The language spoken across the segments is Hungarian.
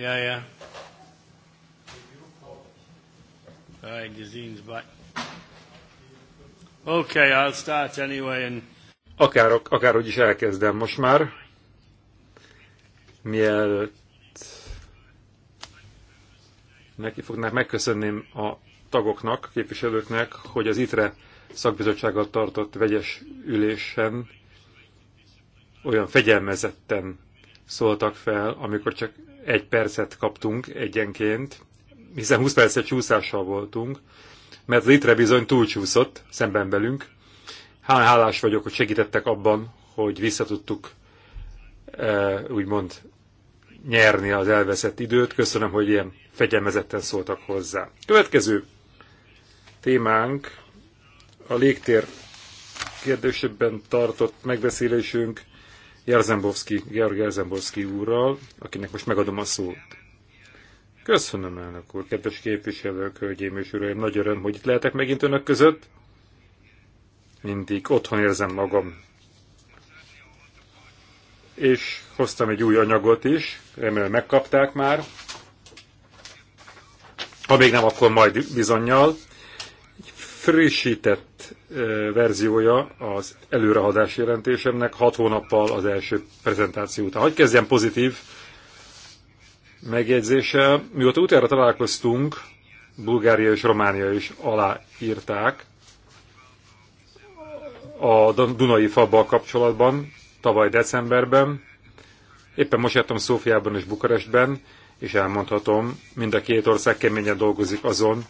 Yeah, yeah. Right, Gazine's but. Okay, I'll start anyway and... Akár, akárhogy is elkezdem most már, mielőtt neki fognak megköszönném a tagoknak, a képviselőknek, hogy az ITRE szakbizottsággal tartott vegyes ülésen olyan fegyelmezetten szóltak fel, amikor csak egy percet kaptunk egyenként, hiszen 20 percet csúszással voltunk, mert itre bizony túlcsúszott szemben velünk. Hán hálás vagyok, hogy segítettek abban, hogy visszatudtuk e, úgymond nyerni az elveszett időt. Köszönöm, hogy ilyen fegyelmezetten szóltak hozzá. Következő témánk a légtér kérdésében tartott megbeszélésünk Jarzembowski, Georg Jarzembowski úrral, akinek most megadom a szót. Köszönöm, elnök úr, kedves képviselők, hölgyeim és uraim, nagy öröm, hogy itt lehetek megint önök között. Mindig otthon érzem magam. És hoztam egy új anyagot is, remélem megkapták már. Ha még nem, akkor majd bizonyal frissített verziója az előrehadás jelentésemnek hat hónappal az első prezentáció után. Hagy kezdjem pozitív megjegyzéssel. Mióta utára találkoztunk, Bulgária és Románia is aláírták a Dunai Fabbal kapcsolatban, tavaly decemberben. Éppen most jártam Szófiában és Bukarestben, és elmondhatom, mind a két ország keményen dolgozik azon,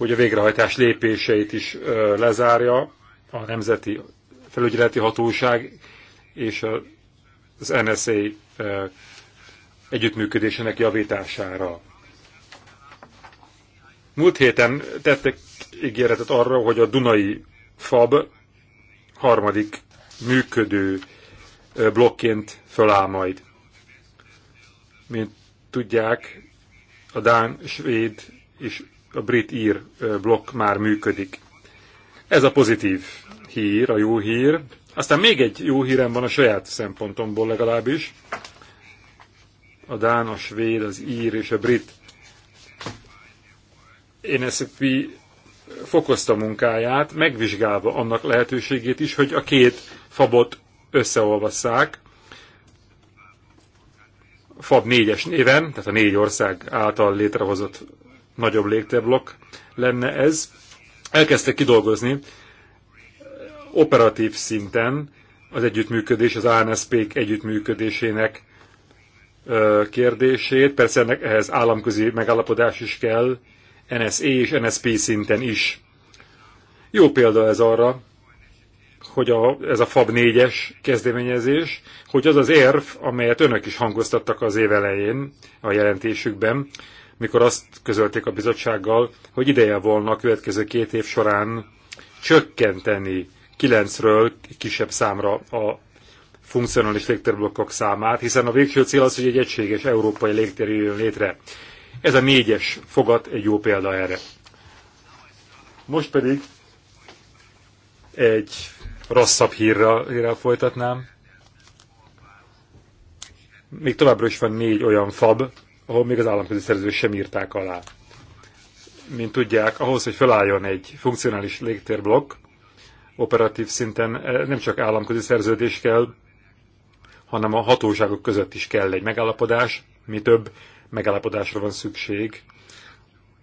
hogy a végrehajtás lépéseit is lezárja a Nemzeti Felügyeleti Hatóság és az NSA együttműködésének javítására. Múlt héten tettek ígéretet arra, hogy a Dunai FAB harmadik működő blokként föláll majd. Mint tudják, a Dán, Svéd és a brit-ír blokk már működik. Ez a pozitív hír, a jó hír. Aztán még egy jó hírem van a saját szempontomból legalábbis. A Dán, a Svéd, az Ír és a Brit NSZP fokozta munkáját, megvizsgálva annak lehetőségét is, hogy a két fabot összeolvasszák, FAB négyes néven, tehát a négy ország által létrehozott nagyobb légterblokk lenne ez. Elkezdtek kidolgozni operatív szinten az együttműködés, az ANSP-k együttműködésének kérdését. Persze ennek, ehhez államközi megállapodás is kell, NSA és NSP szinten is. Jó példa ez arra, hogy a, ez a FAB 4-es kezdeményezés, hogy az az érv, amelyet önök is hangoztattak az év elején a jelentésükben, mikor azt közölték a bizottsággal, hogy ideje volna a következő két év során csökkenteni kilencről kisebb számra a funkcionális légtérblokkok számát, hiszen a végső cél az, hogy egy egységes európai légtér jöjjön létre. Ez a négyes fogat egy jó példa erre. Most pedig egy rosszabb hírrel, hírrel folytatnám. Még továbbra is van négy olyan fab, ahol még az államközi szerződést sem írták alá. Mint tudják, ahhoz, hogy felálljon egy funkcionális légtérblokk, operatív szinten eh, nem csak államközi szerződés kell, hanem a hatóságok között is kell egy megállapodás, mi több megállapodásra van szükség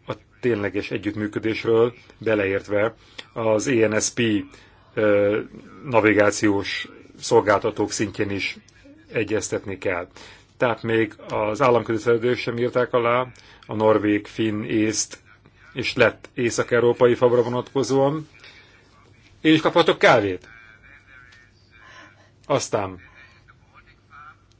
a tényleges együttműködésről, beleértve az ENSP eh, navigációs szolgáltatók szintjén is egyeztetni kell tehát még az államközi szerződők sem írták alá, a norvég, finn, észt és lett észak-európai fabra vonatkozóan, és kaphatok kávét. Aztán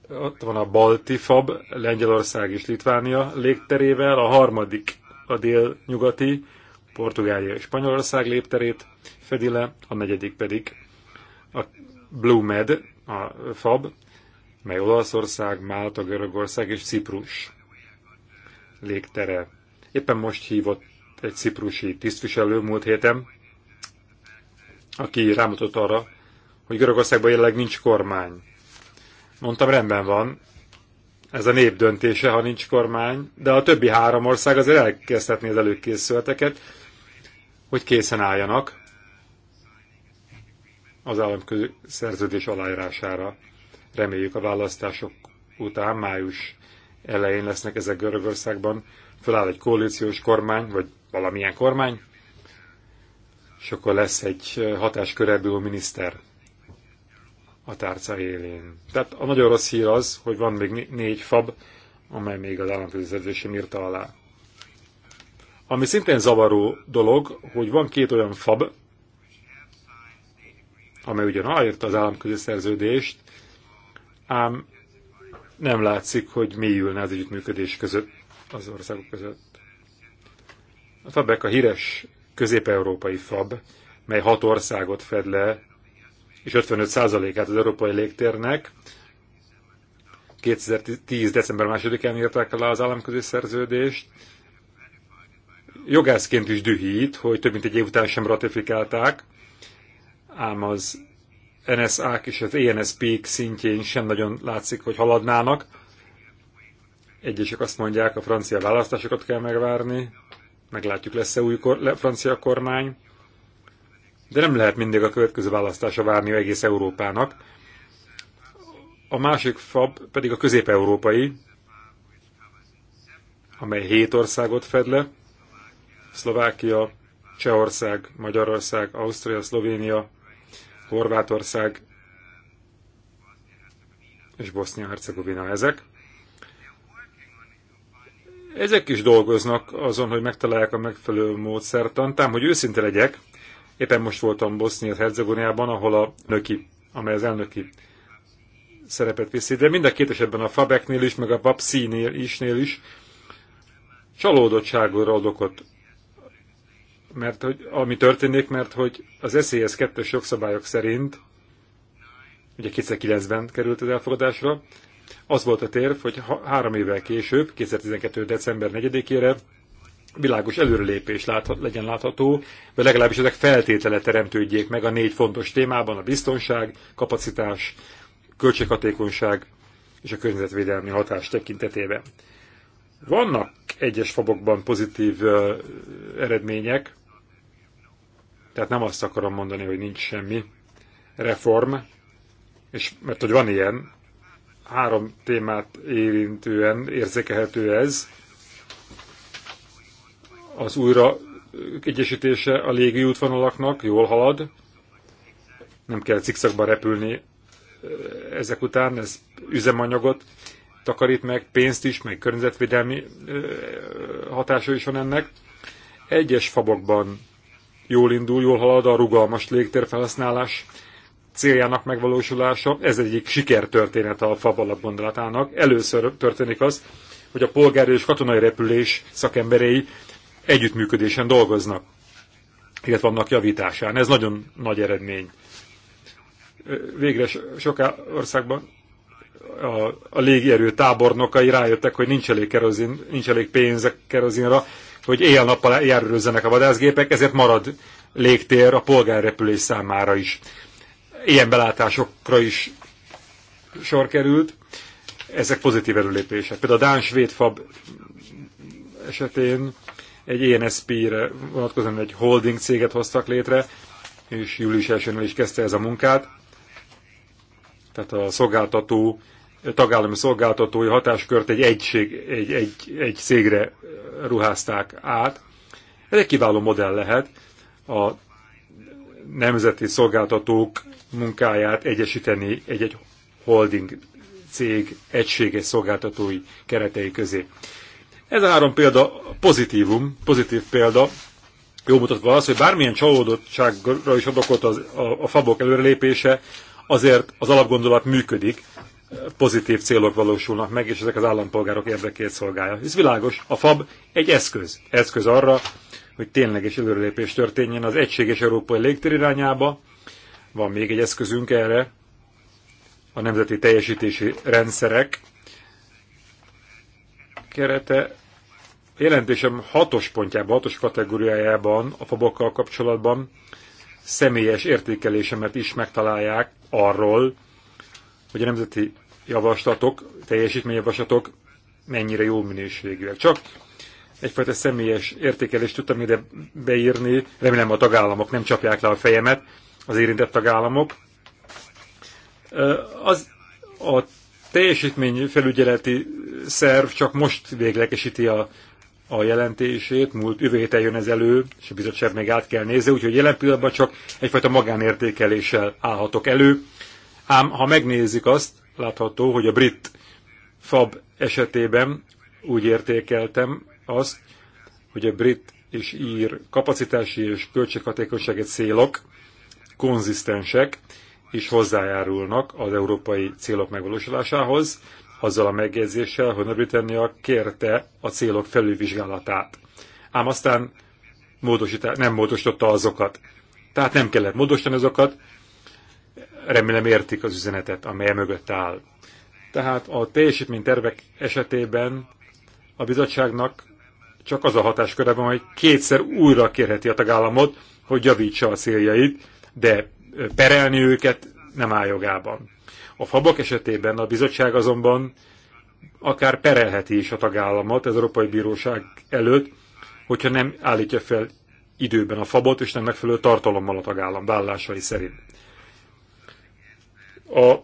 ott van a Balti Fab, Lengyelország és Litvánia légterével, a harmadik a dél-nyugati, Portugália és Spanyolország lépterét fedi le, a negyedik pedig a Blue Med, a Fab, mely Olaszország, Málta, Görögország és Ciprus légtere. Éppen most hívott egy ciprusi tisztviselő múlt héten, aki rámutott arra, hogy Görögországban jelenleg nincs kormány. Mondtam, rendben van, ez a nép döntése, ha nincs kormány, de a többi három ország azért elkezdhetné az előkészületeket, hogy készen álljanak az államközi szerződés aláírására. Reméljük a választások után, május elején lesznek ezek Görögországban. Föláll egy koalíciós kormány, vagy valamilyen kormány, és akkor lesz egy hatáskörebbül miniszter a tárca élén. Tehát a nagyon rossz hír az, hogy van még négy fab, amely még az államfőzi sem írta alá. Ami szintén zavaró dolog, hogy van két olyan fab, amely ugyan aláírta az államközi szerződést, ám nem látszik, hogy mélyülne az együttműködés között, az országok között. A FABEK a híres közép-európai FAB, mely hat országot fed le, és 55%-át az európai légtérnek. 2010. december 2-án írták alá az államközi szerződést. Jogászként is dühít, hogy több mint egy év után sem ratifikálták, ám az NSA-k és az ENSP-k szintjén sem nagyon látszik, hogy haladnának. Egyesek azt mondják, a francia választásokat kell megvárni, meglátjuk lesz-e új kor- le- francia kormány, de nem lehet mindig a következő választása várni egész Európának. A másik fab pedig a közép-európai, amely hét országot fed le, Szlovákia, Csehország, Magyarország, Ausztria, Szlovénia, Horvátország és Bosznia-Hercegovina ezek. Ezek is dolgoznak azon, hogy megtalálják a megfelelő módszertant, ám hogy őszinte legyek, éppen most voltam Bosznia-Hercegovinában, ahol a nöki, amely az elnöki szerepet viszi, de mind a két esetben a Fabeknél is, meg a papszínél isnél is csalódottságra ad okot mert hogy, ami történik, mert hogy az SZSZ e 2 jogszabályok szerint, ugye 2009-ben került az elfogadásra, az volt a terv, hogy három évvel később, 2012. december 4-ére világos előrelépés láthat, legyen látható, vagy legalábbis ezek feltétele teremtődjék meg a négy fontos témában, a biztonság, kapacitás, költséghatékonyság és a környezetvédelmi hatás tekintetében. Vannak egyes fabokban pozitív uh, eredmények, tehát nem azt akarom mondani, hogy nincs semmi reform, és mert hogy van ilyen, három témát érintően érzékelhető ez, az újra egyesítése a légi útvonalaknak jól halad, nem kell cikszakba repülni eh, ezek után, ez üzemanyagot takarít meg, pénzt is, meg környezetvédelmi eh, hatása is van ennek. Egyes fabokban jól indul, jól halad a rugalmas légtérfelhasználás céljának megvalósulása. Ez egyik sikertörténet a FAB gondolatának. Először történik az, hogy a polgári és katonai repülés szakemberei együttműködésen dolgoznak, illetve vannak javításán. Ez nagyon nagy eredmény. Végre sok országban a, a légierő tábornokai rájöttek, hogy nincs elég, kerozin, nincs elég pénz kerozinra, hogy éjjel-nappal járőrözzenek a vadászgépek, ezért marad légtér a polgárrepülés számára is. Ilyen belátásokra is sor került. Ezek pozitív erőlépések. Például a Dán-Svéd FAB esetén egy ENSP-re vonatkozóan egy holding céget hoztak létre, és július 1 is kezdte ez a munkát. Tehát a szolgáltató tagállami szolgáltatói hatáskört egy, egység, egy, egy, egy cégre ruházták át. Ez egy kiváló modell lehet a nemzeti szolgáltatók munkáját egyesíteni egy-egy holding cég egységes szolgáltatói keretei közé. Ez a három példa pozitívum, pozitív példa, jó mutatva az, hogy bármilyen csalódottságra is adokolt az, a, a fabok előrelépése, azért az alapgondolat működik, pozitív célok valósulnak meg, és ezek az állampolgárok érdekét szolgálja. Ez világos, a FAB egy eszköz. Eszköz arra, hogy tényleges előrelépés történjen az egységes európai légtér irányába. Van még egy eszközünk erre, a nemzeti teljesítési rendszerek kerete. Jelentésem hatos pontjában, hatos kategóriájában a fabokkal kapcsolatban személyes értékelésemet is megtalálják arról, hogy a nemzeti javaslatok, teljesítményjavaslatok mennyire jó minőségűek. Csak egyfajta személyes értékelést tudtam ide beírni, remélem a tagállamok nem csapják le a fejemet, az érintett tagállamok. Az a teljesítményfelügyeleti szerv csak most véglegesíti a, a jelentését, múlt jövő héten jön ez elő, és a bizottság még át kell nézni, úgyhogy jelen pillanatban csak egyfajta magánértékeléssel állhatok elő, Ám ha megnézik azt, látható, hogy a brit FAB esetében úgy értékeltem azt, hogy a brit és ír kapacitási és költséghatékonysági célok konzisztensek és hozzájárulnak az európai célok megvalósulásához, azzal a megjegyzéssel, hogy Nagy-Britannia kérte a célok felülvizsgálatát. Ám aztán módosítá, nem módosította azokat. Tehát nem kellett módosítani azokat, remélem értik az üzenetet, amely mögött áll. Tehát a tervek esetében a bizottságnak csak az a hatás van, hogy kétszer újra kérheti a tagállamot, hogy javítsa a céljait, de perelni őket nem áll jogában. A fabok esetében a bizottság azonban akár perelheti is a tagállamot az Európai Bíróság előtt, hogyha nem állítja fel időben a fabot, és nem megfelelő tartalommal a tagállam vállásai szerint. A,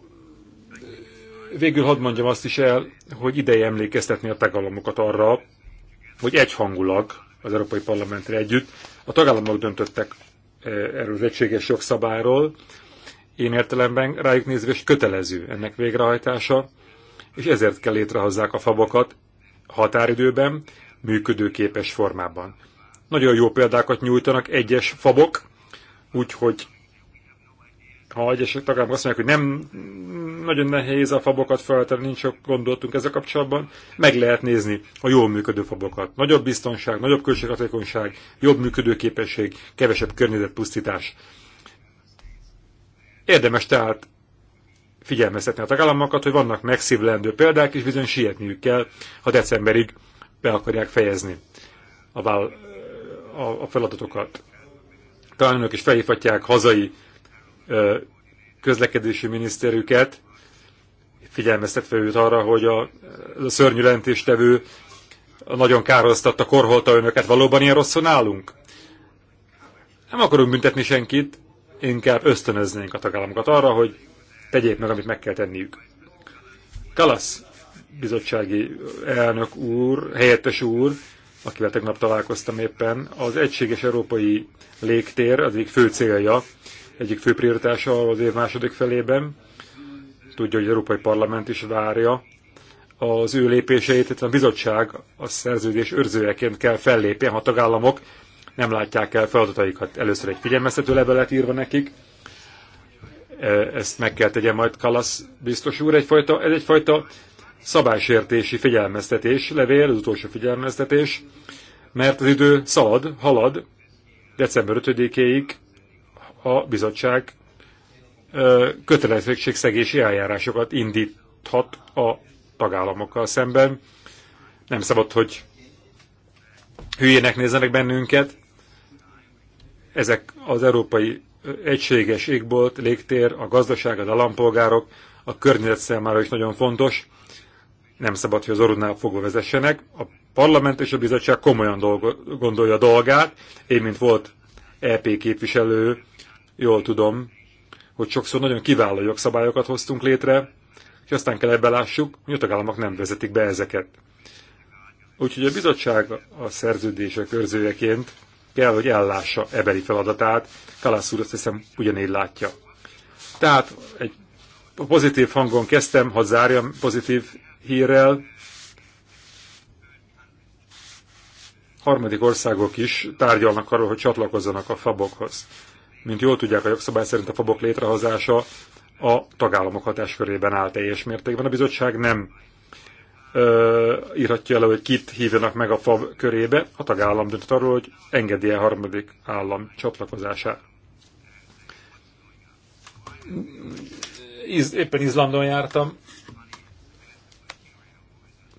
végül hadd mondjam azt is el, hogy ideje emlékeztetni a tagállamokat arra, hogy egyhangulag az Európai Parlamentre együtt a tagállamok döntöttek e, erről az egységes jogszabáról, én értelemben rájuk nézve is kötelező ennek végrehajtása, és ezért kell létrehozzák a fabokat határidőben, működőképes formában. Nagyon jó példákat nyújtanak egyes fabok, úgyhogy ha egyesek tagállamok azt mondják, hogy nem nagyon nehéz a fabokat feltenni, nincs sok gondoltunk ezzel kapcsolatban, meg lehet nézni a jól működő fabokat. Nagyobb biztonság, nagyobb költséghatékonyság, jobb működőképesség, kevesebb környezetpusztítás. Érdemes tehát figyelmeztetni a tagállamokat, hogy vannak megszívlendő példák, és bizony sietniük kell, ha decemberig be akarják fejezni a, vál, a, a feladatokat. Talán önök is felhívhatják hazai közlekedési miniszterüket, figyelmeztetve őt arra, hogy a, a szörnyű lentéstevő nagyon károztatta, korholta önöket. Valóban ilyen rosszul állunk? Nem akarunk büntetni senkit, inkább ösztönöznénk a tagállamokat arra, hogy tegyék meg, amit meg kell tenniük. Kalasz bizottsági elnök úr, helyettes úr, akivel tegnap találkoztam éppen, az egységes európai légtér az egyik fő célja egyik fő prioritása az év második felében. Tudja, hogy az Európai Parlament is várja az ő lépéseit, tehát a bizottság a szerződés őrzőjeként kell fellépjen, ha tagállamok nem látják el feladataikat. Először egy figyelmeztető levelet írva nekik, e, ezt meg kell tegye majd Kalasz biztos úr, egyfajta, ez egyfajta szabálysértési figyelmeztetés levél, az utolsó figyelmeztetés, mert az idő szalad, halad, december 5-éig a bizottság kötelezettségszegési eljárásokat indíthat a tagállamokkal szemben. Nem szabad, hogy hülyének nézzenek bennünket. Ezek az európai egységes égbolt, légtér, a gazdaság, az állampolgárok, a környezet számára is nagyon fontos. Nem szabad, hogy az orrunál fogva vezessenek. A parlament és a bizottság komolyan dolgo, gondolja a dolgát. Én, mint volt EP képviselő, jól tudom, hogy sokszor nagyon kiváló jogszabályokat hoztunk létre, és aztán kell ebbe lássuk, hogy a tagállamok nem vezetik be ezeket. Úgyhogy a bizottság a szerződések őrzőjeként kell, hogy ellássa ebeli feladatát. Kalász úr azt hiszem ugyanígy látja. Tehát egy pozitív hangon kezdtem, ha zárjam pozitív hírrel. Harmadik országok is tárgyalnak arról, hogy csatlakozzanak a fabokhoz. Mint jól tudják, a jogszabály szerint a fabok létrehozása a tagállamok hatáskörében áll teljes mértékben. A bizottság nem ö, írhatja elő, hogy kit hívjanak meg a fab körébe. A tagállam dönt arról, hogy engedi el harmadik állam csatlakozását. Iz, éppen Izlandon jártam.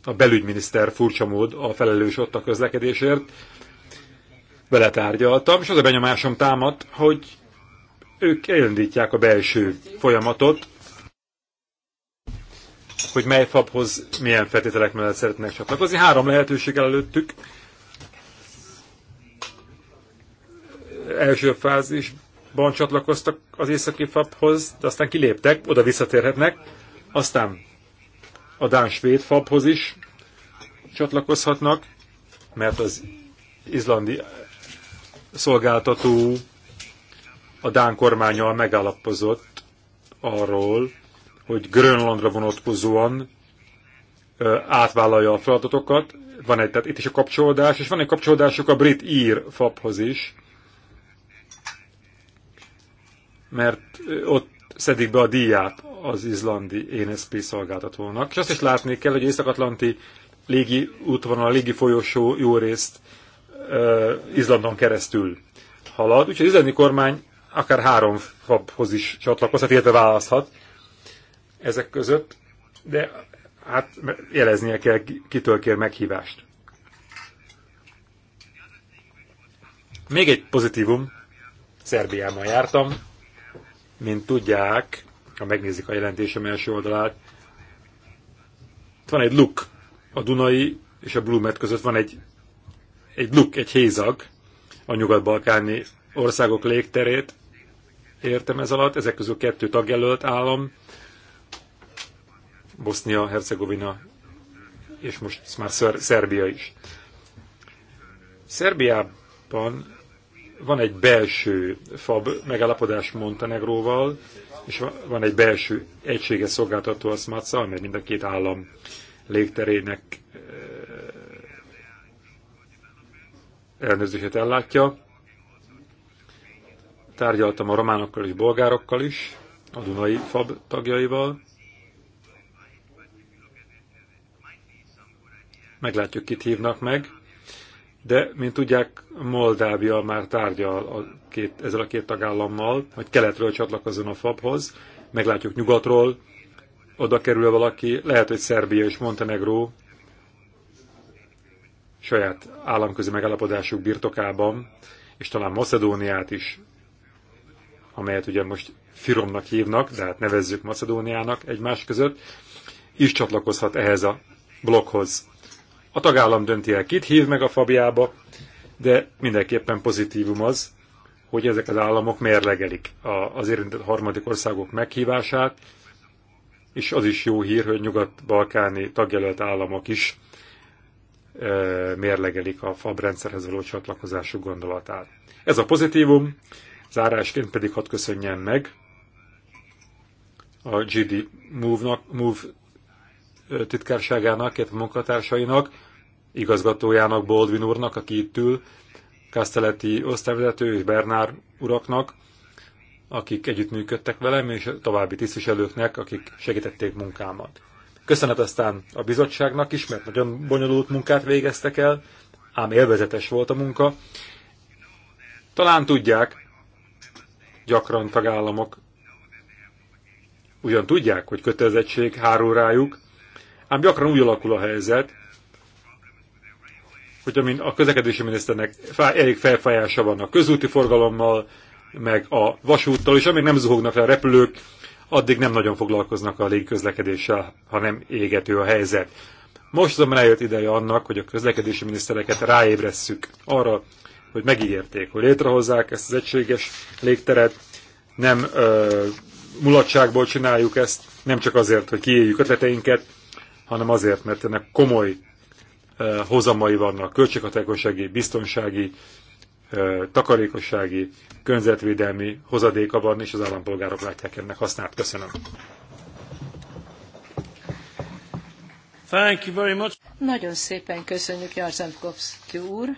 A belügyminiszter furcsa mód a felelős ott a közlekedésért vele tárgyaltam, és az a benyomásom támadt, hogy ők elindítják a belső folyamatot, hogy mely fabhoz milyen feltételek mellett szeretnek csatlakozni. Három lehetőség előttük. Első fázisban csatlakoztak az északi fabhoz, de aztán kiléptek, oda visszatérhetnek. Aztán a Dán-Svéd fabhoz is csatlakozhatnak, mert az izlandi szolgáltató a Dán kormányal megállapozott arról, hogy Grönlandra vonatkozóan átvállalja a feladatokat. Van egy, tehát itt is a kapcsolódás, és van egy kapcsolódásuk a brit-ír faphoz is, mert ott szedik be a díját az izlandi NSP szolgáltatónak. És azt is látni kell, hogy Észak-Atlanti légi útvonal, légi folyosó jó részt Izlandon keresztül halad. Úgyhogy az izlandi kormány akár három fabhoz is csatlakozhat, illetve választhat ezek között, de hát jeleznie kell, kitől kér meghívást. Még egy pozitívum, Szerbiában jártam, mint tudják, ha megnézik a jelentésem első oldalát, van egy luk a Dunai és a Blumet között van egy egy luk, egy hézag a nyugat-balkáni országok légterét, értem ez alatt, ezek közül kettő tagjelölt állam, Bosznia, Hercegovina, és most már Szer Szerbia is. Szerbiában van egy belső FAB megállapodás Montenegróval, és van egy belső egységes szolgáltató a SMATSA, amely mind a két állam légterének elnézését ellátja. Tárgyaltam a románokkal és bolgárokkal is, a Dunai FAB tagjaival. Meglátjuk, kit hívnak meg. De, mint tudják, Moldávia már tárgyal a két, ezzel a két tagállammal, hogy keletről csatlakozzon a FAB-hoz. Meglátjuk nyugatról, oda kerül valaki, lehet, hogy Szerbia és Montenegró saját államközi megállapodásuk birtokában, és talán Macedóniát is, amelyet ugye most Firomnak hívnak, de hát nevezzük Macedóniának egymás között, is csatlakozhat ehhez a blokkhoz. A tagállam dönti el, kit hív meg a Fabiába, de mindenképpen pozitívum az, hogy ezek az államok mérlegelik az érintett harmadik országok meghívását, és az is jó hír, hogy nyugat-balkáni tagjelölt államok is mérlegelik a FAB rendszerhez való csatlakozásuk gondolatát. Ez a pozitívum, zárásként pedig hadd köszönjen meg a GD Move-nak, Move titkárságának, két munkatársainak, igazgatójának, Boldvin úrnak, aki itt ül, Castelletti osztályvezető és Bernár uraknak, akik együttműködtek velem, és további tisztviselőknek, akik segítették munkámat. Köszönet aztán a bizottságnak is, mert nagyon bonyolult munkát végeztek el, ám élvezetes volt a munka. Talán tudják, gyakran tagállamok ugyan tudják, hogy kötelezettség hárul rájuk, ám gyakran úgy alakul a helyzet, hogy a közlekedési miniszternek elég felfájása van a közúti forgalommal, meg a vasúttal, és amíg nem zuhognak le a repülők, addig nem nagyon foglalkoznak a légközlekedéssel, hanem égető a helyzet. Most azonban eljött ideje annak, hogy a közlekedési minisztereket ráébresszük arra, hogy megígérték, hogy létrehozzák ezt az egységes légteret, nem ö, mulatságból csináljuk ezt, nem csak azért, hogy kiéljük ötleteinket, hanem azért, mert ennek komoly hozamai vannak, költséghatékonysági, biztonsági, takarékossági, környezetvédelmi hozadéka van, és az állampolgárok látják ennek hasznát. Köszönöm. Thank you very much. Nagyon szépen köszönjük Jarzembkovszki úr.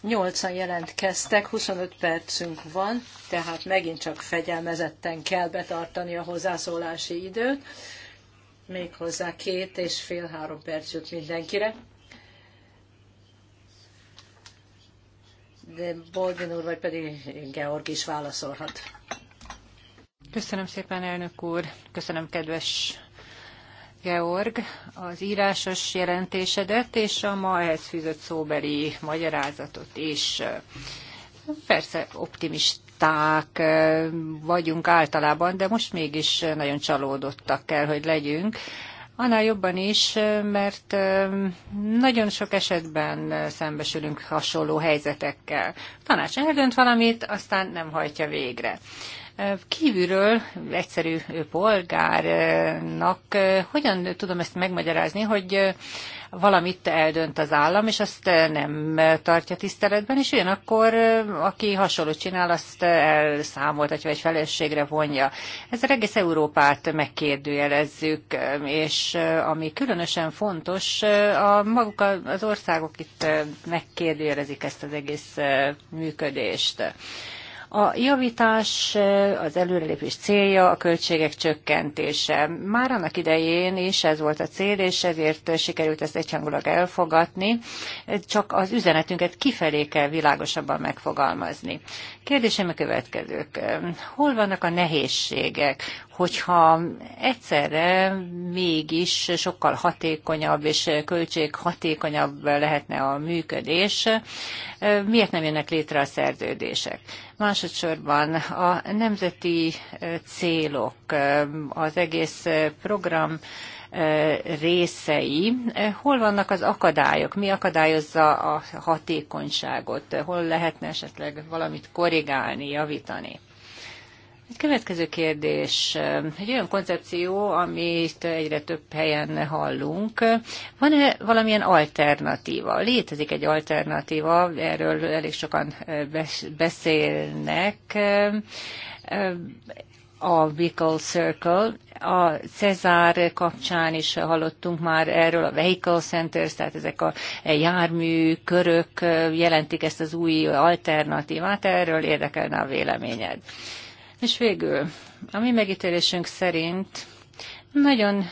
Nyolcan jelentkeztek, 25 percünk van, tehát megint csak fegyelmezetten kell betartani a hozzászólási időt, méghozzá két és fél-három perc jut mindenkire. de úr, vagy pedig Georg is válaszolhat. Köszönöm szépen, elnök úr. Köszönöm, kedves Georg, az írásos jelentésedet és a ma ehhez fűzött szóbeli magyarázatot is. Persze optimisták vagyunk általában, de most mégis nagyon csalódottak kell, hogy legyünk Annál jobban is, mert nagyon sok esetben szembesülünk hasonló helyzetekkel. A tanács eldönt valamit, aztán nem hajtja végre. Kívülről egyszerű polgárnak hogyan tudom ezt megmagyarázni, hogy valamit eldönt az állam, és azt eh, nem tartja tiszteletben, és ugyanakkor eh, aki hasonlót csinál, azt eh, elszámoltatja, vagy felelősségre vonja. Ezzel egész Európát megkérdőjelezzük, és ami különösen fontos, a maguk az országok itt megkérdőjelezik ezt az egész működést. A javítás, az előrelépés célja a költségek csökkentése. Már annak idején is ez volt a cél, és ezért sikerült ezt egyhangulag elfogadni, csak az üzenetünket kifelé kell világosabban megfogalmazni. Kérdésem a következők. Hol vannak a nehézségek, hogyha egyszerre mégis sokkal hatékonyabb és költséghatékonyabb lehetne a működés, miért nem jönnek létre a szerződések? Másodszorban a nemzeti célok, az egész program részei. Hol vannak az akadályok? Mi akadályozza a hatékonyságot? Hol lehetne esetleg valamit korrigálni, javítani? Egy következő kérdés. Egy olyan koncepció, amit egyre több helyen hallunk. Van-e valamilyen alternatíva? Létezik egy alternatíva, erről elég sokan eh, beszélnek. Eh, a Vehicle Circle, a Cezár kapcsán is hallottunk már erről, a Vehicle Centers, tehát ezek a jármű körök eh, jelentik ezt az új alternatívát, erről érdekelne a véleményed. És végül, a mi megítélésünk szerint nagyon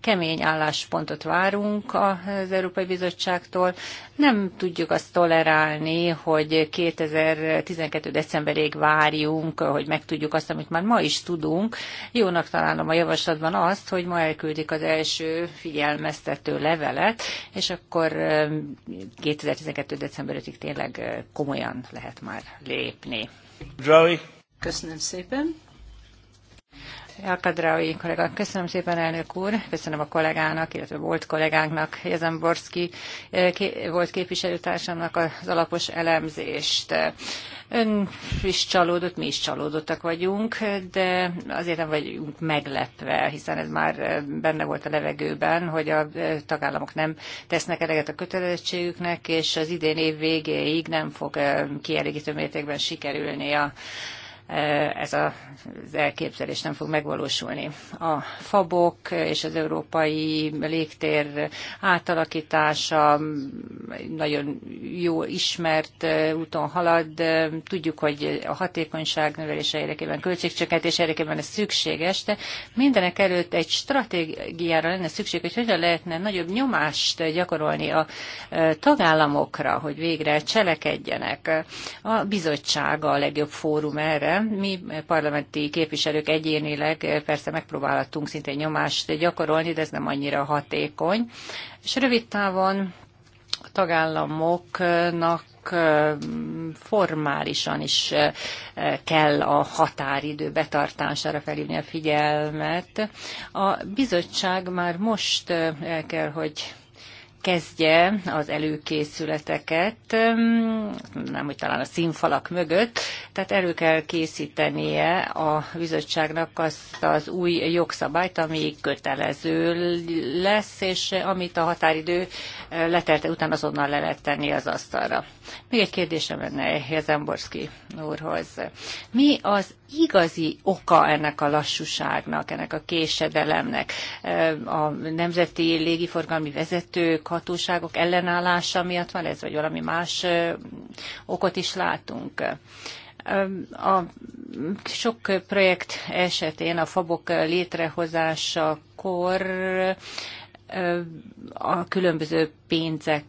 kemény álláspontot várunk az Európai Bizottságtól. Nem tudjuk azt tolerálni, hogy 2012. decemberig várjunk, hogy megtudjuk azt, amit már ma is tudunk. Jónak találom a javaslatban azt, hogy ma elküldik az első figyelmeztető levelet, és akkor 2012. december 5-ig tényleg komolyan lehet már lépni. Drawing. Köszönöm szépen. Alkadraui kollega, köszönöm szépen, elnök úr, köszönöm a kollégának, illetve volt kollégánknak, Jezen Borszki eh, volt képviselőtársamnak az alapos elemzést. Ön is csalódott, mi is csalódottak vagyunk, de azért nem vagyunk meglepve, hiszen ez már eh, benne volt a levegőben, hogy a eh, tagállamok nem tesznek eleget a kötelezettségüknek, és az idén év végéig nem fog kielégítő mértékben sikerülni a ez az elképzelés nem fog megvalósulni. A fabok és az európai légtér átalakítása nagyon jó ismert úton halad. Tudjuk, hogy a hatékonyság növelése érdekében, költségcsökkentés érdekében ez szükséges, de mindenek előtt egy stratégiára lenne szükség, hogy hogyan lehetne nagyobb nyomást gyakorolni a e, tagállamokra, hogy végre cselekedjenek. A bizottság a legjobb fórum erre, mi parlamenti képviselők egyénileg eh, persze megpróbálhatunk szintén nyomást gyakorolni, de ez nem annyira hatékony. És rövid távon a tagállamoknak eh, formálisan is eh, kell a határidő betartására felhívni a figyelmet. A bizottság már most el kell, hogy kezdje az előkészületeket, nem, hogy talán a színfalak mögött, tehát elő kell készítenie a bizottságnak azt az új jogszabályt, ami kötelező lesz, és amit a határidő letelte után azonnal le lehet tenni az asztalra. Még egy kérdésem lenne Jezemborszki úrhoz. Mi az igazi oka ennek a lassúságnak, ennek a késedelemnek? A nemzeti légiforgalmi vezetők, hatóságok ellenállása miatt van ez, vagy valami más okot is látunk? A sok projekt esetén a fabok létrehozásakor a különböző pénzek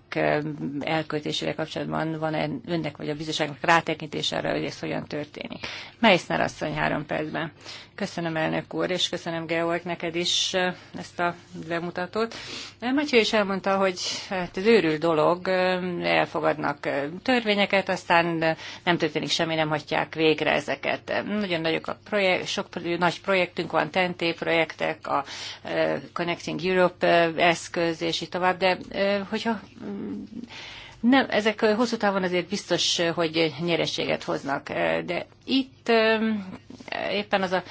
elköltésére kapcsolatban van -e önnek vagy a bizottságnak rátekintés arra, hogy ez hogyan történik. Meissner asszony három percben. Köszönöm elnök úr, és köszönöm Georg neked is eh, ezt a bemutatót. Eh, Matyó is elmondta, hogy hát ez őrül dolog, elfogadnak eh, törvényeket, aztán nem történik semmi, nem hagyják végre ezeket. Nagyon nagyok a projekt, sok nagy projektünk van, TNT projektek, a Connecting Europe eszköz, és így tovább, de hogyha mm, nem, ezek hosszú távon azért biztos, hogy nyereséget hoznak, de itt éppen az a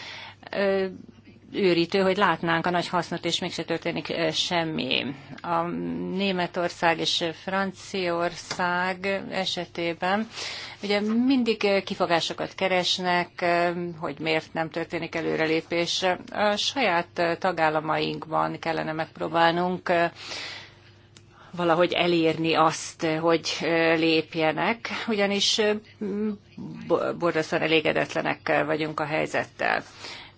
őrítő, hogy látnánk a nagy hasznot, és mégse történik semmi. A Németország és Franciaország esetében ugye mindig kifogásokat keresnek, hogy miért nem történik előrelépés. A saját tagállamainkban kellene megpróbálnunk valahogy elérni azt, hogy lépjenek, ugyanis borzasztóan elégedetlenek vagyunk a helyzettel.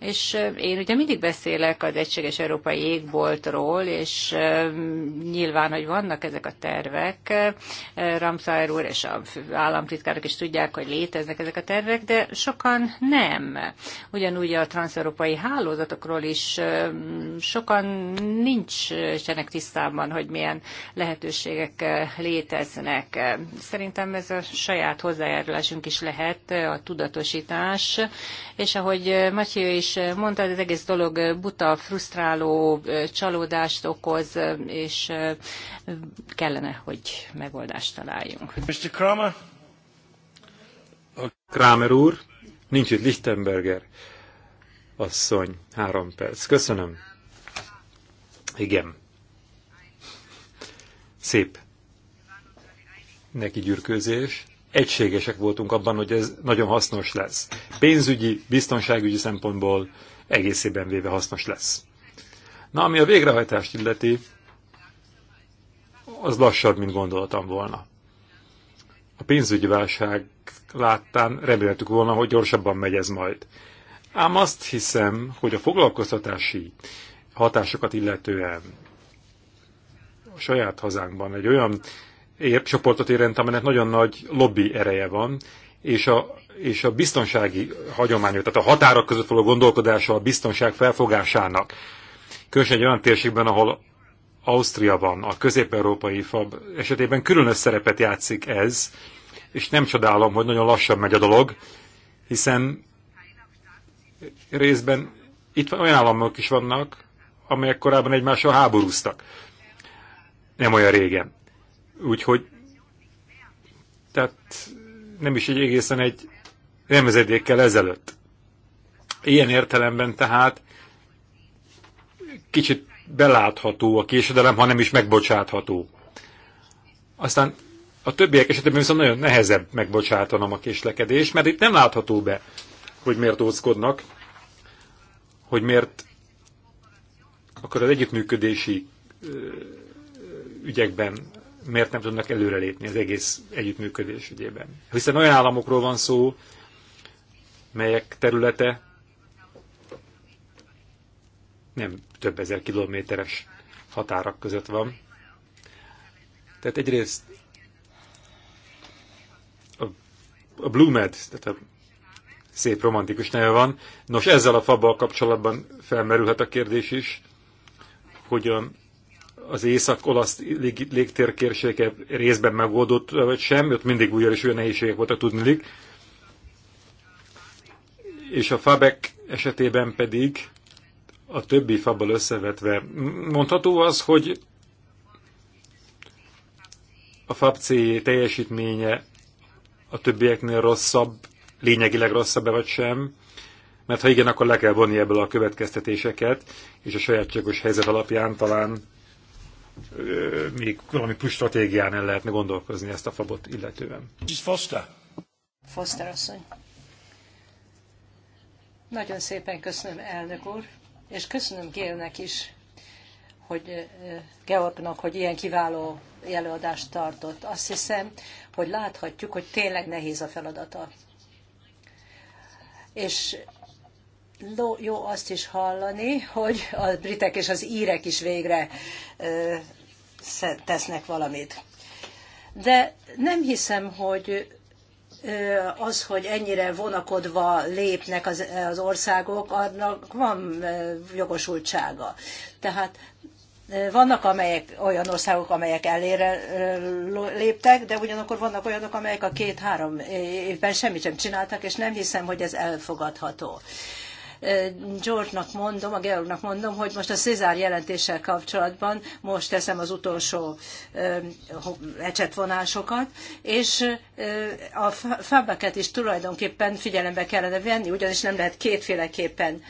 És én ugye mindig beszélek az Egységes Európai Égboltról, és nyilván, hogy vannak ezek a tervek, Ramszájer úr és a államtitkárok is tudják, hogy léteznek ezek a tervek, de sokan nem. Ugyanúgy a transzeurópai hálózatokról is sokan nincsenek tisztában, hogy milyen lehetőségek léteznek. Szerintem ez a saját hozzájárulásunk is lehet, a tudatosítás, és ahogy Matyő is mondtad, az egész dolog buta, frusztráló, csalódást okoz, és kellene, hogy megoldást találjunk. Mr. Kramer? Kramer úr, nincs itt Lichtenberger asszony, három perc. Köszönöm. Igen. Szép. Neki gyürkőzés egységesek voltunk abban, hogy ez nagyon hasznos lesz. Pénzügyi, biztonságügyi szempontból egészében véve hasznos lesz. Na, ami a végrehajtást illeti, az lassabb, mint gondoltam volna. A pénzügyi válság láttán reméltük volna, hogy gyorsabban megy ez majd. Ám azt hiszem, hogy a foglalkoztatási hatásokat illetően a saját hazánkban egy olyan ér, csoportot érint, amelynek nagyon nagy lobby ereje van, és a, és a biztonsági hagyományok, tehát a határok között való gondolkodása a biztonság felfogásának, különösen egy olyan térségben, ahol Ausztria van, a közép-európai fab esetében különös szerepet játszik ez, és nem csodálom, hogy nagyon lassan megy a dolog, hiszen részben itt olyan államok is vannak, amelyek korábban egymással háborúztak. Nem olyan régen. Úgyhogy tehát nem is egy egészen egy nemzedékkel ezelőtt. Ilyen értelemben tehát kicsit belátható a késedelem, ha nem is megbocsátható. Aztán a többiek esetében viszont nagyon nehezebb megbocsátanom a késlekedés, mert itt nem látható be, hogy miért óckodnak, hogy miért akkor az együttműködési ügyekben miért nem tudnak előrelépni az egész együttműködés ügyében. Hiszen olyan államokról van szó, melyek területe nem több ezer kilométeres határok között van. Tehát egyrészt a, a Med, tehát a szép romantikus neve van. Nos, ezzel a fabbal kapcsolatban felmerülhet a kérdés is, hogyan az észak-olasz lég, légtérkérsége részben megoldott, vagy sem, ott mindig újra és újra nehézségek voltak tudnilik. És a Fabek esetében pedig a többi fabbal összevetve mondható az, hogy a FABC teljesítménye a többieknél rosszabb, lényegileg rosszabb vagy sem, mert ha igen, akkor le kell vonni ebből a következtetéseket, és a sajátságos helyzet alapján talán még valami plusz stratégián el lehetne gondolkozni ezt a fabot illetően. Foster. Foster asszony. Nagyon szépen köszönöm, elnök úr, és köszönöm Gélnek is, hogy Georgnak, hogy ilyen kiváló előadást tartott. Azt hiszem, hogy láthatjuk, hogy tényleg nehéz a feladata. És jó azt is hallani, hogy a britek és az írek is végre tesznek valamit. De nem hiszem, hogy az, hogy ennyire vonakodva lépnek az, az országok, annak van jogosultsága. Tehát vannak amelyek, olyan országok, amelyek elére léptek, de ugyanakkor vannak olyanok, amelyek a két-három évben semmit sem csináltak, és nem hiszem, hogy ez elfogadható. George-nak mondom, a Georgnak mondom, hogy most a Cézár jelentéssel kapcsolatban most teszem az utolsó ecsetvonásokat, és a fábeket is tulajdonképpen figyelembe kellene venni, ugyanis nem lehet kétféleképpen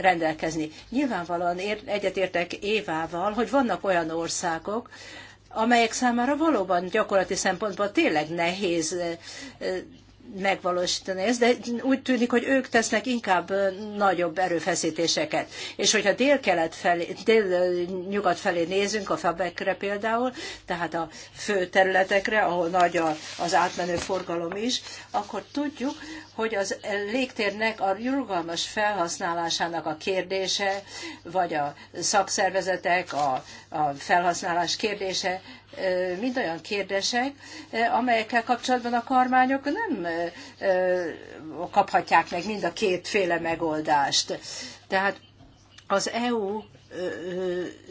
rendelkezni. Nyilvánvalóan egyetértek Évával, hogy vannak olyan országok, amelyek számára valóban gyakorlati szempontból tényleg nehéz megvalósítani ezt, de úgy tűnik, hogy ők tesznek inkább nagyobb erőfeszítéseket. És hogyha dél-kelet felé, dél-nyugat felé nézünk, a Fabekre például, tehát a fő területekre, ahol nagy a, az átmenő forgalom is, akkor tudjuk, hogy az légtérnek a rugalmas felhasználásának a kérdése, vagy a szakszervezetek, a, a felhasználás kérdése mind olyan kérdések, amelyekkel kapcsolatban a kormányok nem kaphatják meg mind a kétféle megoldást. Tehát az EU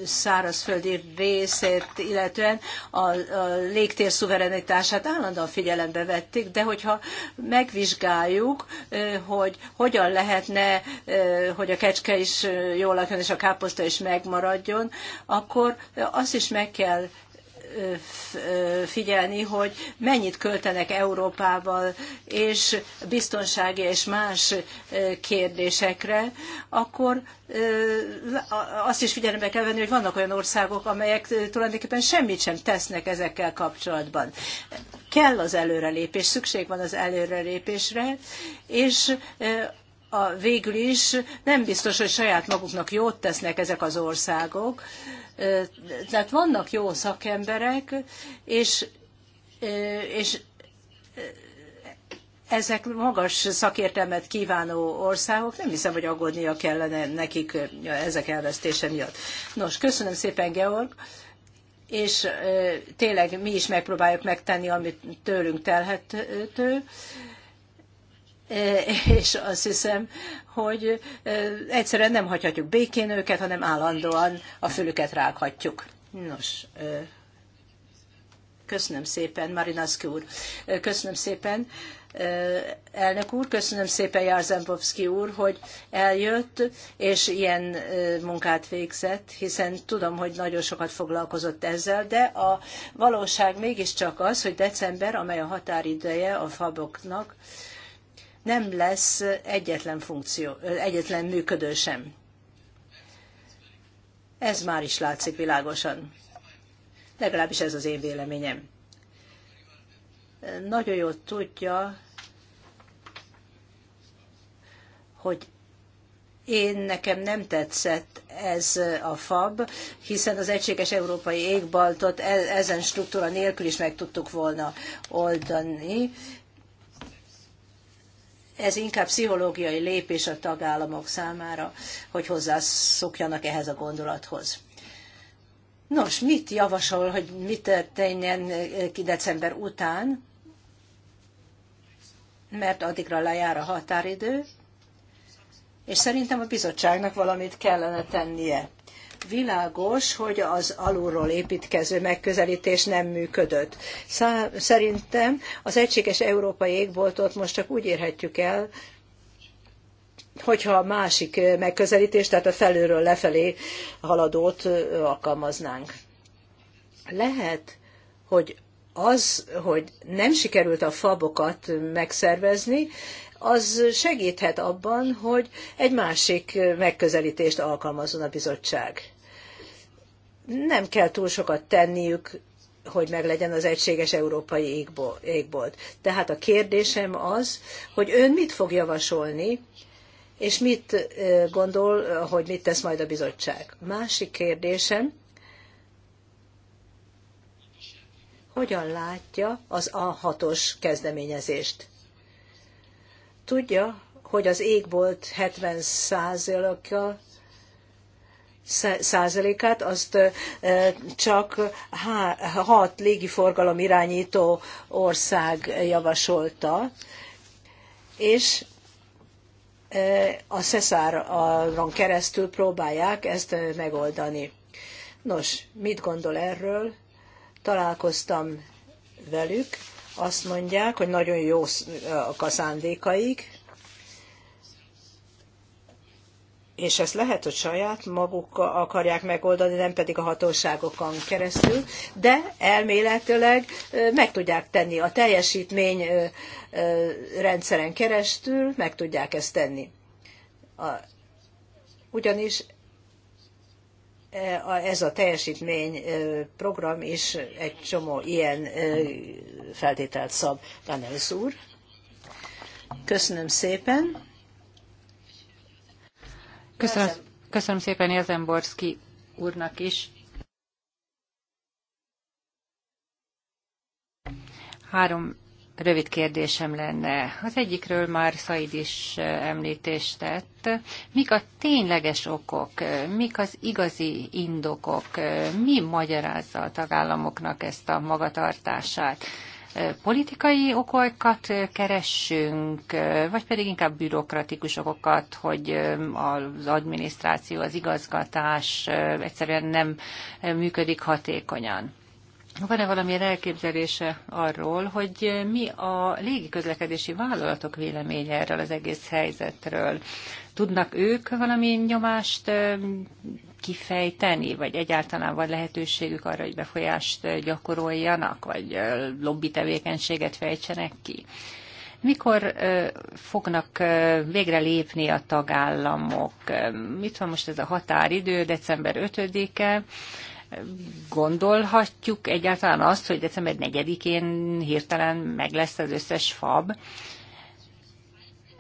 szárazföldi részét, illetően a, a légtér szuverenitását állandóan figyelembe vették, de hogyha megvizsgáljuk, hogy hogyan lehetne, hogy a kecske is jól lakjon és a káposzta is megmaradjon, akkor azt is meg kell figyelni, hogy mennyit költenek Európával és biztonsági és más kérdésekre, akkor azt is figyelembe kell venni, hogy vannak olyan országok, amelyek tulajdonképpen semmit sem tesznek ezekkel kapcsolatban. Kell az előrelépés, szükség van az előrelépésre, és a, végül is nem biztos, hogy saját maguknak jót tesznek ezek az országok, tehát vannak jó szakemberek, és, és ezek magas szakértelmet kívánó országok, nem hiszem, hogy aggódnia kellene nekik ezek elvesztése miatt. Nos, köszönöm szépen, Georg, és tényleg mi is megpróbáljuk megtenni, amit tőlünk telhető Eh, és azt hiszem, hogy eh, egyszerűen nem hagyhatjuk békén őket, hanem állandóan a fülüket rághatjuk. Nos, eh, köszönöm szépen, Marinaszki úr, köszönöm szépen, elnök úr, köszönöm szépen Jarzembovszki úr, hogy eljött, és ilyen munkát végzett, hiszen tudom, hogy nagyon sokat foglalkozott ezzel, de a valóság mégiscsak az, hogy december, amely a határideje a faboknak, nem lesz egyetlen funkció, egyetlen működő sem. Ez már is látszik világosan. Legalábbis ez az én véleményem. Nagyon jól tudja, hogy én nekem nem tetszett ez a FAB, hiszen az egységes európai égbaltot e-, ezen struktúra nélkül is meg tudtuk volna oldani, ez inkább pszichológiai lépés a tagállamok számára, hogy hozzászokjanak ehhez a gondolathoz. Nos, mit javasol, hogy mit történjen eh, ki december után? Mert addigra lejár a határidő, és szerintem a bizottságnak valamit kellene tennie. Világos, hogy az alulról építkező megközelítés nem működött. Szerintem az egységes európai égboltot most csak úgy érhetjük el, hogyha a másik megközelítést, tehát a felülről lefelé haladót alkalmaznánk. Lehet, hogy az, hogy nem sikerült a fabokat megszervezni, az segíthet abban, hogy egy másik megközelítést alkalmazzon a bizottság. Nem kell túl sokat tenniük, hogy meglegyen az egységes európai égbolt. Tehát a kérdésem az, hogy ön mit fog javasolni, és mit gondol, hogy mit tesz majd a bizottság? Másik kérdésem, hogyan látja az A6-os kezdeményezést? Tudja, hogy az égbolt 70 százaléka százalékát, azt csak hat légiforgalom irányító ország javasolta, és a Szeszáron keresztül próbálják ezt megoldani. Nos, mit gondol erről? Találkoztam velük, azt mondják, hogy nagyon jó a kaszándékaik, és ezt lehet, hogy saját maguk akarják megoldani, nem pedig a hatóságokon keresztül, de elméletileg meg tudják tenni a teljesítmény rendszeren keresztül, meg tudják ezt tenni. Ugyanis ez a teljesítmény program is egy csomó ilyen feltételt szab. Danelsz úr, köszönöm szépen. Köszönöm, köszönöm szépen Jezemborszki úrnak is. Három rövid kérdésem lenne. Az egyikről már Szaid is említést tett. Mik a tényleges okok, mik az igazi indokok, mi magyarázza a tagállamoknak ezt a magatartását? Politikai okokat keressünk, vagy pedig inkább bürokratikus okokat, hogy az adminisztráció, az igazgatás egyszerűen nem működik hatékonyan? Van-e valamilyen elképzelése arról, hogy mi a légiközlekedési vállalatok véleménye erről az egész helyzetről? Tudnak ők valami nyomást kifejteni, vagy egyáltalán van lehetőségük arra, hogy befolyást gyakoroljanak, vagy lobby tevékenységet fejtsenek ki? Mikor fognak végre lépni a tagállamok? Mit van most ez a határidő, december 5-e? Gondolhatjuk egyáltalán azt, hogy december 4-én hirtelen meg lesz az összes fab,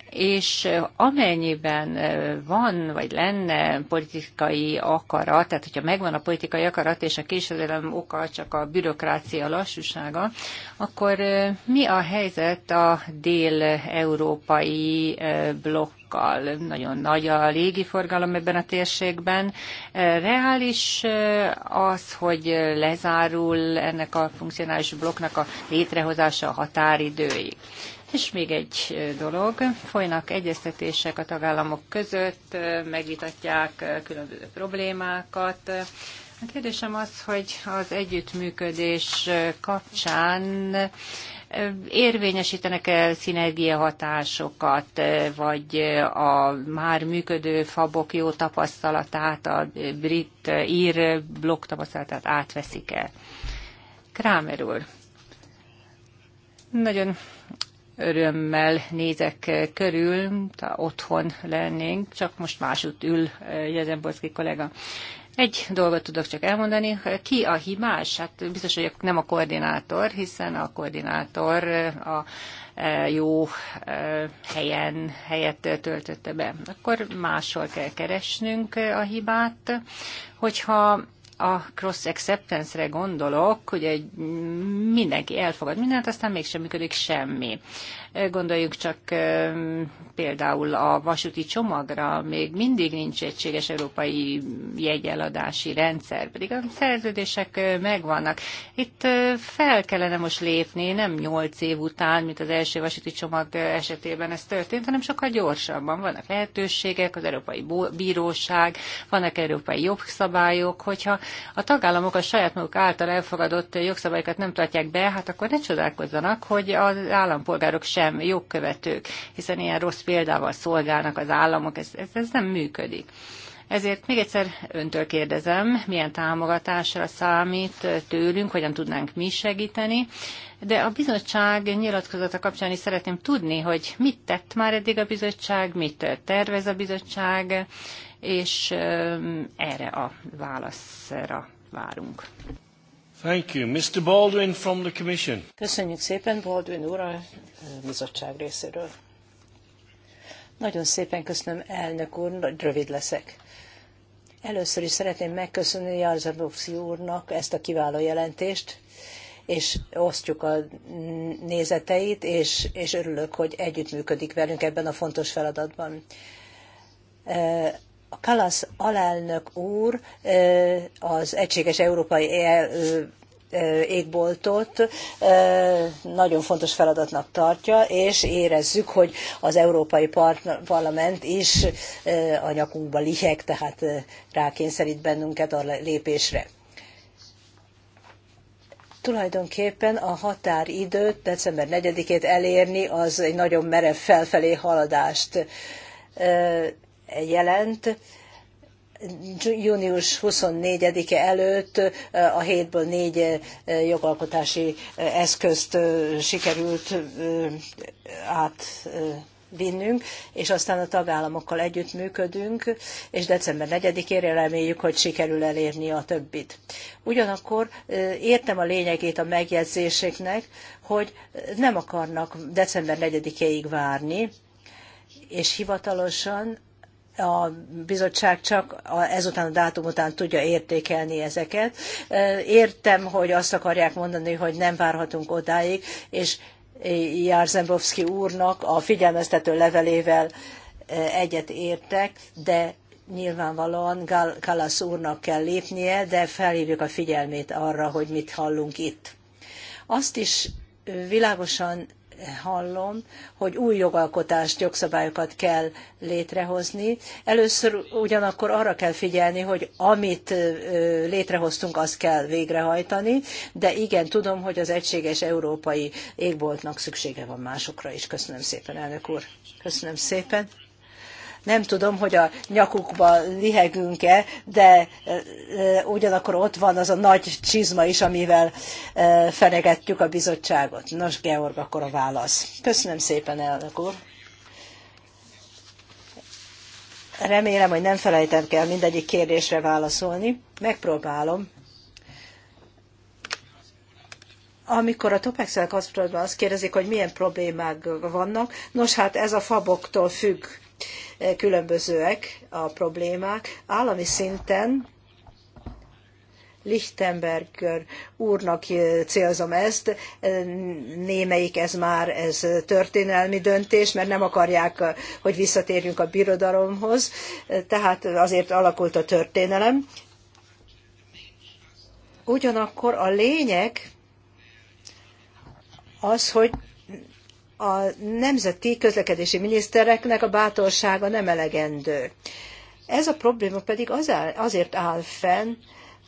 és amennyiben van, vagy lenne politikai akarat, tehát hogyha megvan a politikai akarat, és a késedelem oka csak a bürokrácia lassúsága, akkor mi a helyzet a dél-európai blokk sokkal Nagyon nagy a légiforgalom ebben a térségben. Eh, reális eh, az, hogy lezárul ennek a funkcionális blokknak a létrehozása a határidőig. És még egy eh, dolog, folynak egyeztetések a tagállamok között, megvitatják különböző problémákat. A kérdésem az, hogy az együttműködés kapcsán érvényesítenek e szinergiahatásokat, vagy a már működő fabok jó tapasztalatát, a brit ír blokk tapasztalatát átveszik el. Krámer úr, nagyon örömmel nézek körül, ha otthon lennénk, csak most másút ül Jezenboszki kollega. Egy dolgot tudok csak elmondani, ki a hibás? Hát biztos, hogy nem a koordinátor, hiszen a koordinátor a e, jó e, helyen, helyet töltötte be. Akkor máshol kell keresnünk a hibát. Hogyha a cross acceptance-re gondolok, hogy egy mindenki elfogad mindent, aztán mégsem működik semmi. Gondoljuk csak például a vasúti csomagra, még mindig nincs egységes európai jegyeladási rendszer, pedig a szerződések megvannak. Itt fel kellene most lépni, nem nyolc év után, mint az első vasúti csomag esetében ez történt, hanem sokkal gyorsabban. Vannak lehetőségek, az Európai Bíróság, vannak európai jogszabályok, hogyha a tagállamok a saját maguk által elfogadott jogszabályokat nem tartják be, hát akkor ne csodálkozzanak, hogy az állampolgárok sem sem jogkövetők, hiszen ilyen rossz példával szolgálnak az államok, ez, ez, ez nem működik. Ezért még egyszer öntől kérdezem, milyen támogatásra számít tőlünk, hogyan tudnánk mi segíteni, de a bizottság nyilatkozata kapcsán is szeretném tudni, hogy mit tett már eddig a bizottság, mit tervez a bizottság, és erre a válaszra várunk. Thank you. Mr. Baldwin from the Commission. Köszönjük szépen, Baldwin úr, a eh, bizottság részéről. Nagyon szépen köszönöm, elnök úr, rövid leszek. Először is szeretném megköszönni Jarzabovszi úrnak ezt a kiváló jelentést, és osztjuk a nézeteit, és, és örülök, hogy együttműködik velünk ebben a fontos feladatban eh, a Kalasz alelnök úr az Egységes Európai égboltot nagyon fontos feladatnak tartja, és érezzük, hogy az Európai Parlament is a nyakunkba liheg, tehát rákényszerít bennünket a lépésre. Tulajdonképpen a határidőt december 4-ét elérni az egy nagyon merev felfelé haladást jelent. Június 24-e előtt a hétből négy jogalkotási eszközt sikerült vinnünk, és aztán a tagállamokkal együtt működünk, és december 4-ére reméljük, hogy sikerül elérni a többit. Ugyanakkor értem a lényegét a megjegyzéseknek, hogy nem akarnak december 4-ig várni, és hivatalosan a bizottság csak ezután a dátum után tudja értékelni ezeket. Értem, hogy azt akarják mondani, hogy nem várhatunk odáig, és Zembowski úrnak a figyelmeztető levelével egyet értek, de nyilvánvalóan Kalasz úrnak kell lépnie, de felhívjuk a figyelmét arra, hogy mit hallunk itt. Azt is világosan hallom, hogy új jogalkotást, jogszabályokat kell létrehozni. Először ugyanakkor arra kell figyelni, hogy amit létrehoztunk, azt kell végrehajtani, de igen, tudom, hogy az egységes európai égboltnak szüksége van másokra is. Köszönöm szépen, elnök úr. Köszönöm szépen nem tudom, hogy a nyakukba lihegünk-e, de ugyanakkor ott van az a nagy csizma is, amivel fenegetjük a bizottságot. Nos, Georg, akkor a válasz. Köszönöm szépen, elnök úr. Remélem, hogy nem felejtem kell mindegyik kérdésre válaszolni. Megpróbálom. amikor a Topexel kapcsolatban azt kérdezik, hogy milyen problémák vannak, nos hát ez a faboktól függ. Eh, különbözőek a problémák. Állami szinten Lichtenberger úrnak eh, célzom ezt, eh, némelyik ez már ez történelmi döntés, mert nem akarják, hogy visszatérjünk a birodalomhoz, tehát azért alakult a történelem. Ugyanakkor a lényeg az, hogy a nemzeti közlekedési minisztereknek a bátorsága nem elegendő. Ez a probléma pedig azért áll fenn,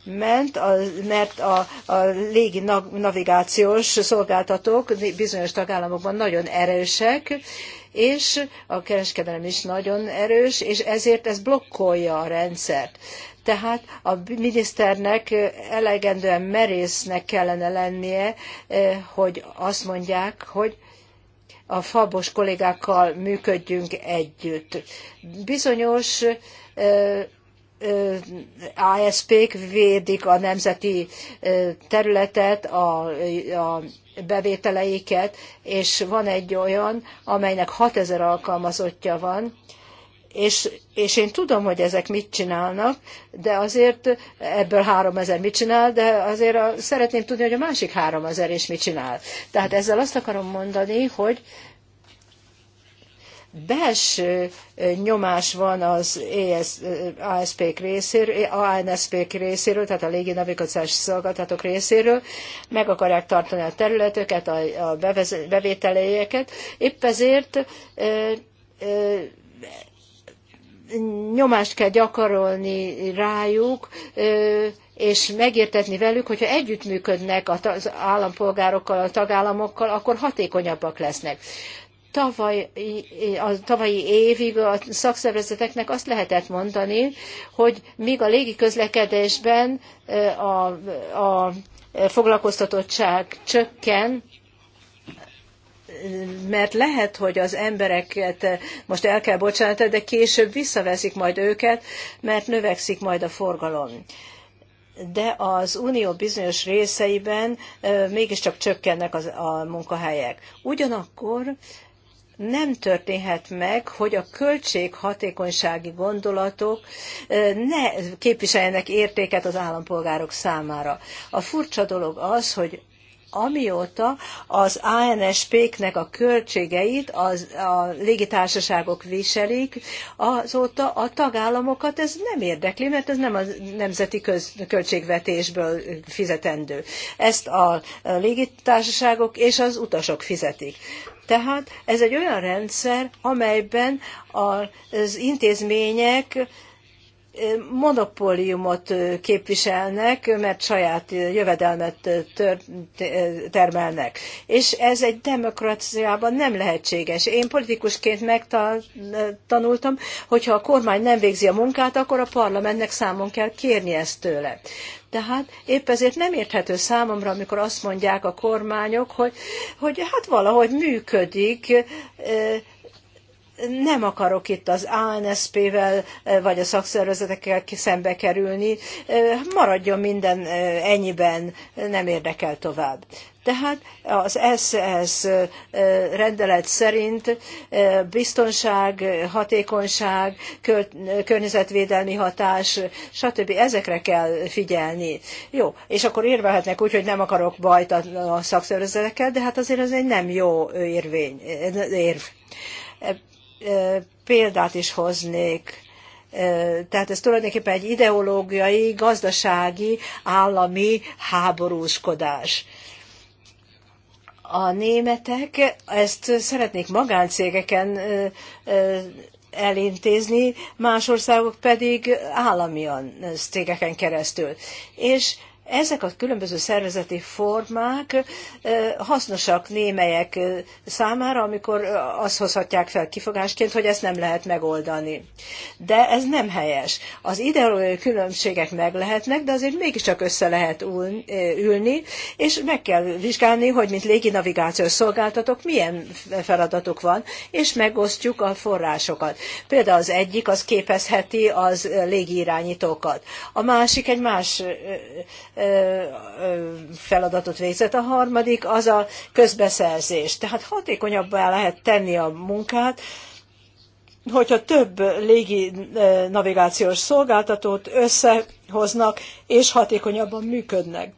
ment, a, mert a, a légi navigációs szolgáltatók bizonyos tagállamokban nagyon erősek, és a kereskedelem is nagyon erős, és ezért ez blokkolja a rendszert. Tehát a miniszternek elegendően merésznek kellene lennie, eh, hogy azt mondják, hogy a fabos kollégákkal működjünk együtt. Bizonyos ASP-k védik a nemzeti területet, a, a bevételeiket, és van egy olyan, amelynek 6000 alkalmazottja van, és, és én tudom, hogy ezek mit csinálnak, de azért ebből három ezer mit csinál, de azért a, szeretném tudni, hogy a másik három ezer is mit csinál. Tehát ezzel azt akarom mondani, hogy belső nyomás van az ASP-k részéről, ANSP-k részéről, tehát a navigációs szolgáltatók részéről, meg akarják tartani a területeket, a, a bevételéjeket. Épp ezért nyomást kell gyakorolni rájuk, és megértetni velük, hogyha együttműködnek az állampolgárokkal, a tagállamokkal, akkor hatékonyabbak lesznek tavaly, a tavalyi évig a szakszervezeteknek azt lehetett mondani, hogy míg a légiközlekedésben a, a foglalkoztatottság csökken, mert lehet, hogy az embereket most el kell bocsánatni, de később visszaveszik majd őket, mert növekszik majd a forgalom. De az unió bizonyos részeiben mégiscsak csökkennek az, a munkahelyek. Ugyanakkor nem történhet meg, hogy a költséghatékonysági gondolatok ne képviseljenek értéket az állampolgárok számára. A furcsa dolog az, hogy amióta az ANSP-knek a költségeit az, a légitársaságok viselik, azóta a tagállamokat ez nem érdekli, mert ez nem a nemzeti köz, költségvetésből fizetendő. Ezt a légitársaságok és az utasok fizetik. Tehát ez egy olyan rendszer, amelyben az intézmények monopóliumot képviselnek, mert saját jövedelmet termelnek. És ez egy demokráciában nem lehetséges. Én politikusként megtanultam, hogyha a kormány nem végzi a munkát, akkor a parlamentnek számon kell kérni ezt tőle. Tehát épp ezért nem érthető számomra, amikor azt mondják a kormányok, hogy, hogy hát valahogy működik, nem akarok itt az ANSP-vel eh, vagy a szakszervezetekkel szembe kerülni, eh, maradjon minden eh, ennyiben, nem érdekel tovább. Tehát az SS rendelet szerint biztonság, hatékonyság, környezetvédelmi hatás, stb. ezekre kell figyelni. Jó, és akkor érvelhetnek úgy, hogy nem akarok bajt a szakszervezetekkel, de hát azért ez egy nem jó érvény, érv példát is hoznék. Tehát ez tulajdonképpen egy ideológiai, gazdasági, állami háborúskodás. A németek ezt szeretnék magáncégeken elintézni, más országok pedig államian cégeken keresztül. És ezek a különböző szervezeti formák hasznosak némelyek számára, amikor azt hozhatják fel kifogásként, hogy ezt nem lehet megoldani. De ez nem helyes. Az ideológiai különbségek meg lehetnek, de azért mégiscsak össze lehet ülni, és meg kell vizsgálni, hogy mint léginavigációs szolgáltatók milyen feladatok van, és megosztjuk a forrásokat. Például az egyik az képezheti az légirányítókat. A másik egy más feladatot végzett, a harmadik az a közbeszerzés. Tehát hatékonyabbá lehet tenni a munkát, hogyha több légi navigációs szolgáltatót összehoznak és hatékonyabban működnek.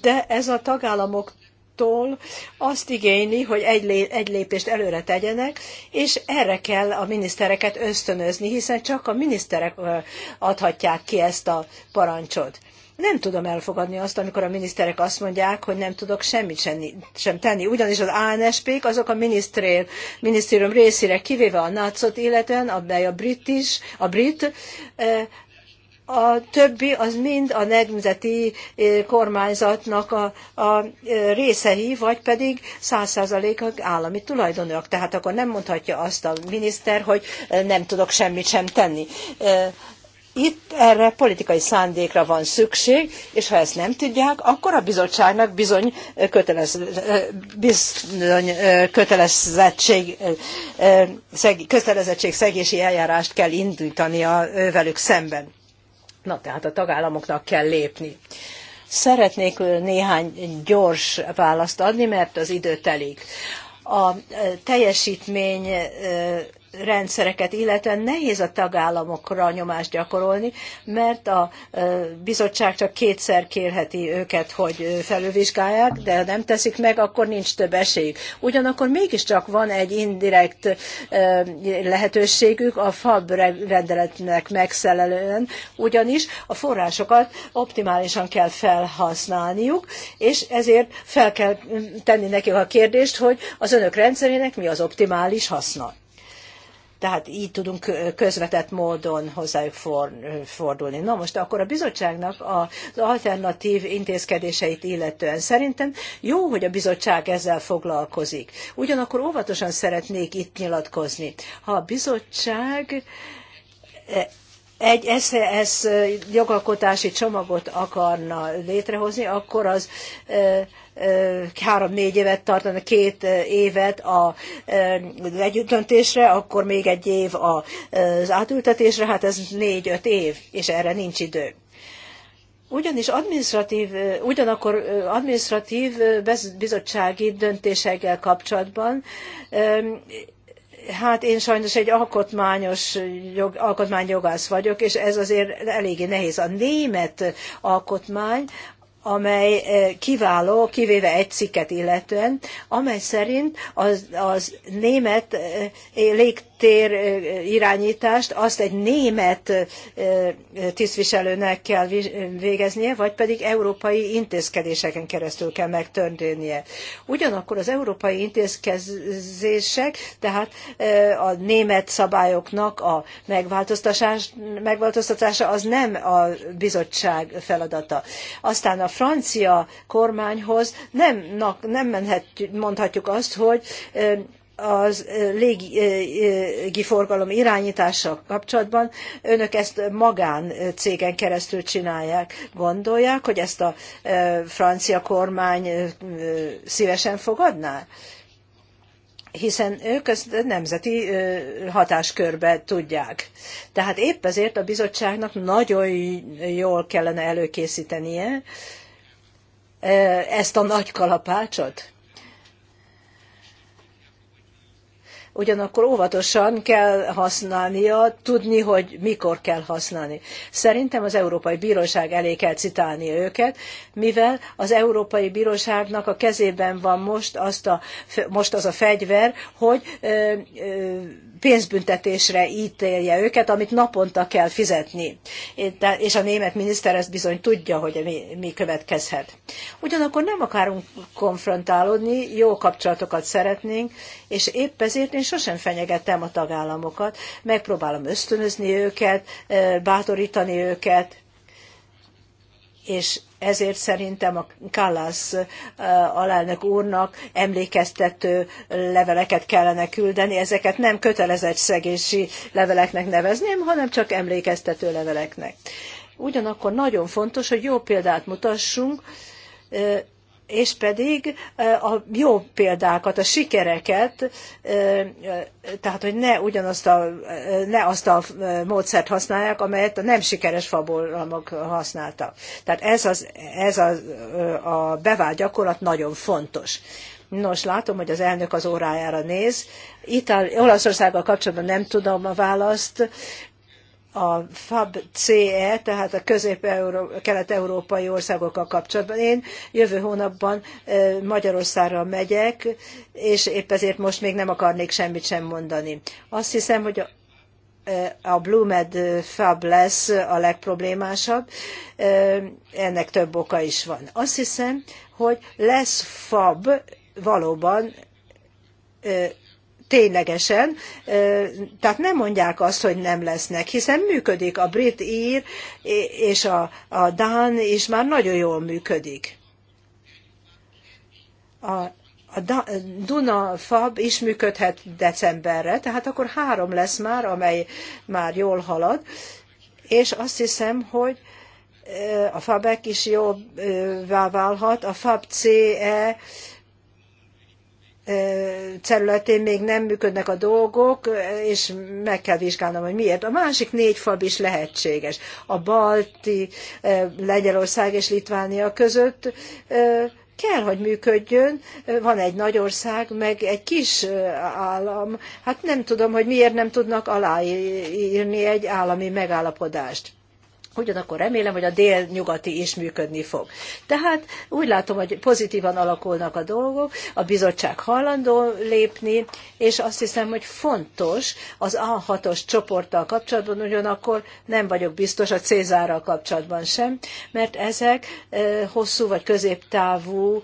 De ez a tagállamok tól azt igényli, hogy egy, egy lépést előre tegyenek, és erre kell a minisztereket ösztönözni, hiszen csak a miniszterek adhatják ki ezt a parancsot. Nem tudom elfogadni azt, amikor a miniszterek azt mondják, hogy nem tudok semmit sem tenni. Ugyanis az ANSP-k azok a minisztérium részére, kivéve a NACOT illetően, amely a brit is, a brit, a többi az mind a nemzeti kormányzatnak a, a részei, vagy pedig száz százalékok állami tulajdonok. Tehát akkor nem mondhatja azt a miniszter, hogy nem tudok semmit sem tenni. Itt erre politikai szándékra van szükség, és ha ezt nem tudják, akkor a bizottságnak bizony, kötelez, bizony kötelezettség, kötelezettség szegési eljárást kell a velük szemben. Na, tehát a tagállamoknak kell lépni. Szeretnék néhány gyors választ adni, mert az idő telik. A teljesítmény rendszereket, illetve nehéz a tagállamokra nyomást gyakorolni, mert a bizottság csak kétszer kérheti őket, hogy felülvizsgálják, de ha nem teszik meg, akkor nincs több esélyük. Ugyanakkor mégiscsak van egy indirekt lehetőségük a FAB rendeletnek megfelelően, ugyanis a forrásokat optimálisan kell felhasználniuk, és ezért fel kell tenni nekik a kérdést, hogy az önök rendszerének mi az optimális haszna. Tehát így tudunk közvetett módon hozzájuk fordulni. Na most akkor a bizottságnak az alternatív intézkedéseit illetően szerintem jó, hogy a bizottság ezzel foglalkozik. Ugyanakkor óvatosan szeretnék itt nyilatkozni. Ha a bizottság egy SZSZ e jogalkotási csomagot akarna létrehozni, akkor az három-négy évet tartana, két évet a együttdöntésre, akkor még egy év az átültetésre, hát ez négy-öt év, és erre nincs idő. Ugyanis administratív, ugyanakkor administratív bizottsági döntésekkel kapcsolatban Hát én sajnos egy alkotmányos jog, alkotmányjogász vagyok, és ez azért eléggé nehéz. A német alkotmány, amely eh, kiváló, kivéve egy cikket illetően, amely szerint az, az német eh, lég tér irányítást azt egy német tisztviselőnek kell végeznie, vagy pedig európai intézkedéseken keresztül kell megtörténnie. Ugyanakkor az európai intézkedések, tehát a német szabályoknak a megváltoztatása az nem a bizottság feladata. Aztán a francia kormányhoz nem, nem menhet, mondhatjuk azt, hogy az légi forgalom irányítása kapcsolatban önök ezt magán cégen keresztül csinálják. Gondolják, hogy ezt a francia kormány szívesen fogadná? hiszen ők ezt nemzeti hatáskörbe tudják. Tehát épp ezért a bizottságnak nagyon jól kellene előkészítenie ezt a nagy kalapácsot, ugyanakkor óvatosan kell használnia, tudni, hogy mikor kell használni. Szerintem az Európai Bíróság elé kell citálni őket, mivel az Európai Bíróságnak a kezében van most, azt a, most az a fegyver, hogy ö, ö, pénzbüntetésre ítélje őket, amit naponta kell fizetni. És a német miniszter ezt bizony tudja, hogy mi, mi következhet. Ugyanakkor nem akarunk konfrontálódni, jó kapcsolatokat szeretnénk, és épp ezért én sosem fenyegettem a tagállamokat, megpróbálom ösztönözni őket, eh, bátorítani őket, és ezért szerintem a Kallas alelnök úrnak emlékeztető leveleket kellene küldeni. Ezeket nem szegési leveleknek nevezném, hanem csak emlékeztető leveleknek. Ugyanakkor nagyon fontos, hogy jó példát mutassunk, és pedig a jó példákat, a sikereket, tehát hogy ne ugyanazt a, ne azt a módszert használják, amelyet a nem sikeres fabolamok használtak. Tehát ez, az, ez az, a bevált gyakorlat nagyon fontos. Nos, látom, hogy az elnök az órájára néz. Itál, Olaszországgal kapcsolatban nem tudom a választ, a FAB-CE, tehát a közép-kelet-európai országokkal kapcsolatban. Én jövő hónapban Magyarországra megyek, és épp ezért most még nem akarnék semmit sem mondani. Azt hiszem, hogy a a Blumed Fab lesz a legproblémásabb, ennek több oka is van. Azt hiszem, hogy lesz Fab valóban ténylegesen, tehát nem mondják azt, hogy nem lesznek, hiszen működik a brit ír, és a, a dán is már nagyon jól működik. A, a Duna Fab is működhet decemberre, tehát akkor három lesz már, amely már jól halad, és azt hiszem, hogy a Fabek is jobbá válhat, a Fab CE területén még nem működnek a dolgok, és meg kell vizsgálnom, hogy miért. A másik négy fab is lehetséges. A balti, Lengyelország és Litvánia között kell, hogy működjön. Van egy nagy ország, meg egy kis állam. Hát nem tudom, hogy miért nem tudnak aláírni egy állami megállapodást. Ugyanakkor remélem, hogy a délnyugati is működni fog. Tehát úgy látom, hogy pozitívan alakulnak a dolgok, a bizottság hajlandó lépni, és azt hiszem, hogy fontos az A6-os csoporttal kapcsolatban, ugyanakkor nem vagyok biztos a Cézárral kapcsolatban sem, mert ezek hosszú vagy középtávú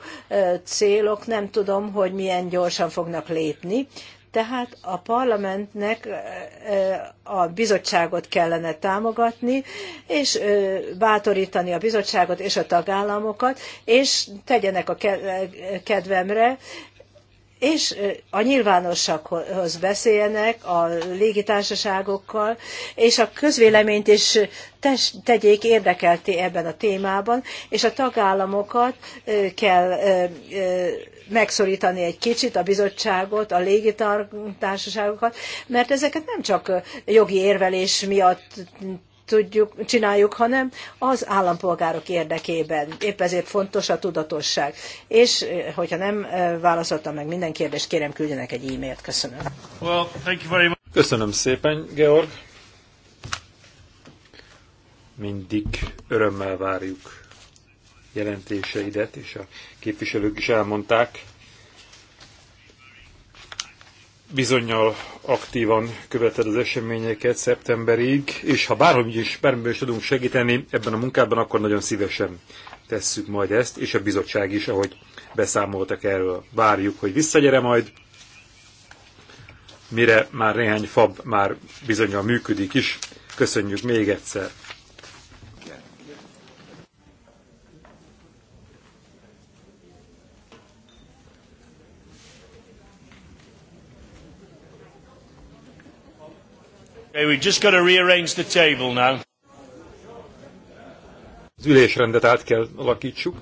célok, nem tudom, hogy milyen gyorsan fognak lépni, tehát a parlamentnek a bizottságot kellene támogatni, és bátorítani a bizottságot és a tagállamokat, és tegyenek a kedvemre, és a nyilvánossághoz beszéljenek, a légitársaságokkal, és a közvéleményt is tegyék érdekelté ebben a témában, és a tagállamokat kell megszorítani egy kicsit, a bizottságot, a légitársaságokat, mert ezeket nem csak jogi érvelés miatt tudjuk, csináljuk, hanem az állampolgárok érdekében. Épp ezért fontos a tudatosság. És eh, hogyha nem eh, válaszoltam meg minden kérdést, kérem küldjenek egy e-mailt. Köszönöm. Well, thank you very much. Köszönöm szépen, Georg. Mindig örömmel várjuk jelentéseidet, és a képviselők is elmondták, bizonyal aktívan követed az eseményeket szeptemberig, és ha bárhogy is, bármiben is tudunk segíteni ebben a munkában, akkor nagyon szívesen tesszük majd ezt, és a bizottság is, ahogy beszámoltak erről. Várjuk, hogy visszagyere majd, mire már néhány fab már bizonyal működik is. Köszönjük még egyszer! Okay, just got to rearrange the table now. Az ülésrendet át kell alakítsuk.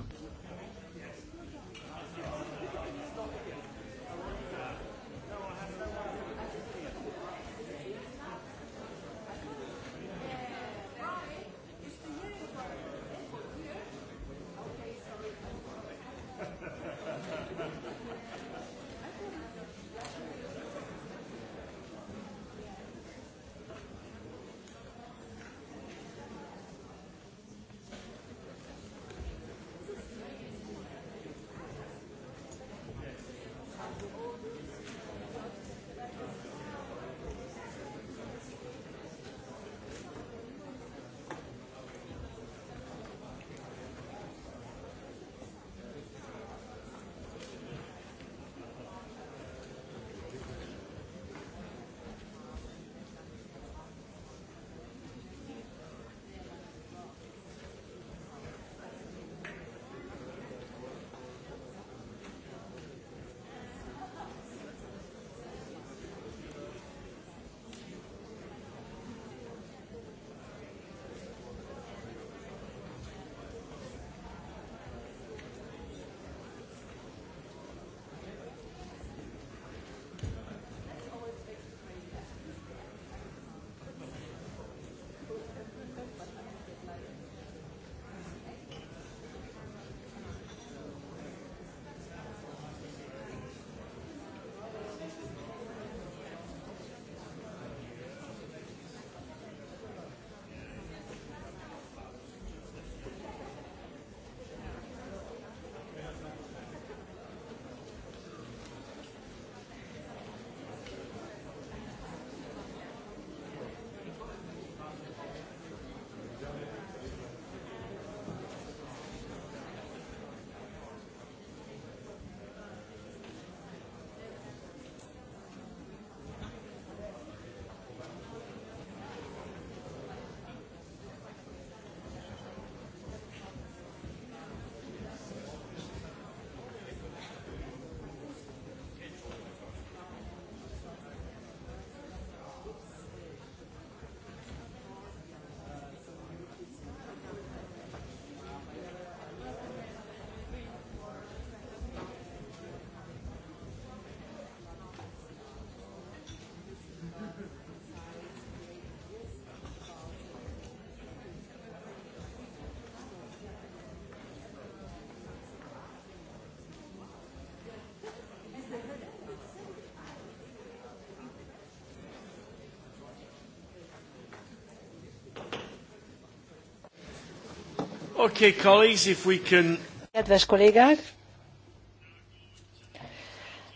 Okay, colleagues, if we can... Kedves kollégák,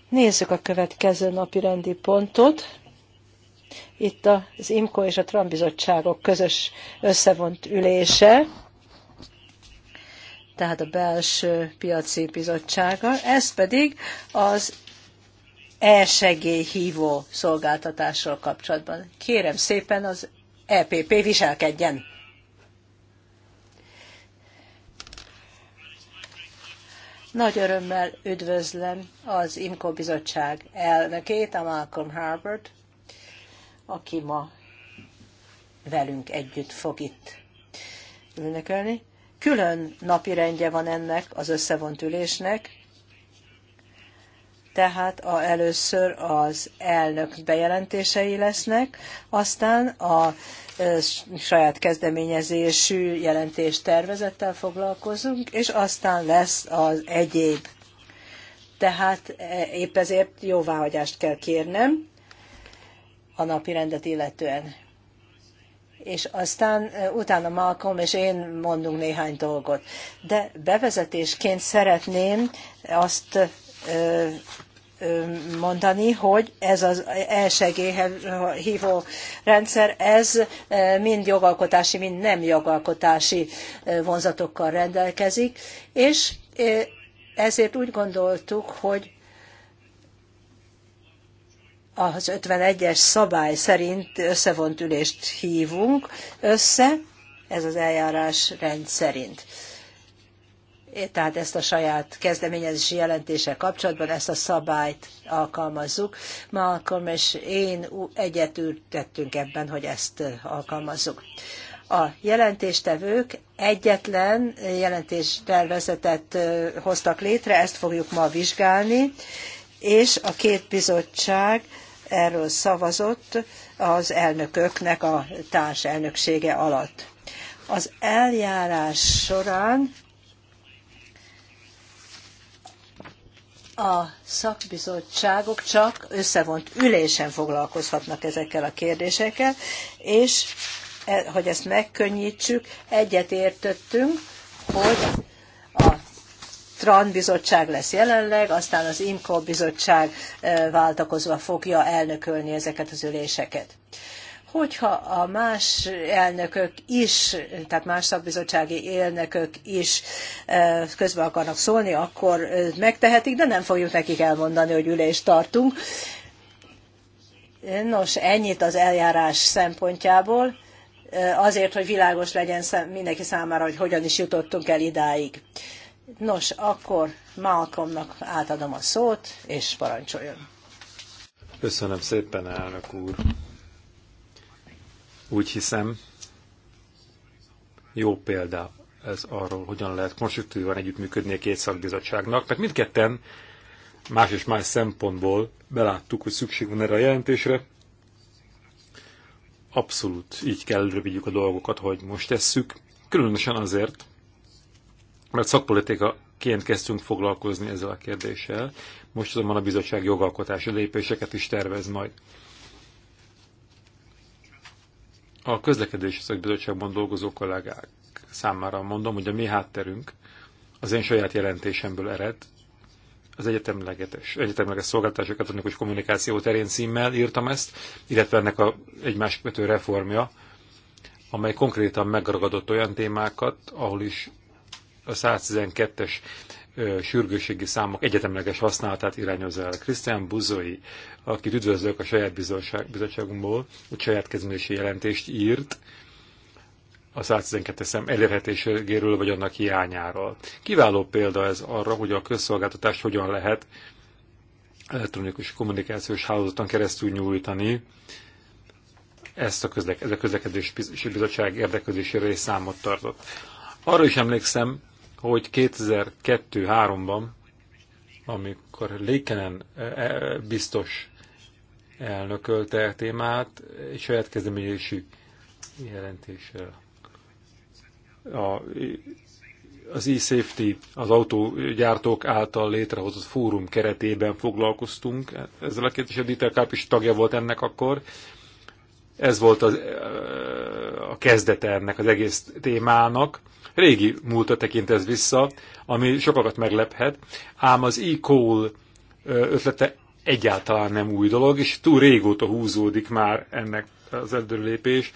nézzük a következő napi rendi pontot. Itt az IMCO és a Trump bizottságok közös összevont ülése, tehát a belső piaci bizottsága, ez pedig az e-segélyhívó szolgáltatásról kapcsolatban. Kérem szépen az EPP viselkedjen! Nagy örömmel üdvözlöm az IMCO bizottság elnökét, a Malcolm Harbert, aki ma velünk együtt fog itt ünnepelni. Külön napi rendje van ennek az összevont ülésnek, tehát a, először az elnök bejelentései lesznek, aztán a saját kezdeményezésű jelentés tervezettel foglalkozunk, és aztán lesz az egyéb. Tehát e, épp ezért jóváhagyást kell kérnem a napi rendet illetően. És aztán utána Malcolm és én mondunk néhány dolgot. De bevezetésként szeretném azt mondani, hogy ez az elsegélyhez hívó rendszer, ez e, mind jogalkotási, mind nem jogalkotási e, vonzatokkal rendelkezik, és e, ezért úgy gondoltuk, hogy az 51-es szabály szerint összevont ülést hívunk össze, ez az eljárás rend szerint tehát ezt a saját kezdeményezési jelentéssel kapcsolatban ezt a szabályt alkalmazzuk. Malcolm és én egyetültettünk ebben, hogy ezt alkalmazzuk. A jelentéstevők egyetlen jelentéstervezetet hoztak létre, ezt fogjuk ma vizsgálni, és a két bizottság erről szavazott az elnököknek a társelnöksége alatt. Az eljárás során a szakbizottságok csak összevont ülésen foglalkozhatnak ezekkel a kérdésekkel, és e, hogy ezt megkönnyítsük, egyetértettünk, hogy a TRAN bizottság lesz jelenleg, aztán az IMCO bizottság e, váltakozva fogja elnökölni ezeket az üléseket hogyha a más elnökök is, tehát más szakbizottsági elnökök is eh, közbe akarnak szólni, akkor eh, megtehetik, de nem fogjuk nekik elmondani, hogy ülést tartunk. Nos, ennyit az eljárás szempontjából, eh, azért, hogy világos legyen mindenki számára, hogy hogyan is jutottunk el idáig. Nos, akkor Malcolmnak átadom a szót, és parancsoljon. Köszönöm szépen, elnök úr. Úgy hiszem, jó példa ez arról, hogyan lehet konstruktívan együttműködni a két szakbizottságnak, mert mindketten más és más szempontból beláttuk, hogy szükség van erre a jelentésre. Abszolút így kell rövidjük a dolgokat, hogy most tesszük, különösen azért, mert szakpolitika ként kezdtünk foglalkozni ezzel a kérdéssel. Most azonban a bizottság jogalkotási lépéseket is tervez majd a közlekedési szakbizottságban dolgozó kollégák számára mondom, hogy a mi hátterünk az én saját jelentésemből ered, az egyetemleges, egyetemleges szolgáltatások katonikus kommunikáció terén címmel írtam ezt, illetve ennek a egymás kötő reformja, amely konkrétan megragadott olyan témákat, ahol is a 112-es sürgősségi számok egyetemleges használatát irányozza el. Krisztián Buzoi, akit üdvözlök a saját bizottság, bizottságunkból, egy saját kezdeményezési jelentést írt a 112 szem elérhetéségéről vagy annak hiányáról. Kiváló példa ez arra, hogy a közszolgáltatást hogyan lehet elektronikus kommunikációs hálózaton keresztül nyújtani, ezt a, közlek, ez a közlekedési bizottság érdeklődésére is számot tartott. Arra is emlékszem, hogy 2002-3-ban, amikor Lékenen eh, eh, biztos elnökölte a témát, egy saját kezdeményezésű jelentéssel. A, az e-safety, az autógyártók által létrehozott fórum keretében foglalkoztunk ezzel a kérdéssel. Dieter Káp is tagja volt ennek akkor, ez volt az, a kezdete ennek az egész témának. Régi múltra tekint ez vissza, ami sokakat meglephet, ám az e ötlete egyáltalán nem új dolog, és túl régóta húzódik már ennek az előlépés.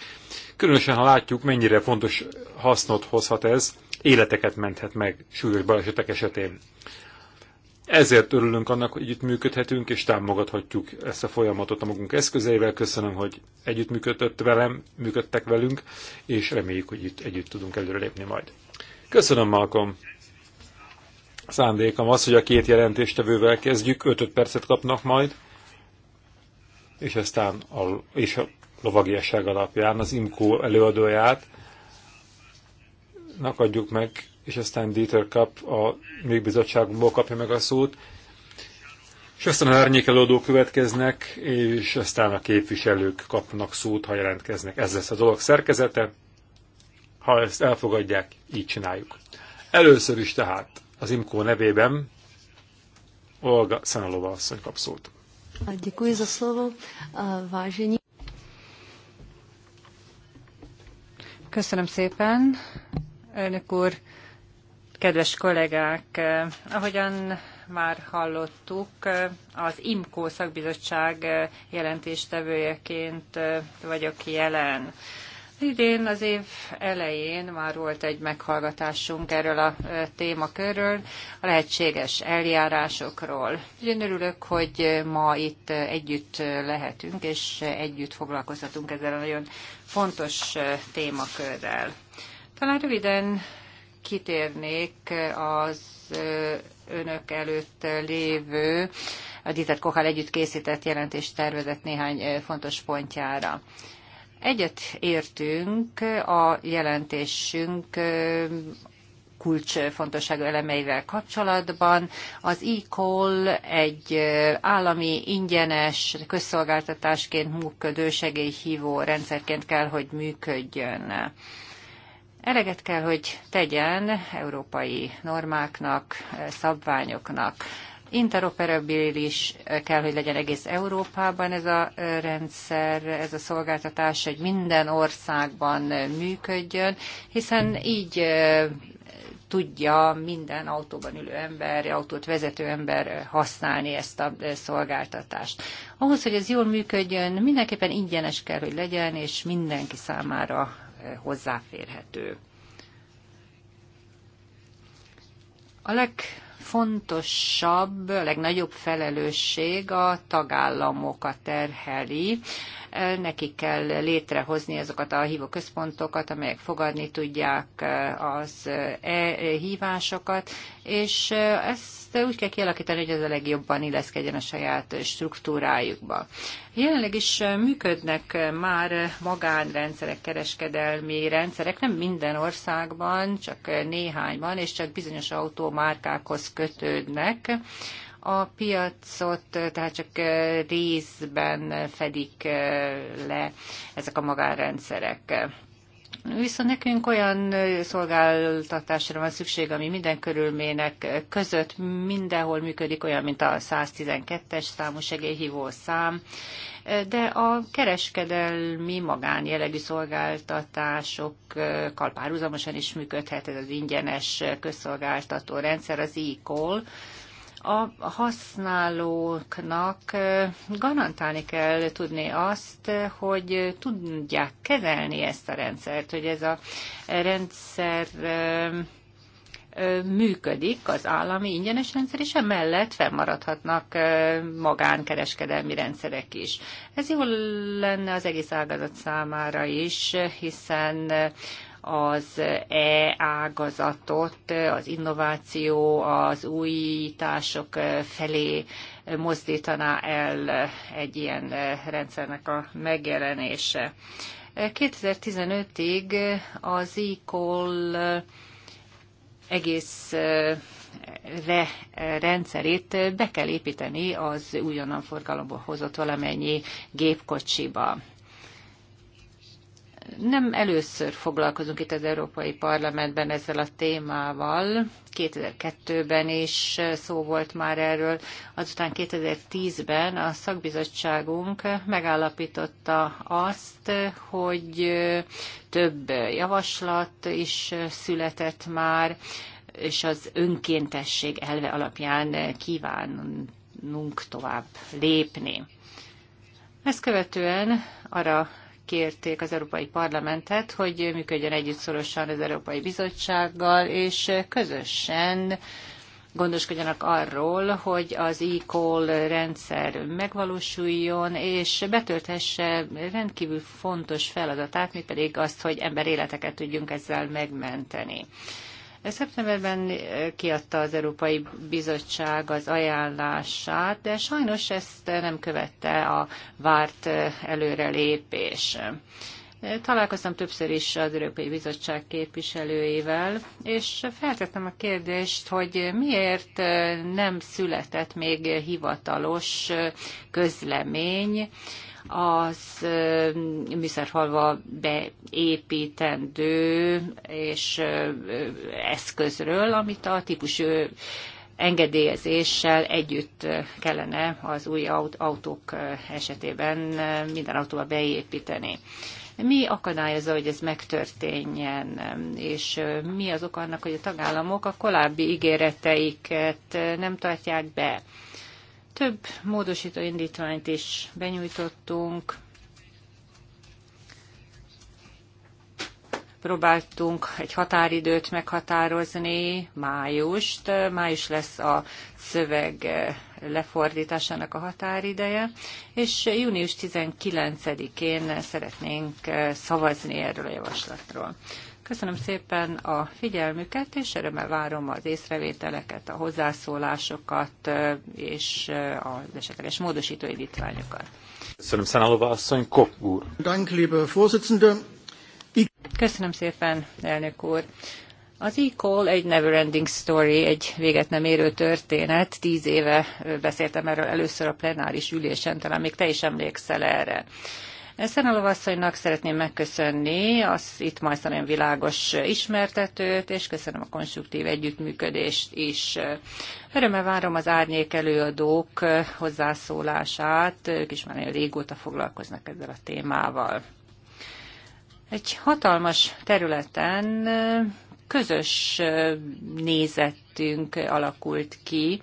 Különösen, ha látjuk, mennyire fontos hasznot hozhat ez, életeket menthet meg súlyos balesetek esetén. Ezért örülünk annak, hogy együttműködhetünk és támogathatjuk ezt a folyamatot a magunk eszközeivel. Köszönöm, hogy együttműködött velem, működtek velünk, és reméljük, hogy itt együtt tudunk előrelépni majd. Köszönöm, Malcolm! Szándékom az, hogy a két jelentéstevővel kezdjük, 5 percet kapnak majd, és aztán a, és a lovagiasság alapján az IMCO előadóját adjuk meg és aztán Dieter Kapp a még bizottságunkból kapja meg a szót. És aztán a árnyékelődők következnek, és aztán a képviselők kapnak szót, ha jelentkeznek. Ez lesz a dolog szerkezete. Ha ezt elfogadják, így csináljuk. Először is tehát az IMKO nevében Olga Szenalova asszony kap szót. Köszönöm szépen, elnök úr, Kedves kollégák, eh, ahogyan már hallottuk, eh, az IMKO szakbizottság eh, jelentéstevőjeként vagyok jelen. Idén az év elején már volt egy meghallgatásunk erről a témakörről, a lehetséges eljárásokról. Én örülök, hogy ma itt együtt lehetünk, és együtt foglalkozhatunk ezzel a nagyon fontos témakörrel. Talán röviden kitérnék az önök előtt lévő, a Dieter Kohal együtt készített jelentés tervezett néhány fontos pontjára. Egyet értünk a jelentésünk kulcsfontosságú elemeivel kapcsolatban. Az e-call egy állami ingyenes közszolgáltatásként működő segélyhívó rendszerként kell, hogy működjön. Eleget kell, hogy tegyen európai normáknak, szabványoknak. Interoperabilis kell, hogy legyen egész Európában ez a rendszer, ez a szolgáltatás, hogy minden országban működjön, hiszen így tudja minden autóban ülő ember, autót vezető ember használni ezt a szolgáltatást. Ahhoz, hogy ez jól működjön, mindenképpen ingyenes kell, hogy legyen, és mindenki számára hozzáférhető. A legfontosabb, a legnagyobb felelősség a tagállamokat terheli. Nekik kell létrehozni azokat a hívóközpontokat, amelyek fogadni tudják az e-hívásokat, és ezt úgy kell kialakítani, hogy ez a legjobban illeszkedjen a saját struktúrájukba. Jelenleg is működnek már magánrendszerek, kereskedelmi rendszerek, nem minden országban, csak néhányban, és csak bizonyos autómárkákhoz kötődnek. A piacot tehát csak részben fedik le ezek a magánrendszerek. Viszont nekünk olyan szolgáltatásra van szükség, ami minden körülmények között mindenhol működik, olyan, mint a 112-es számú segélyhívó szám, de a kereskedelmi magánjellegű szolgáltatásokkal párhuzamosan is működhet ez az ingyenes közszolgáltató rendszer, az e-call, a használóknak garantálni kell tudni azt, hogy tudják kezelni ezt a rendszert, hogy ez a rendszer működik az állami ingyenes rendszer, és emellett fennmaradhatnak magánkereskedelmi rendszerek is. Ez jó lenne az egész ágazat számára is, hiszen az e ágazatot, az innováció, az újítások felé mozdítaná el egy ilyen rendszernek a megjelenése. 2015-ig az e-call egész re, rendszerét be kell építeni az újonnan forgalomba hozott valamennyi gépkocsiba. Nem először foglalkozunk itt az Európai Parlamentben ezzel a témával. 2002-ben is szó volt már erről, azután 2010-ben a szakbizottságunk megállapította azt, hogy több javaslat is született már, és az önkéntesség elve alapján kívánunk tovább lépni. Ezt követően arra kérték az Európai Parlamentet, hogy működjön együtt szorosan az Európai Bizottsággal, és közösen gondoskodjanak arról, hogy az e-call rendszer megvalósuljon, és betölthesse rendkívül fontos feladatát, mégpedig azt, hogy emberéleteket tudjunk ezzel megmenteni. Szeptemberben eh, kiadta az Európai Bizottság az ajánlását, de sajnos ezt eh, nem követte a várt eh, előrelépés. Találkoztam többször is az Európai Bizottság képviselőivel, és feltettem a kérdést, hogy miért nem született még hivatalos közlemény az műszerfalva beépítendő és eszközről, amit a típus engedélyezéssel együtt kellene az új autók esetében minden autóba beépíteni. Mi akadályozza, hogy ez megtörténjen, és mi az oka annak, hogy a tagállamok a korábbi ígéreteiket nem tartják be? Több módosító indítványt is benyújtottunk. Próbáltunk egy határidőt meghatározni, májust. Május lesz a szöveg lefordításának a határideje, és június 19-én szeretnénk szavazni erről a javaslatról. Köszönöm szépen a figyelmüket, és örömmel várom az észrevételeket, a hozzászólásokat és az esetleges módosító indítványokat. Köszönöm, Szánalova asszony, Kopp úr. Köszönöm szépen, elnök úr. Az e-call egy never ending story, egy véget nem érő történet. Tíz éve beszéltem erről először a plenáris ülésen, talán még te is emlékszel erre. Szenelov asszonynak szeretném megköszönni az itt majd nagyon világos ismertetőt, és köszönöm a konstruktív együttműködést is. Örömmel várom az árnyék előadók hozzászólását, ők is már nagyon régóta foglalkoznak ezzel a témával. Egy hatalmas területen közös nézet közöttünk alakult ki.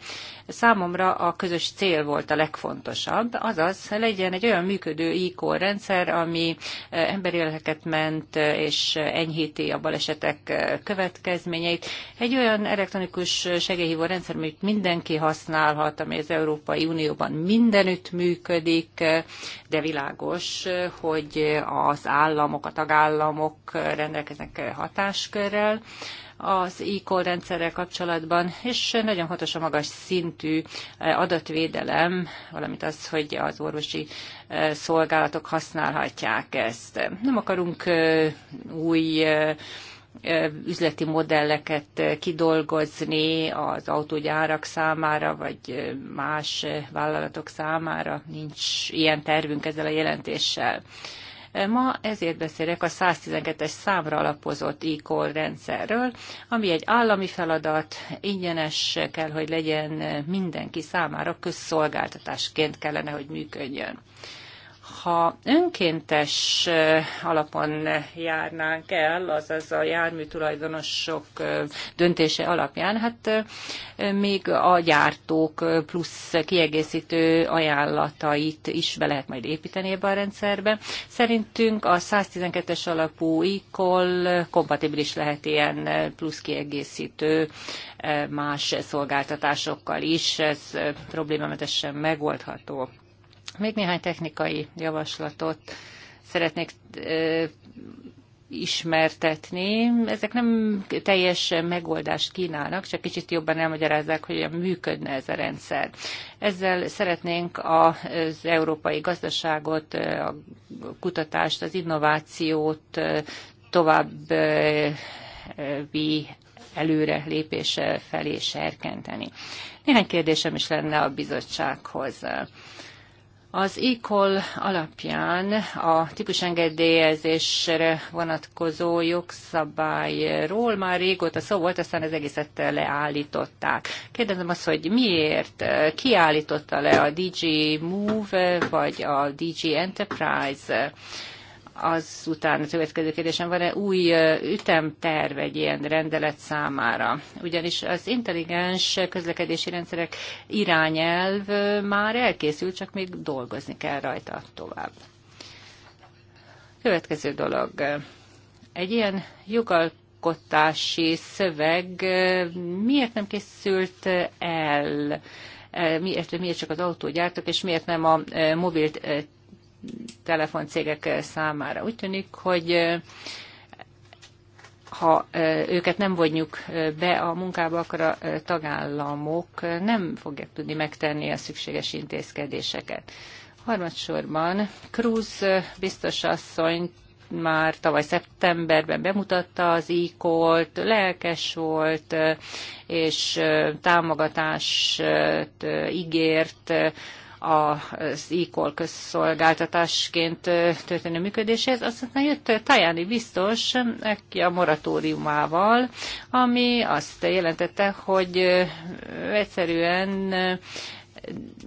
Számomra a közös cél volt a legfontosabb, azaz legyen egy olyan működő ICOR rendszer, ami eh, emberi életeket ment eh, és enyhíti a balesetek eh, következményeit. Egy olyan elektronikus segélyhívó rendszer, amit mindenki használhat, ami az Európai Unióban mindenütt működik, de világos, hogy az államok, a tagállamok rendelkeznek hatáskörrel, az e-call rendszerrel kapcsolatban, és nagyon fontos a magas szintű eh, adatvédelem, valamint az, hogy az orvosi eh, szolgálatok használhatják ezt. Nem akarunk eh, új üzleti modelleket kidolgozni az autógyárak számára, vagy más vállalatok számára. Nincs ilyen tervünk ezzel a jelentéssel. Ma ezért beszélek a 112-es számra alapozott e rendszerről, ami egy állami feladat, ingyenes kell, hogy legyen mindenki számára, közszolgáltatásként kellene, hogy működjön ha önkéntes alapon járnánk el, azaz a tulajdonosok döntése alapján, hát még a gyártók plusz kiegészítő ajánlatait is be lehet majd építeni ebbe a rendszerbe. Szerintünk a 112-es alapú iCol kompatibilis lehet ilyen plusz kiegészítő más szolgáltatásokkal is, ez problémamentesen megoldható. Még néhány technikai javaslatot szeretnék ismertetni. Ezek nem teljes megoldást kínálnak, csak kicsit jobban elmagyarázzák, hogy működne ez a rendszer. Ezzel szeretnénk az európai gazdaságot, a kutatást, az innovációt további előre lépés felé serkenteni. Néhány kérdésem is lenne a bizottsághoz. Az ICOL alapján a típusengedélyezésre vonatkozó jogszabályról már régóta szó volt, aztán az egészet leállították. Kérdezem azt, hogy miért? kiállította le a DG Move vagy a DG Enterprise? azután a következő kérdésem, van-e új ütemterv egy ilyen rendelet számára? Ugyanis az intelligens közlekedési rendszerek irányelv már elkészült, csak még dolgozni kell rajta tovább. Következő dolog. Egy ilyen jogalkotási szöveg miért nem készült el? miért, miért csak az autógyártók, és miért nem a mobil telefoncégek számára. Úgy tűnik, hogy ha őket nem vonjuk be a munkába, akkor a tagállamok nem fogják tudni megtenni a szükséges intézkedéseket. Harmadsorban Cruz biztos asszony már tavaly szeptemberben bemutatta az IKOlt, lelkes volt, és támogatást ígért az e-call közszolgáltatásként történő működéséhez. Aztán jött Tajani biztos, aki a moratóriumával, ami azt jelentette, hogy egyszerűen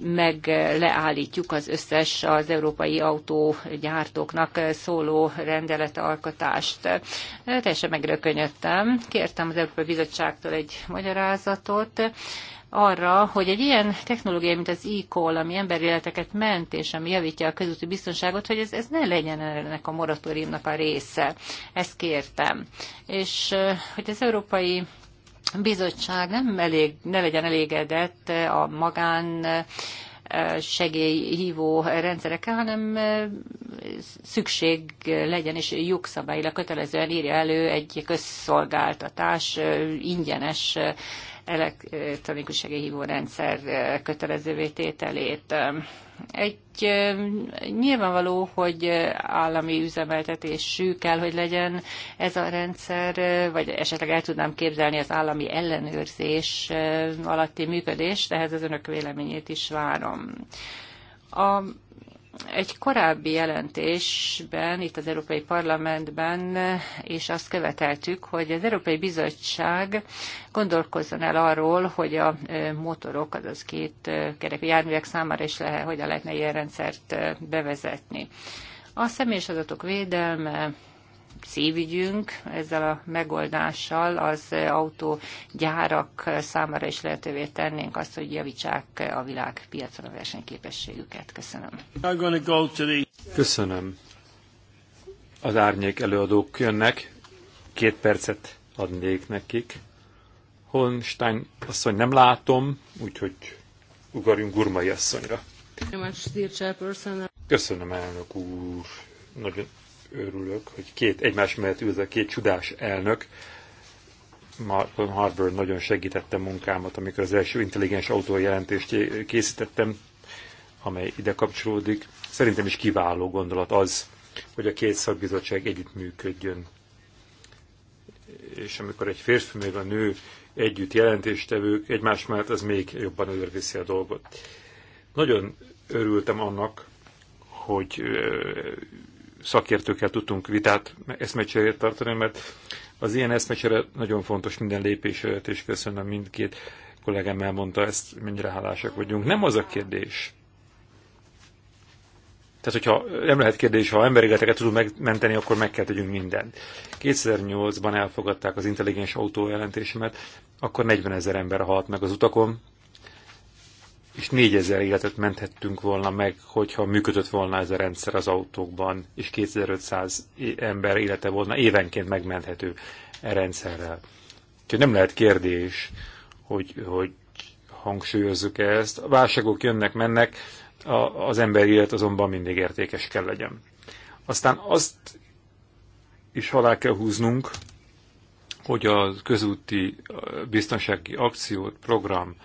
meg leállítjuk az összes az európai autógyártóknak szóló rendeletalkotást. Teljesen megrökönyödtem. Kértem az Európai Bizottságtól egy magyarázatot arra, hogy egy ilyen technológia, mint az e-call, ami emberéleteket ment, és ami javítja a közúti biztonságot, hogy ez, ez ne legyen ennek a moratóriumnak a része. Ezt kértem. És hogy az Európai bizottság nem elég, ne legyen elégedett a magán segélyhívó rendszerekkel, hanem szükség legyen, és jogszabályilag kötelezően írja elő egy közszolgáltatás ingyenes elektronikus segélyhívó rendszer kötelezővé tételét. Egy nyilvánvaló, hogy állami üzemeltetésű kell, hogy legyen ez a rendszer, vagy esetleg el tudnám képzelni az állami ellenőrzés alatti működést, ehhez az önök véleményét is várom. A egy korábbi jelentésben, itt az Európai Parlamentben is azt követeltük, hogy az Európai Bizottság gondolkozzon el arról, hogy a motorok, azaz két kerekű járművek számára is lehet, hogyan lehetne ilyen rendszert bevezetni. A személyes adatok védelme, szívügyünk ezzel a megoldással az autógyárak számára is lehetővé tennénk azt, hogy javítsák a piacon a versenyképességüket. Köszönöm. Köszönöm. Az árnyék előadók jönnek, két percet adnék nekik. Honstein asszony nem látom, úgyhogy ugorjunk Gurmai asszonyra. Köszönöm, elnök úr. Nagyon örülök, hogy két egymás mellett ülve két csodás elnök, Martin Harbour nagyon segítette munkámat, amikor az első intelligens autó jelentést készítettem, amely ide kapcsolódik. Szerintem is kiváló gondolat az, hogy a két szakbizottság együttműködjön. És amikor egy férfi meg a nő együtt jelentéstevők egymás mellett, az még jobban előreviszi a dolgot. Nagyon örültem annak, hogy szakértőkkel tudtunk vitát, eszmecserét tartani, mert az ilyen eszmecsere nagyon fontos minden lépésért, és köszönöm mindkét kollégám elmondta ezt, mennyire hálásak vagyunk. Nem az a kérdés. Tehát, hogyha nem lehet kérdés, ha életeket tudunk megmenteni, akkor meg kell tegyünk mindent. 2008-ban elfogadták az intelligens autó jelentésemet, akkor 40 ezer ember halt meg az utakon, és 4000 életet menthettünk volna meg, hogyha működött volna ez a rendszer az autókban, és 2500 ember élete volna évenként megmenthető e rendszerrel. Úgyhogy nem lehet kérdés, hogy, hogy hangsúlyozzuk -e ezt. A válságok jönnek, mennek, a, az ember élet azonban mindig értékes kell legyen. Aztán azt is alá kell húznunk, hogy a közúti biztonsági akciót, program,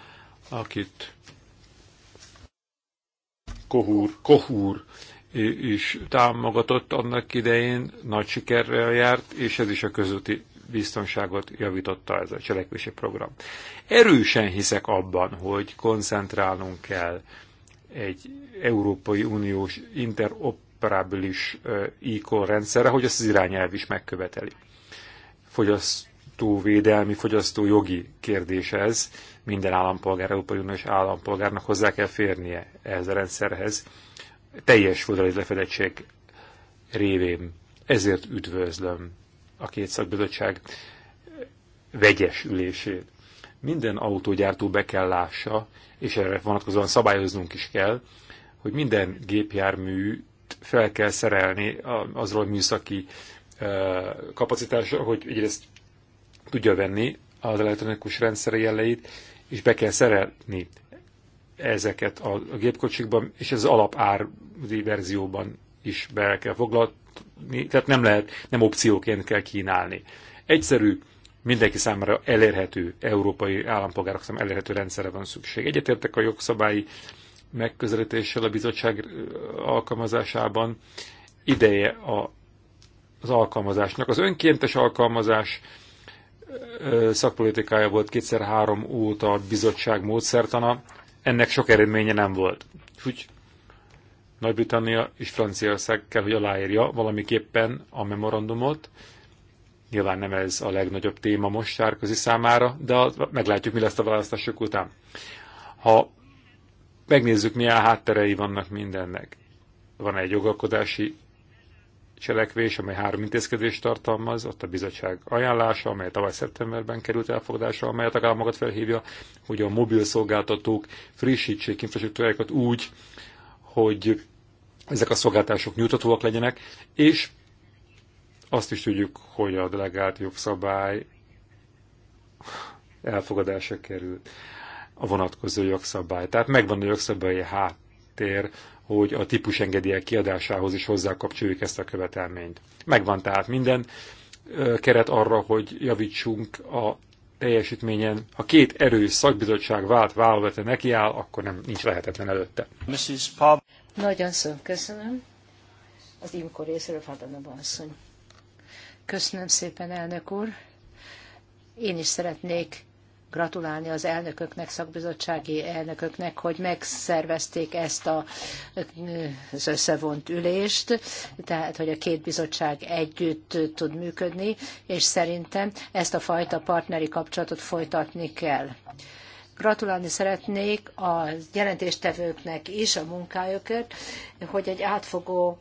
akit Kohúr, Kohúr is támogatott annak idején, nagy sikerrel járt, és ez is a közötti biztonságot javította ez a cselekvési program. Erősen hiszek abban, hogy koncentrálnunk kell egy Európai Uniós interoperabilis e rendszerre, hogy ezt az irányelv is megköveteli. Fogyasztóvédelmi, fogyasztójogi kérdés ez, minden állampolgár, Európai Uniós állampolgárnak hozzá kell férnie ehhez a rendszerhez, teljes földrajzi lefedettség révén. Ezért üdvözlöm a két szakbizottság vegyes ülését. Minden autógyártó be kell lássa, és erre vonatkozóan szabályoznunk is kell, hogy minden gépjármű fel kell szerelni azról műszaki kapacitásra, hogy egyrészt tudja venni az elektronikus rendszer jeleit, és be kell szerelni ezeket a, gépkocsikban, és ez alapár verzióban is be kell foglalni, tehát nem lehet, nem opcióként kell kínálni. Egyszerű, mindenki számára elérhető, európai állampolgárok számára elérhető rendszerre van szükség. Egyetértek a jogszabályi megközelítéssel a bizottság alkalmazásában. Ideje a, az alkalmazásnak. Az önkéntes alkalmazás szakpolitikája volt kétszer három óta a bizottság módszertana, ennek sok eredménye nem volt. Úgy Nagy-Britannia és Franciaország kell, hogy aláírja valamiképpen a memorandumot. Nyilván nem ez a legnagyobb téma most Sárközi számára, de meglátjuk, mi lesz a választások után. Ha megnézzük, milyen hátterei vannak mindennek. Van egy jogalkodási cselekvés, amely három intézkedést tartalmaz, ott a bizottság ajánlása, amely tavaly szeptemberben került elfogadásra, amely a tagállamokat felhívja, hogy a mobil szolgáltatók frissítsék infrastruktúrájukat úgy, hogy ezek a szolgáltások nyújtatóak legyenek, és azt is tudjuk, hogy a delegált jogszabály elfogadása került a vonatkozó jogszabály. Tehát megvan a jogszabályi háttér hogy a típusengedélyek kiadásához is hozzákapcsoljuk ezt a követelményt. Megvan tehát minden keret arra, hogy javítsunk a teljesítményen. Ha két erős szakbizottság vált vállalat neki áll, akkor nem nincs lehetetlen előtte. Mrs. Pab. Nagyon szó, köszönöm. Az imkor részéről Fadanova asszony. Köszönöm szépen, elnök úr. Én is szeretnék gratulálni az elnököknek, szakbizottsági elnököknek, hogy megszervezték ezt a, az összevont ülést, tehát hogy a két bizottság együtt tud működni, és szerintem ezt a fajta partneri kapcsolatot folytatni kell. Gratulálni szeretnék a jelentéstevőknek is a munkájukért, hogy egy átfogó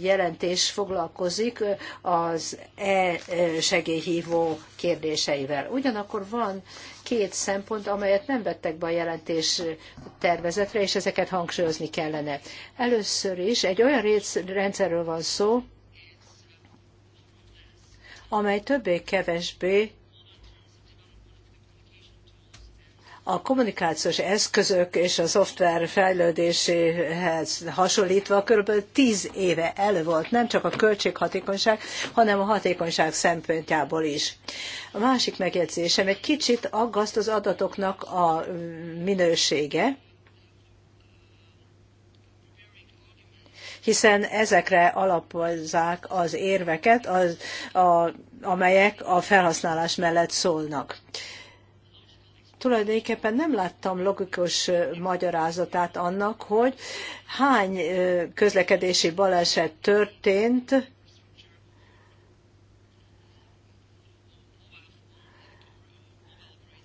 jelentés foglalkozik az e-segélyhívó kérdéseivel. Ugyanakkor van két szempont, amelyet nem vettek be a jelentés tervezetre, és ezeket hangsúlyozni kellene. Először is egy olyan rendszerről van szó, amely többé-kevesbé A kommunikációs eszközök és a szoftver fejlődéséhez hasonlítva körülbelül tíz éve elő volt, nem csak a költséghatékonyság, hanem a hatékonyság szempontjából is. A másik megjegyzésem, egy kicsit aggaszt az adatoknak a minősége, hiszen ezekre alapozzák az érveket, az, a, amelyek a felhasználás mellett szólnak. Uh, tulajdonképpen nem láttam logikus magyarázatát annak, hogy hány közlekedési baleset történt,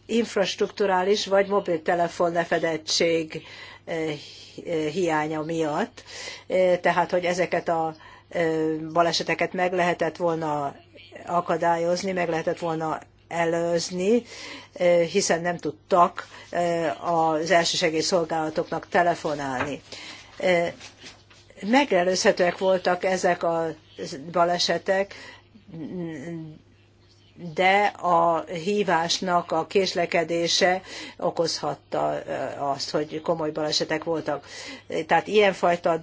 infrastrukturális vagy mobiltelefon lefedettség hiánya miatt, tehát hogy ezeket a baleseteket meg lehetett volna akadályozni, meg lehetett volna előzni, hiszen nem tudtak az szolgálatoknak telefonálni. Megelőzhetőek voltak ezek a balesetek, de a hívásnak a késlekedése okozhatta azt, hogy komoly balesetek voltak. Tehát ilyenfajta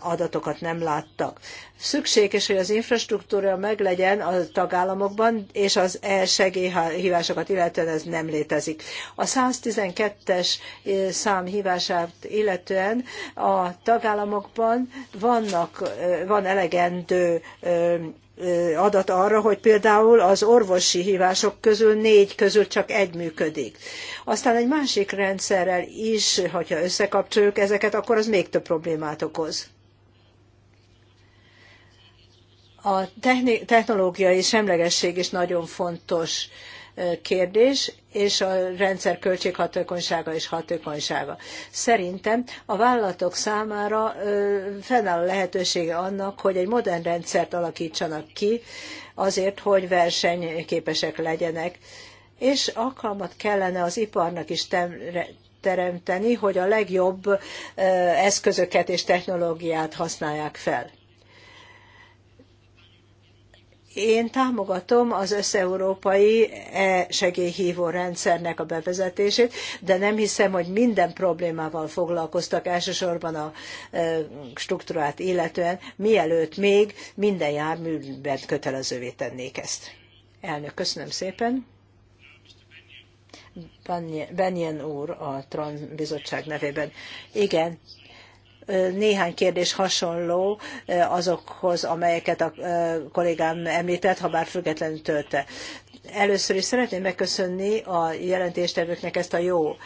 adatokat nem láttak. Szükséges, hogy az infrastruktúra meglegyen a tagállamokban, és az e-segélyhívásokat illetően ez nem létezik. A 112-es szám hívását illetően a tagállamokban vannak, van elegendő adat arra, hogy például az orvosi hívások közül négy közül csak egy működik. Aztán egy másik rendszerrel is, hogyha összekapcsoljuk ezeket, akkor az még több problémát okoz. A technológiai semlegesség is nagyon fontos kérdés, és a rendszer költséghatékonysága és hatékonysága. Szerintem a vállalatok számára fennáll a lehetősége annak, hogy egy modern rendszert alakítsanak ki azért, hogy versenyképesek legyenek, és alkalmat kellene az iparnak is teremteni, hogy a legjobb eszközöket és technológiát használják fel. Én támogatom az összeurópai e, segélyhívó rendszernek a bevezetését, de nem hiszem, hogy minden problémával foglalkoztak elsősorban a e, struktúrát illetően, mielőtt még minden járműben kötelezővé tennék ezt. Elnök, köszönöm szépen. Benjen úr a Tran bizottság nevében. Igen, néhány kérdés hasonló eh, azokhoz, amelyeket a eh, kollégám említett, ha bár függetlenül tölte. Először is szeretném megköszönni a jelentéstevőknek ezt a jó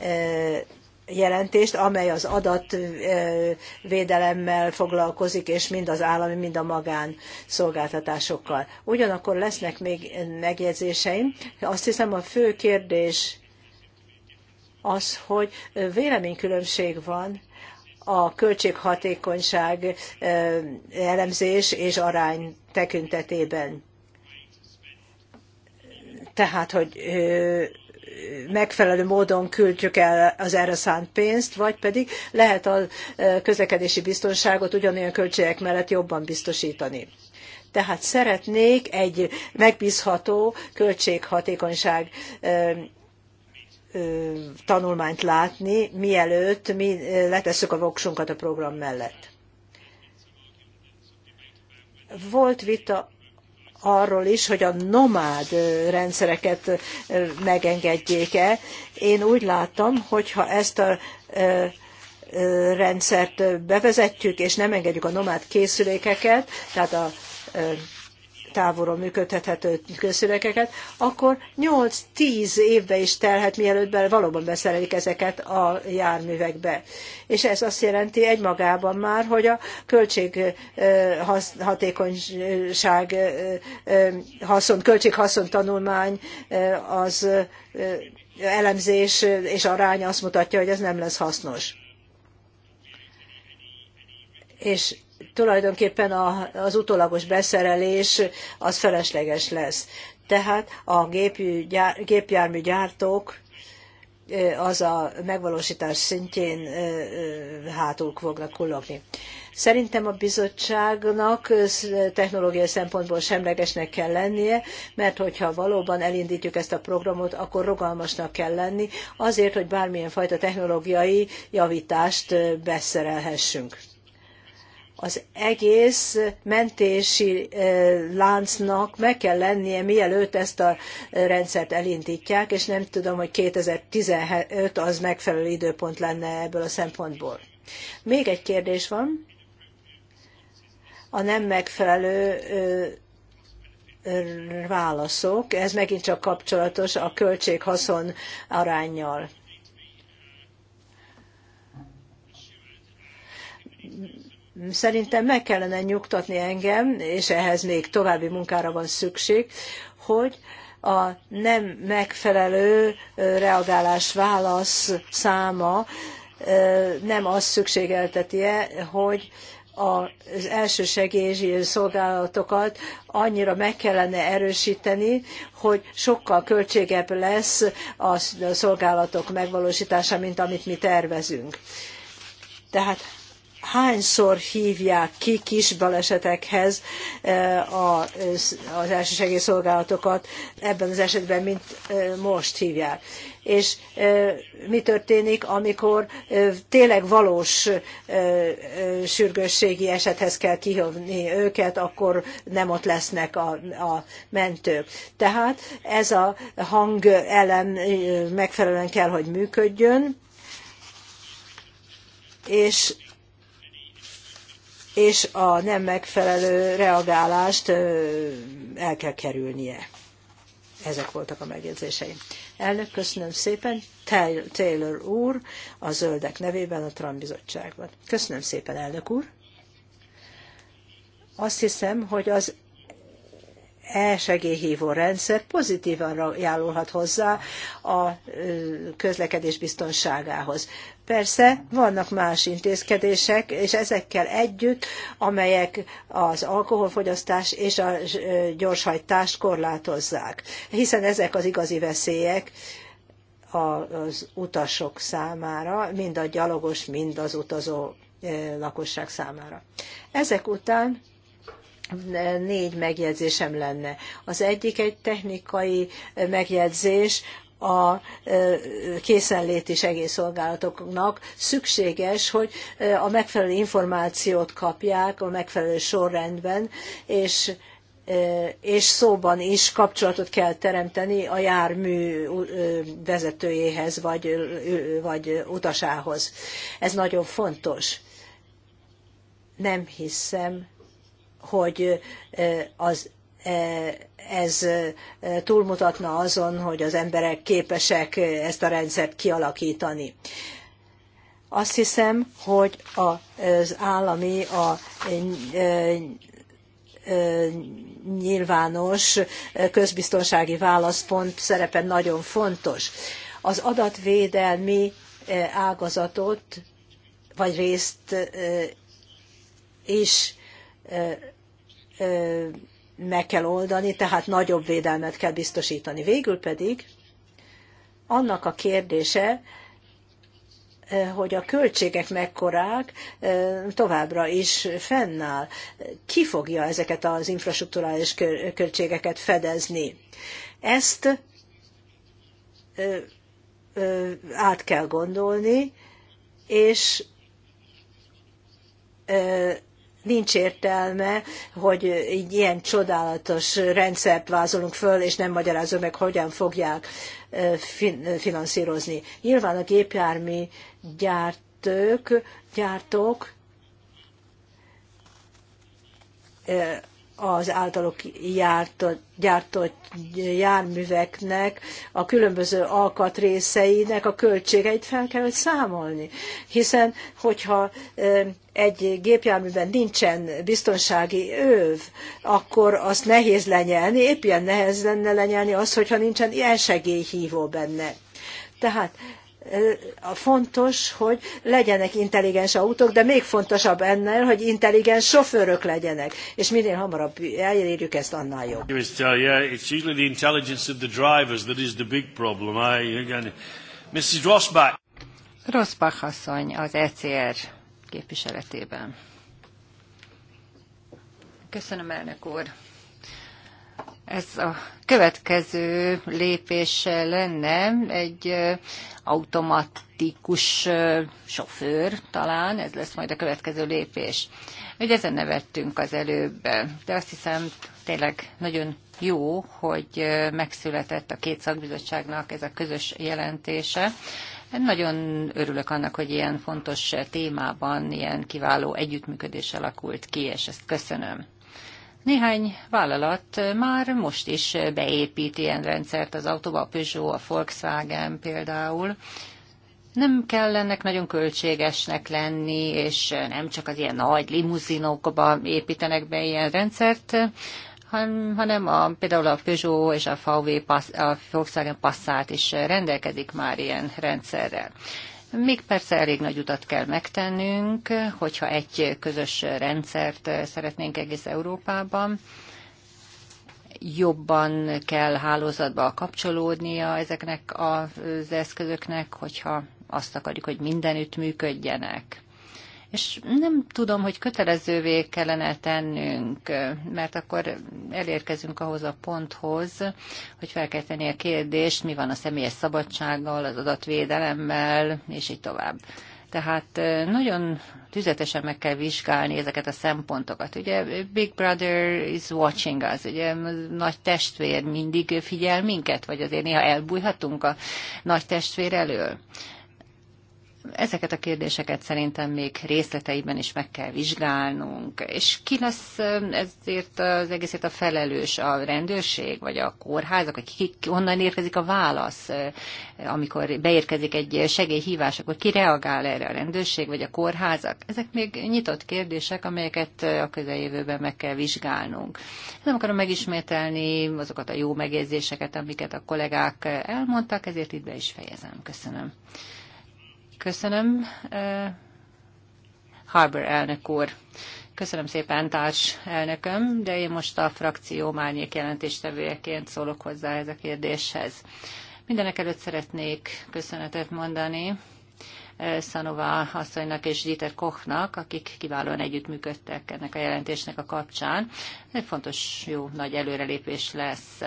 eh, jelentést, amely az adatvédelemmel foglalkozik, és mind az állami, mind a magán szolgáltatásokkal. Ugyanakkor lesznek még megjegyzéseim. Azt hiszem a fő kérdés az, hogy véleménykülönbség van a költséghatékonyság elemzés és arány tekintetében. Tehát, hogy megfelelő módon küldjük el az erre szánt pénzt, vagy pedig lehet a közlekedési biztonságot ugyanolyan költségek mellett jobban biztosítani. Tehát szeretnék egy megbízható költséghatékonyság tanulmányt látni, mielőtt mi letesszük a voksunkat a program mellett. Volt vita arról is, hogy a nomád rendszereket megengedjék-e. Én úgy láttam, hogyha ezt a rendszert bevezetjük, és nem engedjük a nomád készülékeket, tehát a távolról működtethető közszülekeket, akkor 8-10 évbe is telhet, mielőtt be, valóban beszerelik ezeket a járművekbe. És ez azt jelenti egymagában már, hogy a költség hatékonyság, haszon, költséghaszon tanulmány az elemzés és arány azt mutatja, hogy ez nem lesz hasznos. És tulajdonképpen az utólagos beszerelés az felesleges lesz. Tehát a gépjárműgyártók az a megvalósítás szintjén hátul fognak kullogni. Szerintem a bizottságnak technológiai szempontból semlegesnek kell lennie, mert hogyha valóban elindítjuk ezt a programot, akkor rugalmasnak kell lenni, azért, hogy bármilyen fajta technológiai javítást beszerelhessünk az egész mentési eh, láncnak meg kell lennie, mielőtt ezt a rendszert elindítják, és nem tudom, hogy 2015 az megfelelő időpont lenne ebből a szempontból. Még egy kérdés van. A nem megfelelő eh, eh, válaszok, ez megint csak kapcsolatos a költség-haszon arányjal Szerintem meg kellene nyugtatni engem, és ehhez még további munkára van szükség, hogy a nem megfelelő reagálás válasz száma nem azt szükségelteti-e, hogy az elsősegélyi szolgálatokat annyira meg kellene erősíteni, hogy sokkal költségebb lesz a szolgálatok megvalósítása, mint amit mi tervezünk. Tehát hányszor hívják ki kis balesetekhez e, az szolgálatokat ebben az esetben, mint e, most hívják. És e, mi történik, amikor tényleg valós sürgősségi esethez kell kihívni őket, akkor nem ott lesznek a, a mentők. Tehát ez a hang ellen megfelelően kell, hogy működjön, és és a nem megfelelő reagálást el kell kerülnie. Ezek voltak a megjegyzéseim. Elnök, köszönöm szépen. Taylor úr, a Zöldek nevében a Trump bizottságban. Köszönöm szépen, elnök úr. Azt hiszem, hogy az e-segélyhívó rendszer pozitívan járulhat hozzá a közlekedés biztonságához. Persze vannak más intézkedések, és ezekkel együtt, amelyek az alkoholfogyasztás és a gyorshajtást korlátozzák, hiszen ezek az igazi veszélyek az utasok számára, mind a gyalogos, mind az utazó lakosság számára. Ezek után négy megjegyzésem lenne. Az egyik egy technikai megjegyzés a készenléti segélyszolgálatoknak szükséges, hogy a megfelelő információt kapják a megfelelő sorrendben, és és szóban is kapcsolatot kell teremteni a jármű vezetőjéhez, vagy, vagy utasához. Ez nagyon fontos. Nem hiszem, hogy az ez túlmutatna azon, hogy az emberek képesek ezt a rendszert kialakítani. Azt hiszem, hogy az állami a nyilvános közbiztonsági válaszpont szerepe nagyon fontos. Az adatvédelmi ágazatot vagy részt is meg kell oldani, tehát nagyobb védelmet kell biztosítani. Végül pedig annak a kérdése, eh, hogy a költségek mekkorák eh, továbbra is fennáll. Ki fogja ezeket az infrastruktúrális költségeket fedezni? Ezt eh, át kell gondolni, és nincs értelme, hogy így ilyen csodálatos rendszert vázolunk föl, és nem magyarázom meg, hogyan fogják finanszírozni. Nyilván a gépjármű gyártók, gyártók az általuk gyártott, gyártott járműveknek, a különböző alkatrészeinek a költségeit fel kell számolni. Hiszen, hogyha egy gépjárműben nincsen biztonsági öv, akkor azt nehéz lenyelni, épp ilyen nehéz lenne lenyelni az, hogyha nincsen ilyen segélyhívó benne. Tehát fontos, hogy legyenek intelligens autók, de még fontosabb ennél, hogy intelligens sofőrök legyenek. És minél hamarabb elérjük ezt, annál jobb. Uh, Rosbach asszony az ECR képviseletében. Köszönöm, elnök úr. Ez a következő lépés lenne egy automatikus sofőr talán, ez lesz majd a következő lépés. Ugye ezen nevettünk az előbb, de azt hiszem tényleg nagyon jó, hogy megszületett a két szakbizottságnak ez a közös jelentése. Nagyon örülök annak, hogy ilyen fontos témában ilyen kiváló együttműködés alakult ki, és ezt köszönöm. Néhány vállalat már most is beépít ilyen rendszert az autóba, a Peugeot, a Volkswagen például. Nem kell ennek nagyon költségesnek lenni, és nem csak az ilyen nagy limuzinokba építenek be ilyen rendszert, han, hanem a, például a Peugeot és a VW, Pass, a Volkswagen Passat is rendelkezik már ilyen rendszerrel. Még persze elég nagy utat kell megtennünk, hogyha egy közös rendszert szeretnénk egész Európában. Jobban kell hálózatba kapcsolódnia ezeknek az eszközöknek, hogyha azt akarjuk, hogy mindenütt működjenek. És nem tudom, hogy kötelezővé kellene tennünk, mert akkor elérkezünk ahhoz a ponthoz, hogy fel kell tenni a kérdést, mi van a személyes szabadsággal, az adatvédelemmel, és így tovább. Tehát nagyon tüzetesen meg kell vizsgálni ezeket a szempontokat. Ugye Big Brother is watching us, ugye nagy testvér mindig figyel minket, vagy azért néha elbújhatunk a nagy testvér elől ezeket a kérdéseket szerintem még részleteiben is meg kell vizsgálnunk. És ki lesz ezért az egészet a felelős? A rendőrség, vagy a kórházak? Vagy ki, ki, honnan érkezik a válasz? Amikor beérkezik egy segélyhívás, akkor ki reagál erre a rendőrség, vagy a kórházak? Ezek még nyitott kérdések, amelyeket a közeljövőben meg kell vizsgálnunk. Nem akarom megismételni azokat a jó megjegyzéseket, amiket a kollégák elmondtak, ezért itt be is fejezem. Köszönöm. Köszönöm. Harbour elnök úr. Köszönöm szépen, társ elnököm, de én most a frakció márnyék jelentéstevőjeként szólok hozzá ez a kérdéshez. Mindenek előtt szeretnék köszönetet mondani Szanova asszonynak és Dieter Kochnak, akik kiválóan együttműködtek ennek a jelentésnek a kapcsán. Egy fontos, jó, nagy előrelépés lesz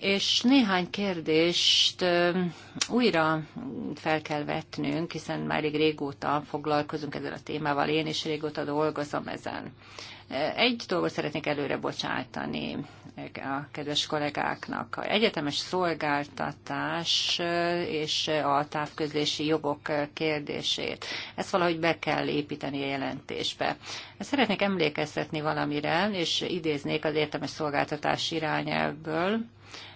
és néhány kérdést újra fel kell vetnünk, hiszen már elég régóta foglalkozunk ezzel a témával, én is régóta dolgozom ezen. Egy dolgot szeretnék előre bocsátani a kedves kollégáknak. A egyetemes szolgáltatás és a távközlési jogok kérdését. Ezt valahogy be kell építeni a jelentésbe. Szeretnék emlékeztetni valamire, és idéznék az értemes szolgáltatás irányelvből,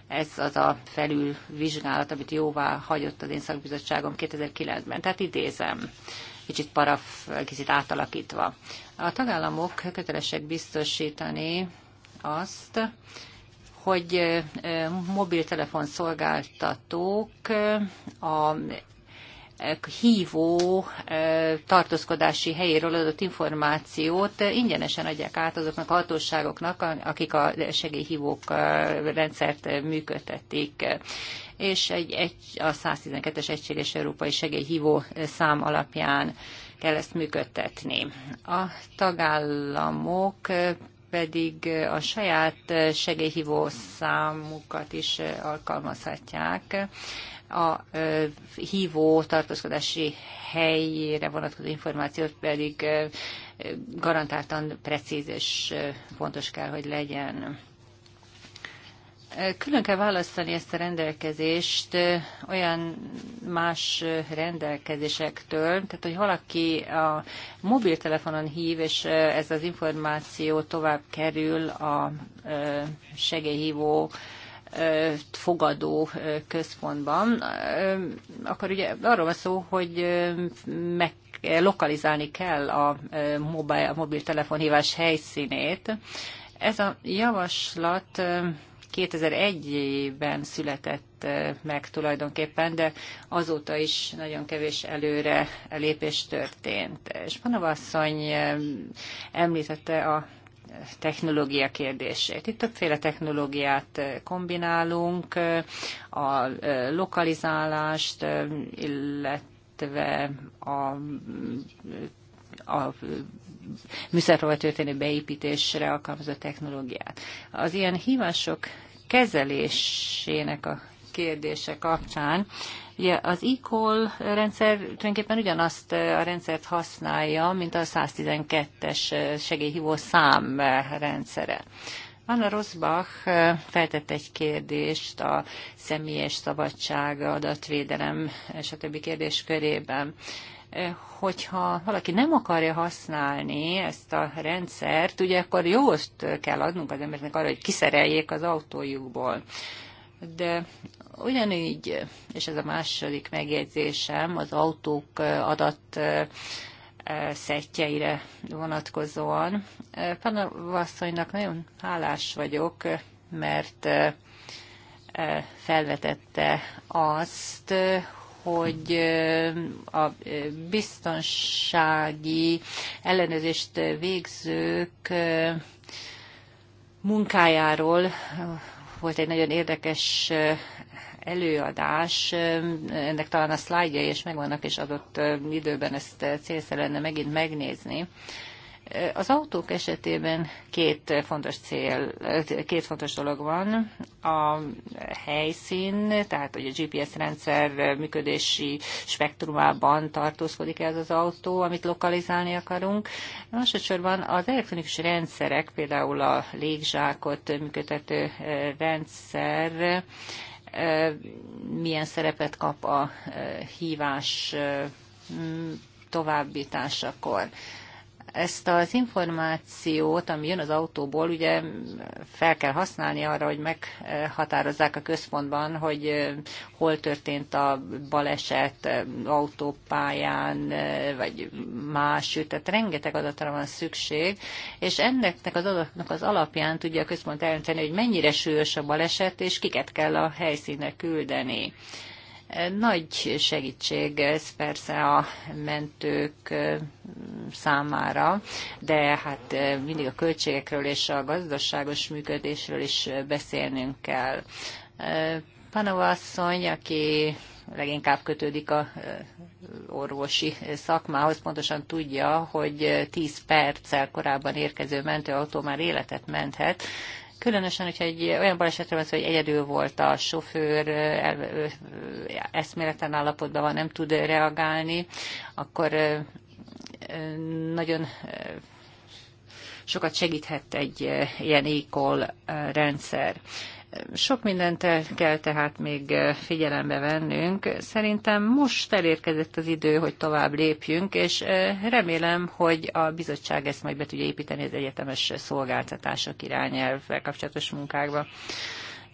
ez az a felülvizsgálat, amit jóvá hagyott az én szakbizottságom 2009-ben. Tehát idézem, kicsit paraf, kicsit átalakítva. A tagállamok kötelesek biztosítani azt, hogy eh, mobiltelefon szolgáltatók eh, a Eh, hívó eh, tartózkodási helyéről adott információt eh, ingyenesen adják át azoknak a hatóságoknak, akik a segélyhívók rendszert működtetik és egy, egy, a 112-es egységes európai segélyhívó szám alapján kell ezt működtetni. A tagállamok pedig a saját segélyhívó számukat is alkalmazhatják a hívó tartózkodási helyére vonatkozó információt pedig garantáltan precíz és fontos kell, hogy legyen. Külön kell választani ezt a rendelkezést olyan más rendelkezésektől, tehát hogy valaki a mobiltelefonon hív, és ez az információ tovább kerül a segélyhívó fogadó központban, akkor ugye arról van szó, hogy meg lokalizálni kell a mobil, mobiltelefonhívás helyszínét. Ez a javaslat 2001-ben született meg tulajdonképpen, de azóta is nagyon kevés előre lépés történt. És Panavasszony említette a technológia kérdését. Itt többféle technológiát eh, kombinálunk, eh, a eh, lokalizálást, illetve a a műszerrel történő beépítésre alkalmazott technológiát. Az ilyen hívások kezelésének a kérdése kapcsán Ugye az e-call rendszer tulajdonképpen ugyanazt a rendszert használja, mint a 112-es segélyhívó szám rendszere. Anna Rosbach feltette egy kérdést a személyes szabadság, adatvédelem, stb. kérdés körében hogyha valaki nem akarja használni ezt a rendszert, ugye akkor jót kell adnunk az embernek arra, hogy kiszereljék az autójukból. De Ugyanígy, és ez a második megjegyzésem, az autók adat szettjeire vonatkozóan. Panavasszonynak nagyon hálás vagyok, mert felvetette azt, hogy a biztonsági ellenőrzést végzők munkájáról volt egy nagyon érdekes előadás, ennek talán a szlájdjai is megvannak, és adott időben ezt célszerű lenne megint megnézni. Az autók esetében két fontos cél, két fontos dolog van. A helyszín, tehát hogy a GPS rendszer működési spektrumában tartózkodik ez az autó, amit lokalizálni akarunk. Másodszorban az elektronikus rendszerek, például a légzsákot működtető rendszer, milyen szerepet kap a hívás továbbításakor ezt az információt, ami jön az autóból, ugye fel kell használni arra, hogy meghatározzák a központban, hogy hol történt a baleset autópályán, vagy más, tehát rengeteg adatra van szükség, és ennek az adatnak az alapján tudja a központ eldönteni, hogy mennyire súlyos a baleset, és kiket kell a helyszínre küldeni. Nagy segítség ez persze a mentők számára, de hát mindig a költségekről és a gazdaságos működésről is beszélnünk kell. Panova asszony, aki leginkább kötődik a orvosi szakmához, pontosan tudja, hogy 10 perccel korábban érkező mentőautó már életet menthet, Különösen, hogyha egy olyan balesetre van szó, hogy egyedül volt a sofőr, eszméleten állapotban van, nem tud reagálni, akkor nagyon sokat segíthet egy ilyen e rendszer. Sok mindent el kell tehát még figyelembe vennünk. Szerintem most elérkezett az idő, hogy tovább lépjünk, és remélem, hogy a bizottság ezt majd be tudja építeni az egyetemes szolgáltatások irányelvvel kapcsolatos munkákba.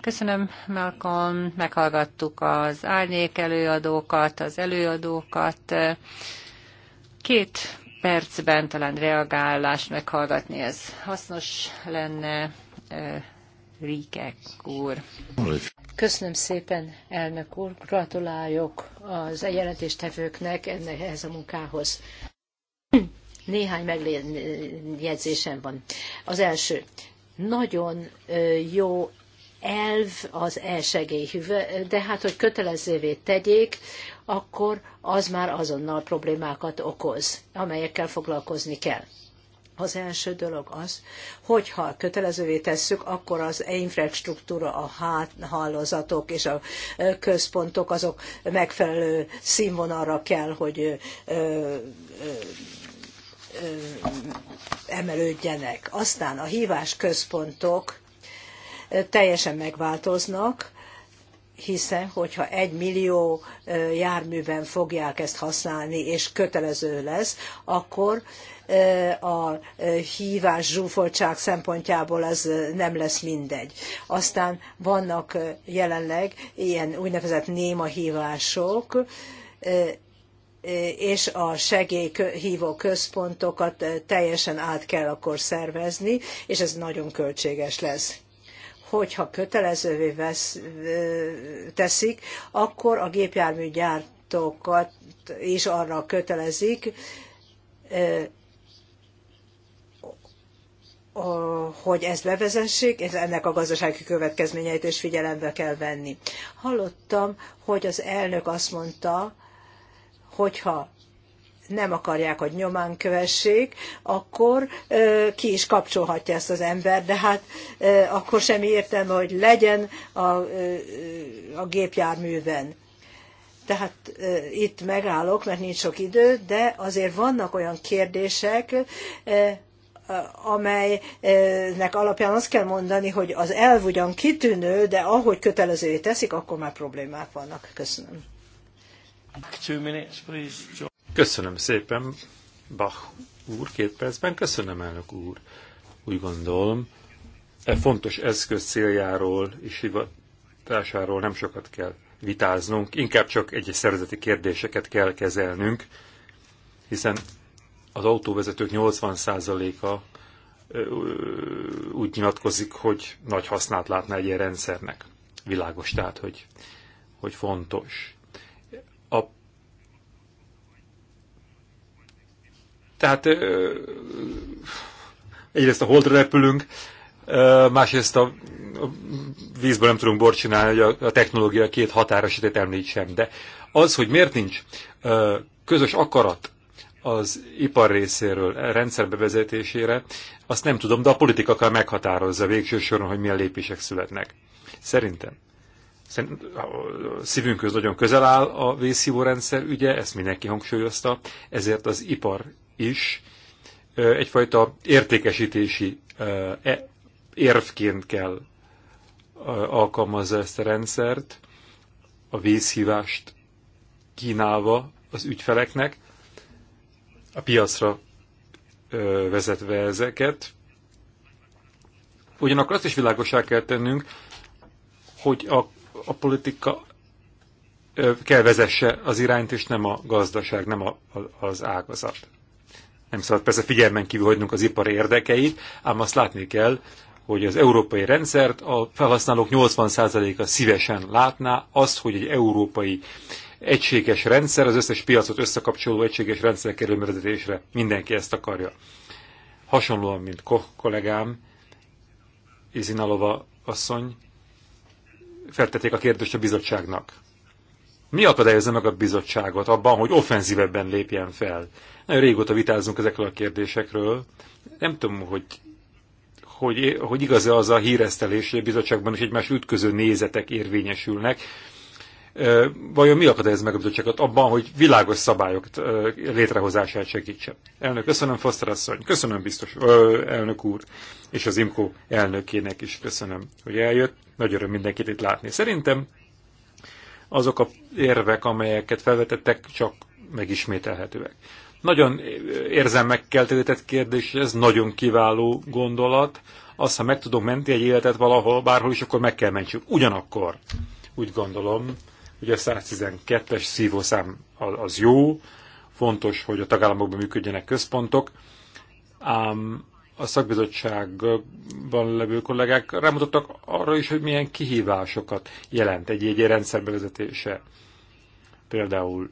Köszönöm, Malcolm, meghallgattuk az árnyék előadókat, az előadókat. Két percben talán reagálást meghallgatni, ez hasznos lenne úr. Köszönöm szépen, elnök úr. Gratulálok az jelentéstevőknek ennek ehhez a munkához. Néhány megjegyzésem van. Az első, nagyon jó elv az elsegély, de hát, hogy kötelezővé tegyék, akkor az már azonnal problémákat okoz, amelyekkel foglalkozni kell. Az első dolog az, hogyha kötelezővé tesszük, akkor az infrastruktúra, a hát, hálózatok és a központok azok megfelelő színvonalra kell, hogy emelődjenek. Aztán a hívás központok teljesen megváltoznak, hiszen hogyha egy millió járműben fogják ezt használni, és kötelező lesz, akkor a hívás zsúfoltság szempontjából ez nem lesz mindegy. Aztán vannak jelenleg ilyen úgynevezett néma hívások, és a segélyhívó központokat teljesen át kell akkor szervezni, és ez nagyon költséges lesz hogyha kötelezővé vesz, teszik, akkor a gépjárműgyártókat is arra kötelezik, hogy ezt bevezessék, ez ennek a gazdasági következményeit is figyelembe kell venni. Hallottam, hogy az elnök azt mondta, hogyha nem akarják, hogy nyomán kövessék, akkor ö, ki is kapcsolhatja ezt az ember, de hát ö, akkor semmi értelme, hogy legyen a, ö, a gépjárműben. Tehát ö, itt megállok, mert nincs sok idő, de azért vannak olyan kérdések, ö, amelynek alapján azt kell mondani, hogy az elv ugyan kitűnő, de ahogy kötelezővé teszik, akkor már problémák vannak. Köszönöm. Köszönöm szépen, Bach úr, két percben. Köszönöm, elnök úr. Úgy gondolom, e fontos eszköz céljáról és hivatásáról nem sokat kell vitáznunk, inkább csak egyes szervezeti kérdéseket kell kezelnünk, hiszen az autóvezetők 80%-a úgy nyilatkozik, hogy nagy hasznát látna egy ilyen rendszernek. Világos, tehát, hogy, hogy fontos. A, tehát egyrészt a holdra repülünk, másrészt a, vízből nem tudunk bort csinálni, hogy a, technológia két határosítét említsem, de az, hogy miért nincs közös akarat az ipar részéről rendszerbe vezetésére, azt nem tudom, de a politika kell meghatározza végső soron, hogy milyen lépések születnek. Szerintem. Szerint, a nagyon közel áll a vészhívórendszer ügye, ezt mindenki hangsúlyozta, ezért az ipar is egyfajta értékesítési e, érvként kell alkalmazza ezt a rendszert, a vészhívást kínálva az ügyfeleknek, a piacra vezetve ezeket. Ugyanakkor azt is világosá kell tennünk, hogy a, a politika kell vezesse az irányt, és nem a gazdaság, nem a, az ágazat. Nem szabad persze figyelmen kívül hagynunk az ipar érdekeit, ám azt látni kell, hogy az európai rendszert a felhasználók 80%-a szívesen látná azt, hogy egy európai egységes rendszer, az összes piacot összekapcsoló egységes rendszer kerül bevezetésre. Mindenki ezt akarja. Hasonlóan, mint Koch kollégám, Izinalova asszony, feltették a kérdést a bizottságnak. Mi akadályozza meg a bizottságot abban, hogy offenzívebben lépjen fel? Nagyon régóta vitázunk ezekről a kérdésekről. Nem tudom, hogy hogy, hogy igaz-e az a híresztelés, hogy a bizottságban is egymás ütköző nézetek érvényesülnek, vajon mi akadályoz meg a bizottságot abban, hogy világos szabályok létrehozását segítse? Elnök, köszönöm, Foster asszony, köszönöm biztos, ö, elnök úr, és az IMKO elnökének is köszönöm, hogy eljött. Nagy öröm mindenkit itt látni. Szerintem azok a érvek, amelyeket felvetettek, csak megismételhetőek. Nagyon érzem, megkeltetett kérdés, ez nagyon kiváló gondolat. Azt, ha meg tudunk menti egy életet valahol, bárhol is, akkor meg kell mentsük. Ugyanakkor úgy gondolom, hogy a 112-es szívószám az jó, fontos, hogy a tagállamokban működjenek központok, ám a szakbizottságban levő kollégák rámutattak arra is, hogy milyen kihívásokat jelent egy ilyen rendszer bevezetése. Például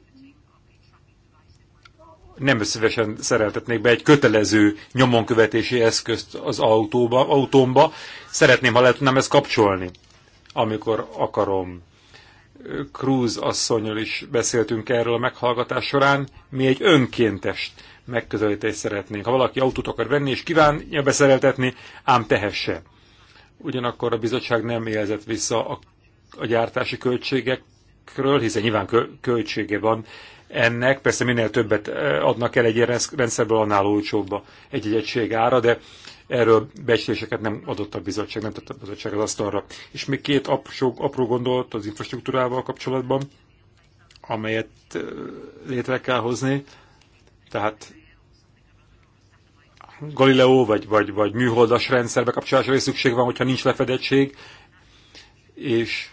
nem szívesen szereltetnék be egy kötelező nyomonkövetési eszközt az autóba, autómba. Szeretném, ha lehet, nem ezt kapcsolni, amikor akarom. Cruz asszonyról is beszéltünk erről a meghallgatás során, mi egy önkéntes megközelítést szeretnénk. Ha valaki autót akar venni és kívánja beszereltetni, ám tehesse. Ugyanakkor a bizottság nem élzett vissza a, a gyártási költségekről, hiszen nyilván költsége van ennek, persze minél többet eh, adnak el egy ilyen rendszerből, annál olcsóbb egy, egy egység ára, de erről becsléseket nem adott a bizottság, nem tett a bizottság az asztalra. És még két apró, apró gondolt az infrastruktúrával kapcsolatban, amelyet létre kell hozni, tehát Galileo vagy, vagy, vagy műholdas rendszerbe kapcsolásra is szükség van, hogyha nincs lefedettség, és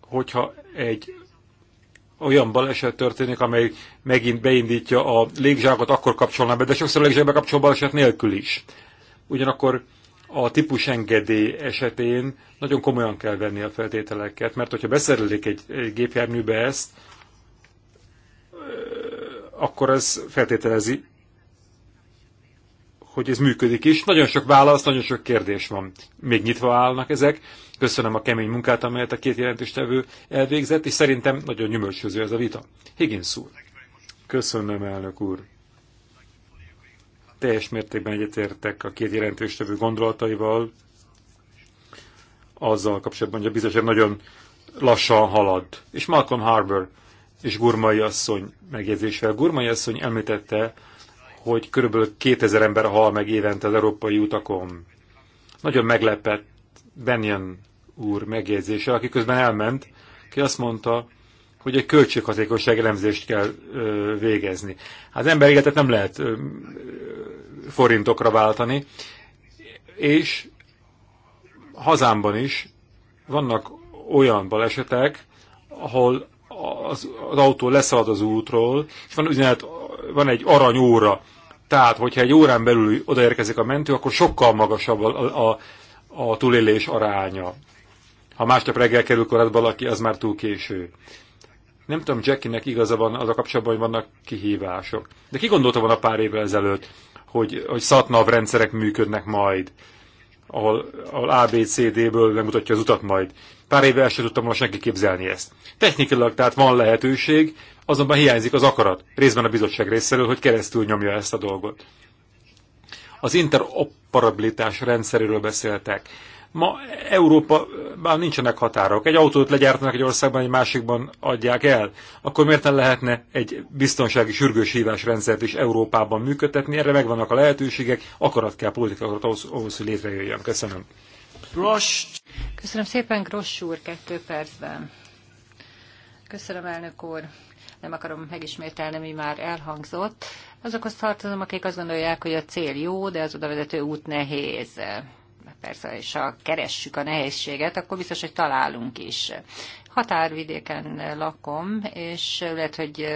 hogyha egy olyan baleset történik, amely megint beindítja a légzsákot, akkor kapcsolná be, de sokszor a légzsákbe kapcsol baleset nélkül is. Ugyanakkor a típusengedély esetén nagyon komolyan kell venni a feltételeket, mert hogyha beszerelik egy, egy gépjárműbe ezt, akkor ez feltételezi, hogy ez működik is. Nagyon sok válasz, nagyon sok kérdés van. Még nyitva állnak ezek. Köszönöm a kemény munkát, amelyet a két jelentéstevő elvégzett, és szerintem nagyon nyümölcsöző ez a vita. Higgins úr. Köszönöm, elnök úr. Teljes mértékben egyetértek a két jelentőstevő gondolataival, azzal kapcsolatban, hogy a bizottság nagyon lassan halad. És Malcolm Harbour és Gurmai asszony megjegyzésével. Gurmai asszony említette, hogy körülbelül 2000 ember hal meg évente az európai utakon. Nagyon meglepett Benjen úr megjegyzése, aki közben elment, ki azt mondta, hogy egy költséghatékonyság elemzést kell ö, végezni. Hát az ember életet nem lehet ö, forintokra váltani, és hazámban is vannak olyan balesetek, ahol az, az autó leszalad az útról, és van, üzenet, van egy aranyóra. Tehát, hogyha egy órán belül odaérkezik a mentő, akkor sokkal magasabb a, a, a túlélés aránya. Ha másnap reggel kerül korát valaki, az már túl késő. Nem tudom, Jackinek igaza van az a kapcsolatban, hogy vannak kihívások. De ki gondolta volna pár évvel ezelőtt, hogy, hogy szatnav rendszerek működnek majd, ahol, ahol ABCD-ből megmutatja az utat majd. Pár éve el sem tudtam volna senki képzelni ezt. Technikailag tehát van lehetőség, azonban hiányzik az akarat, részben a bizottság részéről, hogy keresztül nyomja ezt a dolgot. Az interoperabilitás rendszeréről beszéltek. Ma Európában nincsenek határok. Egy autót legyártanak egy országban, egy másikban adják el. Akkor miért nem lehetne egy biztonsági hívás rendszert is Európában működtetni? Erre megvannak a lehetőségek, akarat kell, politikakat ahhoz, ahhoz hogy létrejöjjön. Köszönöm. Gross. Köszönöm szépen, Gross úr, kettő percben. Köszönöm, elnök úr. Nem akarom megismételni, mi már elhangzott. Azokhoz tartozom, akik azt gondolják, hogy a cél jó, de az oda vezető út nehéz persze, és ha keressük a nehézséget, akkor biztos, hogy találunk is. Határvidéken lakom, és lehet, hogy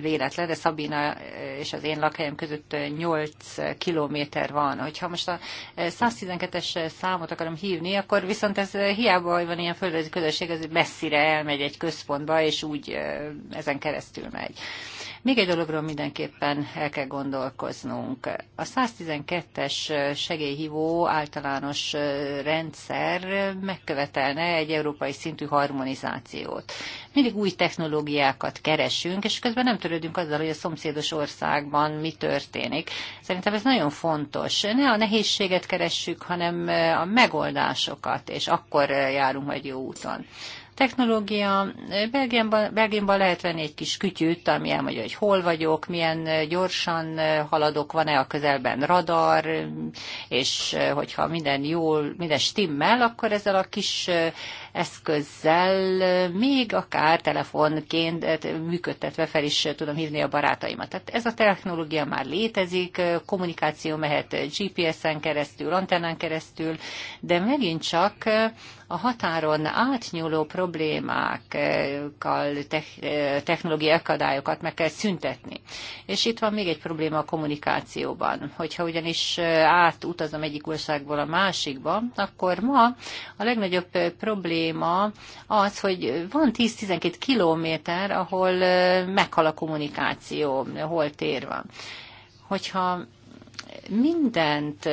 véletlen, de Szabina és az én lakhelyem között 8 kilométer van. Hogyha most a 112-es számot akarom hívni, akkor viszont ez hiába, hogy van ilyen földrajzi közösség, ez messzire elmegy egy központba, és úgy ezen keresztül megy. Még egy dologról mindenképpen el kell gondolkoznunk. A 112-es segélyhívó általános rendszer megkövetelne egy európai szintű harmonizációt. Mindig új technológiákat keresünk, és közben nem törődünk azzal, hogy a szomszédos országban mi történik. Szerintem ez nagyon fontos. Ne a nehézséget keressük, hanem a megoldásokat, és akkor járunk majd jó úton technológia. Belgiumban, Belgiumban lehet venni egy kis kütyűt, ami elmondja, hogy hol vagyok, milyen gyorsan haladok, van-e a közelben radar, és hogyha minden jól, minden stimmel, akkor ezzel a kis eszközzel, még akár telefonként eh, működtetve fel is eh, tudom hívni a barátaimat. Tehát ez a technológia már létezik, eh, kommunikáció mehet GPS-en keresztül, antennán keresztül, de megint csak a határon átnyúló problémákkal, technológiai akadályokat meg kell szüntetni. És itt van még egy probléma a kommunikációban. Hogyha ugyanis átutazom egyik országból a másikba, akkor ma a legnagyobb probléma probléma az, hogy van 10-12 kilométer, ahol meghal a kommunikáció, hol tér van. Hogyha mindent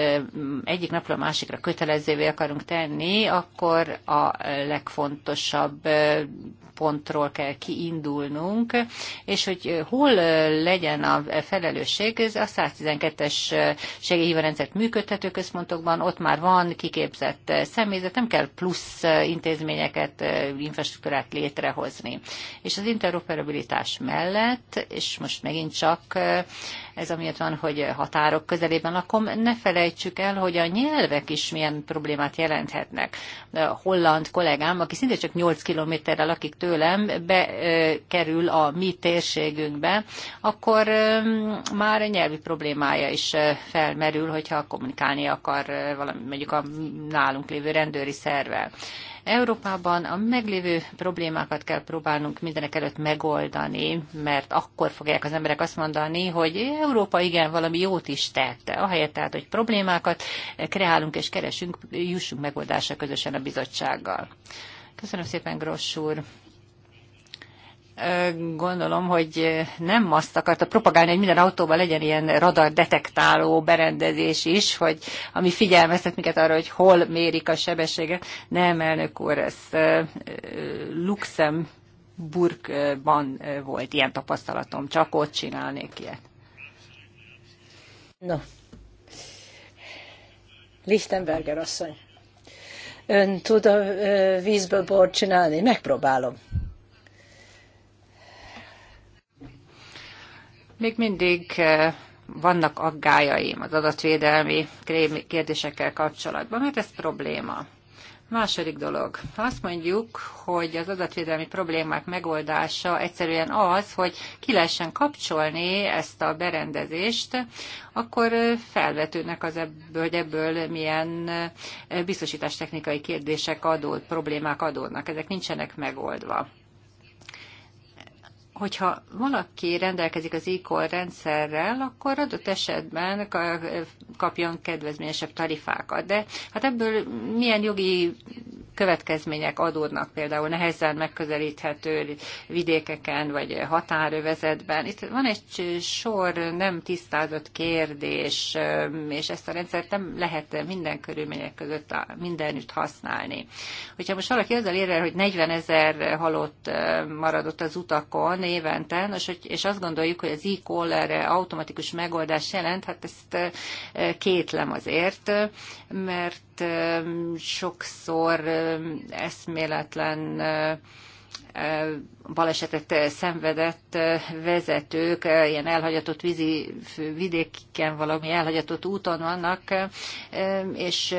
egyik napra a másikra kötelezővé akarunk tenni, akkor a legfontosabb pontról kell kiindulnunk, és hogy hol legyen a felelősség, ez a 112-es segélyhívarendszert működtető központokban, ott már van kiképzett személyzet, nem kell plusz intézményeket, infrastruktúrát létrehozni. És az interoperabilitás mellett, és most megint csak ez amiatt van, hogy határok közelében lakom. Ne felejtsük el, hogy a nyelvek is milyen problémát jelenthetnek. A holland kollégám, aki szinte csak 8 kilométerrel lakik tőlem, bekerül a mi térségünkbe, akkor már nyelvi problémája is felmerül, hogyha kommunikálni akar valami, mondjuk a nálunk lévő rendőri szervel. Európában a meglévő problémákat kell próbálnunk mindenek előtt megoldani, mert akkor fogják az emberek azt mondani, hogy Európa igen, valami jót is tett. Ahelyett tehát, hogy problémákat kreálunk és keresünk, jussunk megoldásra közösen a bizottsággal. Köszönöm szépen, Gross úr gondolom, hogy nem azt akarta propagálni, hogy minden autóban legyen ilyen radar detektáló berendezés is, hogy ami figyelmeztet minket arra, hogy hol mérik a sebességet. Nem, elnök úr, ez Luxemburgban volt ilyen tapasztalatom, csak ott csinálnék ilyet. No. Lichtenberger asszony. Ön tud a vízből bort csinálni? Megpróbálom. Még mindig eh, vannak aggájaim az adatvédelmi kérdésekkel kapcsolatban, mert hát ez probléma. Második dolog. Ha azt mondjuk, hogy az adatvédelmi problémák megoldása egyszerűen az, hogy ki lehessen kapcsolni ezt a berendezést, akkor eh, felvetődnek az ebből, hogy ebből milyen eh, biztosítástechnikai kérdések adód, problémák adódnak. Ezek nincsenek megoldva hogyha valaki rendelkezik az e rendszerrel, akkor adott esetben kapjon kedvezményesebb tarifákat. De hát ebből milyen jogi következmények adódnak, például nehezen megközelíthető vidékeken vagy határövezetben. Itt van egy sor nem tisztázott kérdés, és ezt a rendszert nem lehet minden körülmények között mindenütt használni. Hogyha most valaki azzal érvel, hogy 40 ezer halott maradott az utakon évente, és azt gondoljuk, hogy az e caller automatikus megoldás jelent, hát ezt kétlem azért, mert sokszor eszméletlen balesetet eh, szenvedett eh, vezetők eh, ilyen elhagyatott vízi vidékiken valami elhagyatott úton vannak, és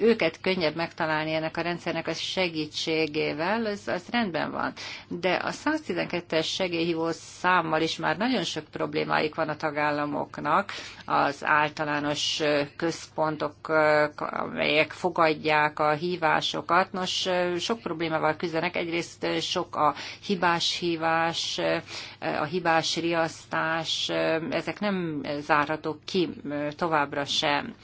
őket könnyebb megtalálni ennek a rendszernek a segítségével, az, az rendben van. De a 112-es segélyhívó számmal is már nagyon sok problémáik van a tagállamoknak, az általános központok, amelyek fogadják a hívásokat. Nos, sok problémával küzdenek, egyrészt sok a hibás hibáshívás, eh, a hibás riasztás, eh, ezek nem zárhatók ki eh, továbbra sem.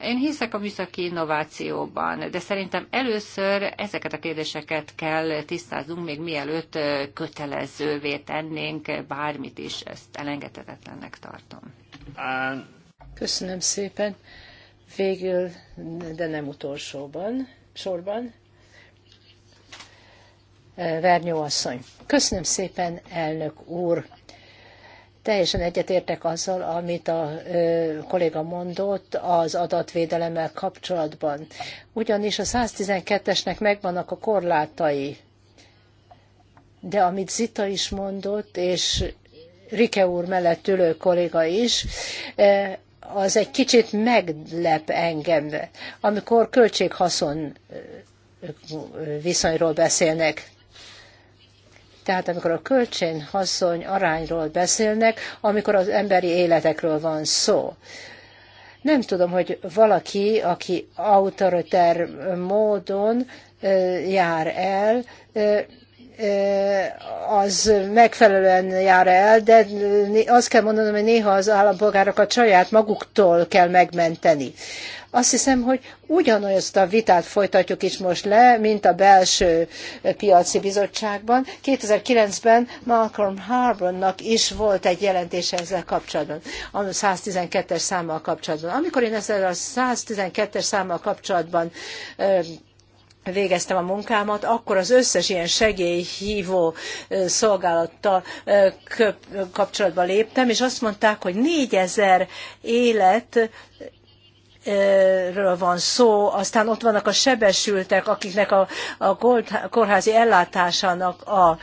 Én hiszek a műszaki innovációban, de szerintem először ezeket a kérdéseket kell tisztázunk még mielőtt kötelezővé tennénk bármit is. Ezt elengedhetetlennek tartom. Köszönöm szépen. Végül, de nem utolsóban, sorban, Vernyó asszony. Köszönöm szépen, elnök úr. Teljesen egyetértek azzal, amit a ö, kolléga mondott az adatvédelemmel kapcsolatban. Ugyanis a 112-esnek megvannak a korlátai. De amit Zita is mondott, és Rike úr mellett ülő kolléga is, az egy kicsit meglep engem, amikor költség-haszon viszonyról beszélnek. Tehát amikor a kölcsön, kölcsön-haszony arányról beszélnek, amikor az emberi életekről van szó. Nem tudom, hogy valaki, aki autoriter módon jár el, az megfelelően jár el, de azt kell mondanom, hogy néha az állampolgárokat saját maguktól kell megmenteni. Azt hiszem, hogy ugyanazt a vitát folytatjuk is most le, mint a belső piaci bizottságban. 2009-ben Malcolm Harbournak is volt egy jelentése ezzel kapcsolatban, a 112-es számmal kapcsolatban. Amikor én ezzel a 112-es számmal kapcsolatban végeztem a munkámat, akkor az összes ilyen segélyhívó szolgálattal kapcsolatba léptem, és azt mondták, hogy 4000 élet ről van szó, aztán ott vannak a sebesültek, akiknek a, a kórházi ellátásának a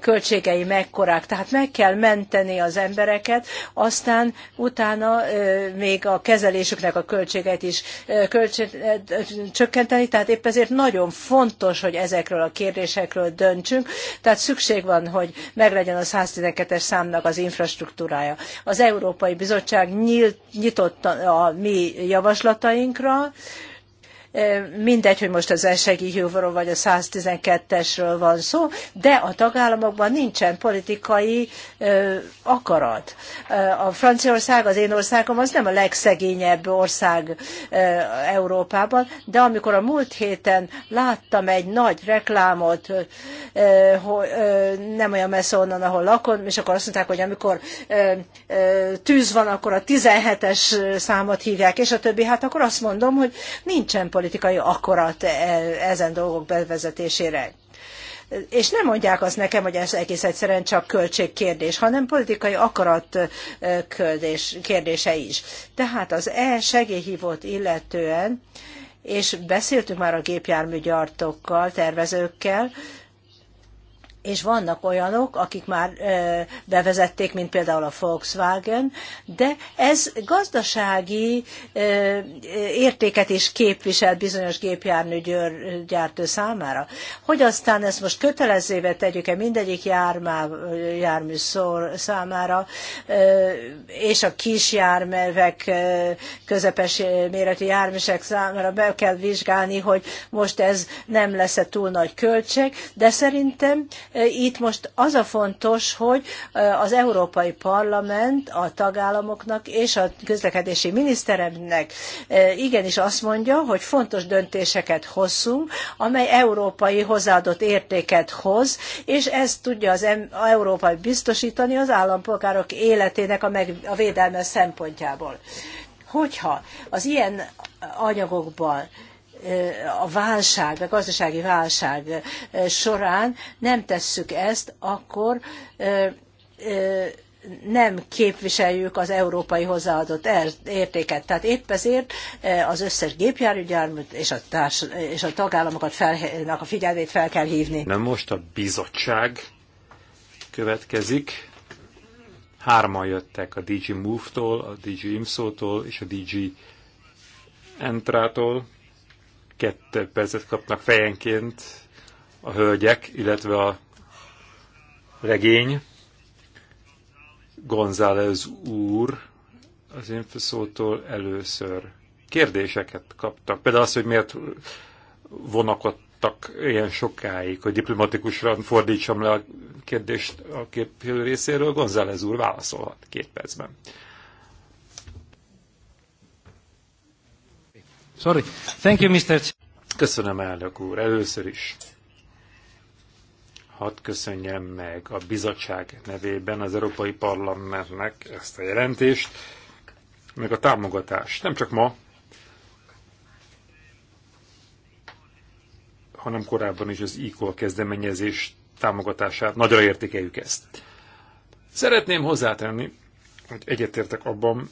költségei mekkorák. Tehát meg kell menteni az embereket, aztán utána még a kezelésüknek a költségeit is csökkenteni, tehát épp ezért nagyon fontos, hogy ezekről a kérdésekről döntsünk, tehát szükség van, hogy meglegyen a 112-es számnak az infrastruktúrája. Az Európai Bizottság nyílt, nyitott a mi javaslatunkat, javaslatainkra, mindegy, hogy most az elsegélyhívóról vagy a 112-esről van szó, de a tagállamokban nincsen politikai akarat. A Franciaország, az én országom, az nem a legszegényebb ország Európában, de amikor a múlt héten láttam egy nagy reklámot, nem olyan messze onnan, ahol lakom, és akkor azt mondták, hogy amikor tűz van, akkor a 17-es számot hívják, és a többi, hát akkor azt mondom, hogy nincsen politikai politikai akarat e, ezen dolgok bevezetésére. És nem mondják azt nekem, hogy ez egész egyszerűen csak költségkérdés, hanem politikai akarat e, kérdése is. Tehát az E segélyhívót illetően és beszéltünk már a gépjárműgyártókkal, tervezőkkel, és vannak olyanok, akik már bevezették, mint például a Volkswagen, de ez gazdasági értéket is képvisel bizonyos gépjárműgyártó számára. Hogy aztán ezt most kötelezővé tegyük-e mindegyik jármá, jármű szor, számára, és a kis járművek, közepes méretű járműsek számára be kell vizsgálni, hogy most ez nem lesz-e túl nagy költség, de szerintem itt most az a fontos, hogy eh, az Európai Parlament a tagállamoknak és a közlekedési miniszteremnek eh, igenis azt mondja, hogy fontos döntéseket hozzunk, amely európai hozzáadott értéket hoz, és ezt tudja az Európai biztosítani az állampolgárok életének a, meg, a védelme szempontjából. Hogyha az ilyen anyagokban a válság, a gazdasági válság e, során nem tesszük ezt, akkor e, e, nem képviseljük az európai hozzáadott er-, értéket. Tehát épp ezért az összes gépjárműgyármat és a, és a tagállamokat felnak a figyelmét fel kell hívni. Na most a bizottság következik. Hárman jöttek a DG Move-tól, a DG IMSO-tól és a DG Entrától kettő percet kapnak fejenként a hölgyek, illetve a regény. González úr az infoszótól először kérdéseket kaptak. Például az, hogy miért vonakodtak ilyen sokáig, hogy diplomatikusra fordítsam le a kérdést a képviselő részéről, González úr válaszolhat két percben. Sorry. Thank you, Mr. Köszönöm, elnök úr. Először is hadd köszönjem meg a bizottság nevében az Európai Parlamentnek ezt a jelentést, meg a támogatást. Nem csak ma, hanem korábban is az e kezdeményezés támogatását. Nagyra értékeljük ezt. Szeretném hozzátenni, hogy egyetértek abban,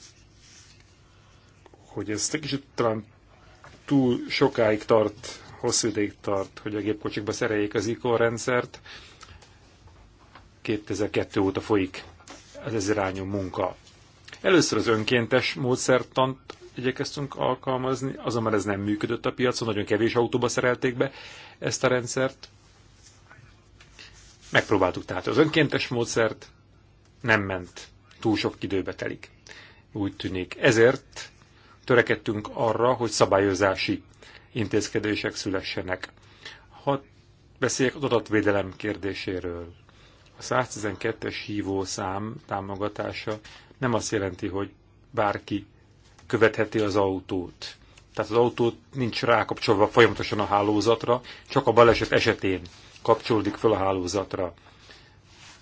hogy ez egy kicsit talán túl sokáig tart, hosszú ideig tart, hogy a gépkocsikba szereljék az ICO rendszert. 2002 óta folyik az ez irányú munka. Először az önkéntes módszertant igyekeztünk alkalmazni, azonban ez nem működött a piacon, nagyon kevés autóba szerelték be ezt a rendszert. Megpróbáltuk tehát az önkéntes módszert, nem ment, túl sok időbe telik. Úgy tűnik. Ezért törekedtünk arra, hogy szabályozási intézkedések szülessenek. Ha beszéljek az adatvédelem kérdéséről. A 112-es hívószám támogatása nem azt jelenti, hogy bárki követheti az autót. Tehát az autót nincs rákapcsolva folyamatosan a hálózatra, csak a baleset esetén kapcsolódik fel a hálózatra.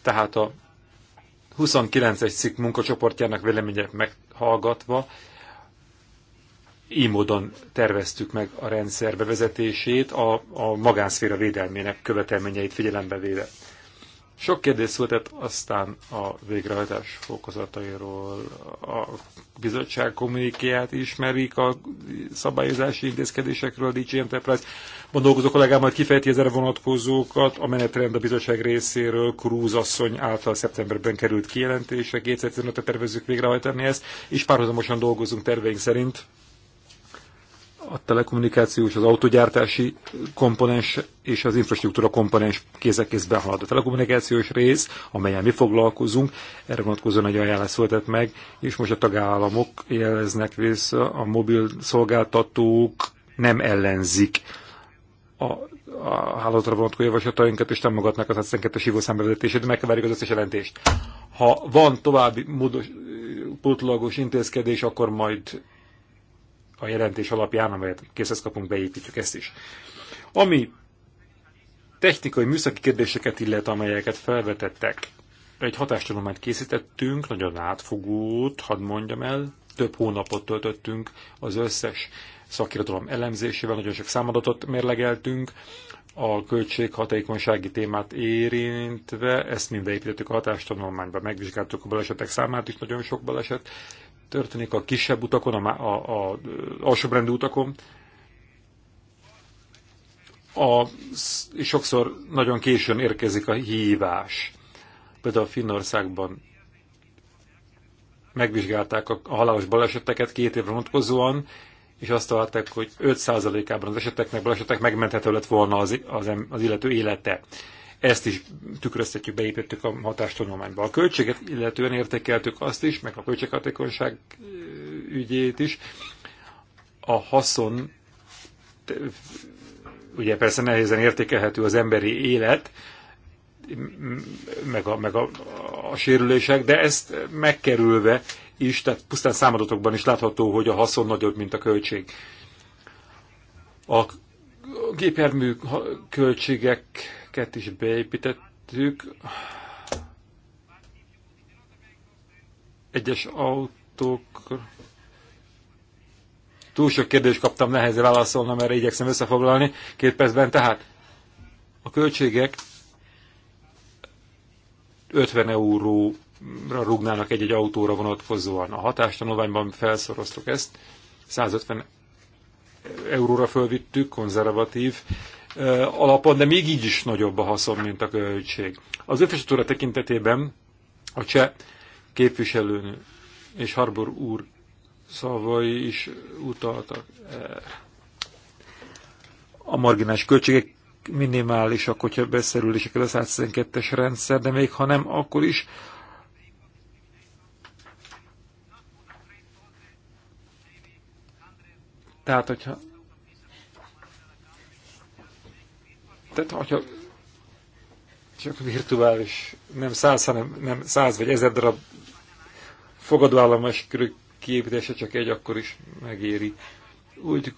Tehát a 29-es cikk munkacsoportjának véleménye meghallgatva így módon terveztük meg a rendszer bevezetését, a, a magánszféra védelmének követelményeit figyelembe véve. Sok kérdés született aztán a végrehajtás fokozatairól. A bizottság kommunikáját ismerik a szabályozási intézkedésekről, a DJ Enterprise. A dolgozó kollégám majd kifejti ezzel vonatkozókat. A menetrend a bizottság részéről Krúz asszony által szeptemberben került kijelentése. 2015-re tervezzük végrehajtani ezt, és párhuzamosan dolgozunk terveink szerint a telekommunikációs, az autogyártási komponens és az infrastruktúra komponens kézekézben halad. A telekommunikációs rész, amelyen mi foglalkozunk, erre vonatkozóan egy ajánlás született meg, és most a tagállamok jeleznek vissza, a mobil szolgáltatók nem ellenzik a, a hálózatra vonatkozó javaslatainkat, és támogatnak az 72-es hívószám de megkeverjük az összes jelentést. Ha van további módos, pótlagos intézkedés, akkor majd a jelentés alapján, amelyet készhez kapunk, beépítjük ezt is. Ami technikai műszaki kérdéseket illet, amelyeket felvetettek, egy hatástanulmányt készítettünk, nagyon átfogót, hadd mondjam el, több hónapot töltöttünk az összes szakirodalom elemzésével, nagyon sok számadatot mérlegeltünk, a költséghatékonysági témát érintve, ezt mind beépítettük a hatástanulmányba, megvizsgáltuk a balesetek számát is, nagyon sok baleset történik a kisebb utakon, a, a, a alsóbrendű utakon. A, sokszor nagyon későn érkezik a hívás. Például a Finnországban megvizsgálták a, a halálos baleseteket két évre vonatkozóan, és azt találták, hogy 5%-ában az eseteknek baleseteknek megmenthető lett volna az, az, az illető élete. Ezt is tükröztetjük, beépítettük a hatástanulmányba. A költséget illetően értékeltük azt is, meg a költséghatékonyság ügyét is. A haszon, ugye persze nehézen értékelhető az emberi élet, meg a, meg a, a sérülések, de ezt megkerülve is, tehát pusztán számadatokban is látható, hogy a haszon nagyobb, mint a költség. A gépjármű költségek ezeket is beépítettük. Egyes autók... Túl sok kérdést kaptam, nehéz válaszolnom, mert igyekszem összefoglalni két percben. Tehát a költségek 50 euróra rugnának egy-egy autóra vonatkozóan. A hatástanulványban felszoroztuk ezt, 150 euróra fölvittük, konzervatív alapon, de még így is nagyobb a haszon, mint a költség. Az infrastruktúra tekintetében a cseh képviselőnő és Harbor úr szavai is utaltak erre. A marginális költségek minimálisak, hogyha beszerülések is a 112-es rendszer, de még ha nem, akkor is tehát, hogyha Tehát, hogyha csak virtuális, nem száz, hanem nem száz vagy ezer darab fogadóállomás körül kiépítése csak egy, akkor is megéri. Úgy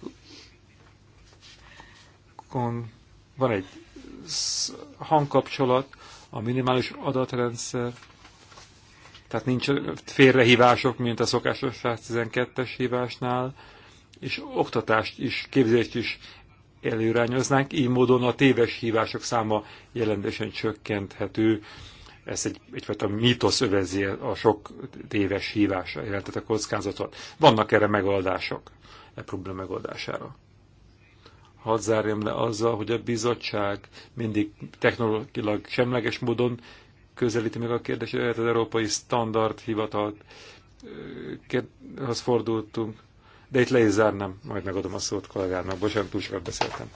van egy hangkapcsolat, a minimális adatrendszer, tehát nincs félrehívások, mint a szokásos 112-es hívásnál, és oktatást is, képzést is előrányoznánk, így módon a téves hívások száma jelentősen csökkenthető. Ez egy, egyfajta mítosz övezi a sok téves hívása, illetve a kockázatot. Vannak erre megoldások, e probléma megoldására. Hadd zárjam le azzal, hogy a bizottság mindig technológilag semleges módon közelíti meg a kérdést, az Európai Standard Hivatalhoz fordultunk, de itt le is zárnám, majd megadom a szót kollégának. Bocsánat, túl sokat beszéltem.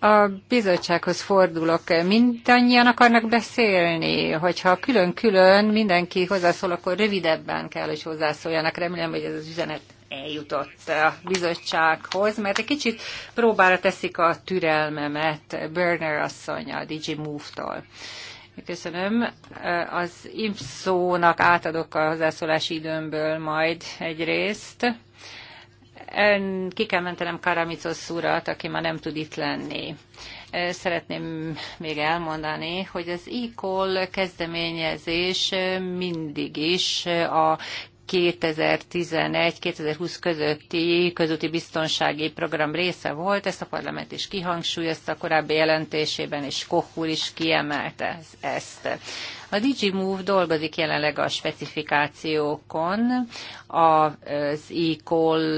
A bizottsághoz fordulok. Mindannyian akarnak beszélni, hogyha külön-külön mindenki hozzászól, akkor rövidebben kell, hogy hozzászóljanak. Remélem, hogy ez az üzenet eljutott a bizottsághoz, mert egy kicsit próbára teszik a türelmemet Berner asszony a DG Move-tól. Köszönöm. Az IMSZÓ-nak átadok a hozzászólási időmből majd egy részt. Ki kell mentenem Karamicosz urat, aki már nem tud itt lenni. Szeretném még elmondani, hogy az e kezdeményezés mindig is a 2011-2020 közötti közúti biztonsági program része volt, ezt a parlament is kihangsúlyozta a korábbi jelentésében, és Kohul is kiemelte ezt. A DigiMove dolgozik jelenleg a specifikációkon, az e-call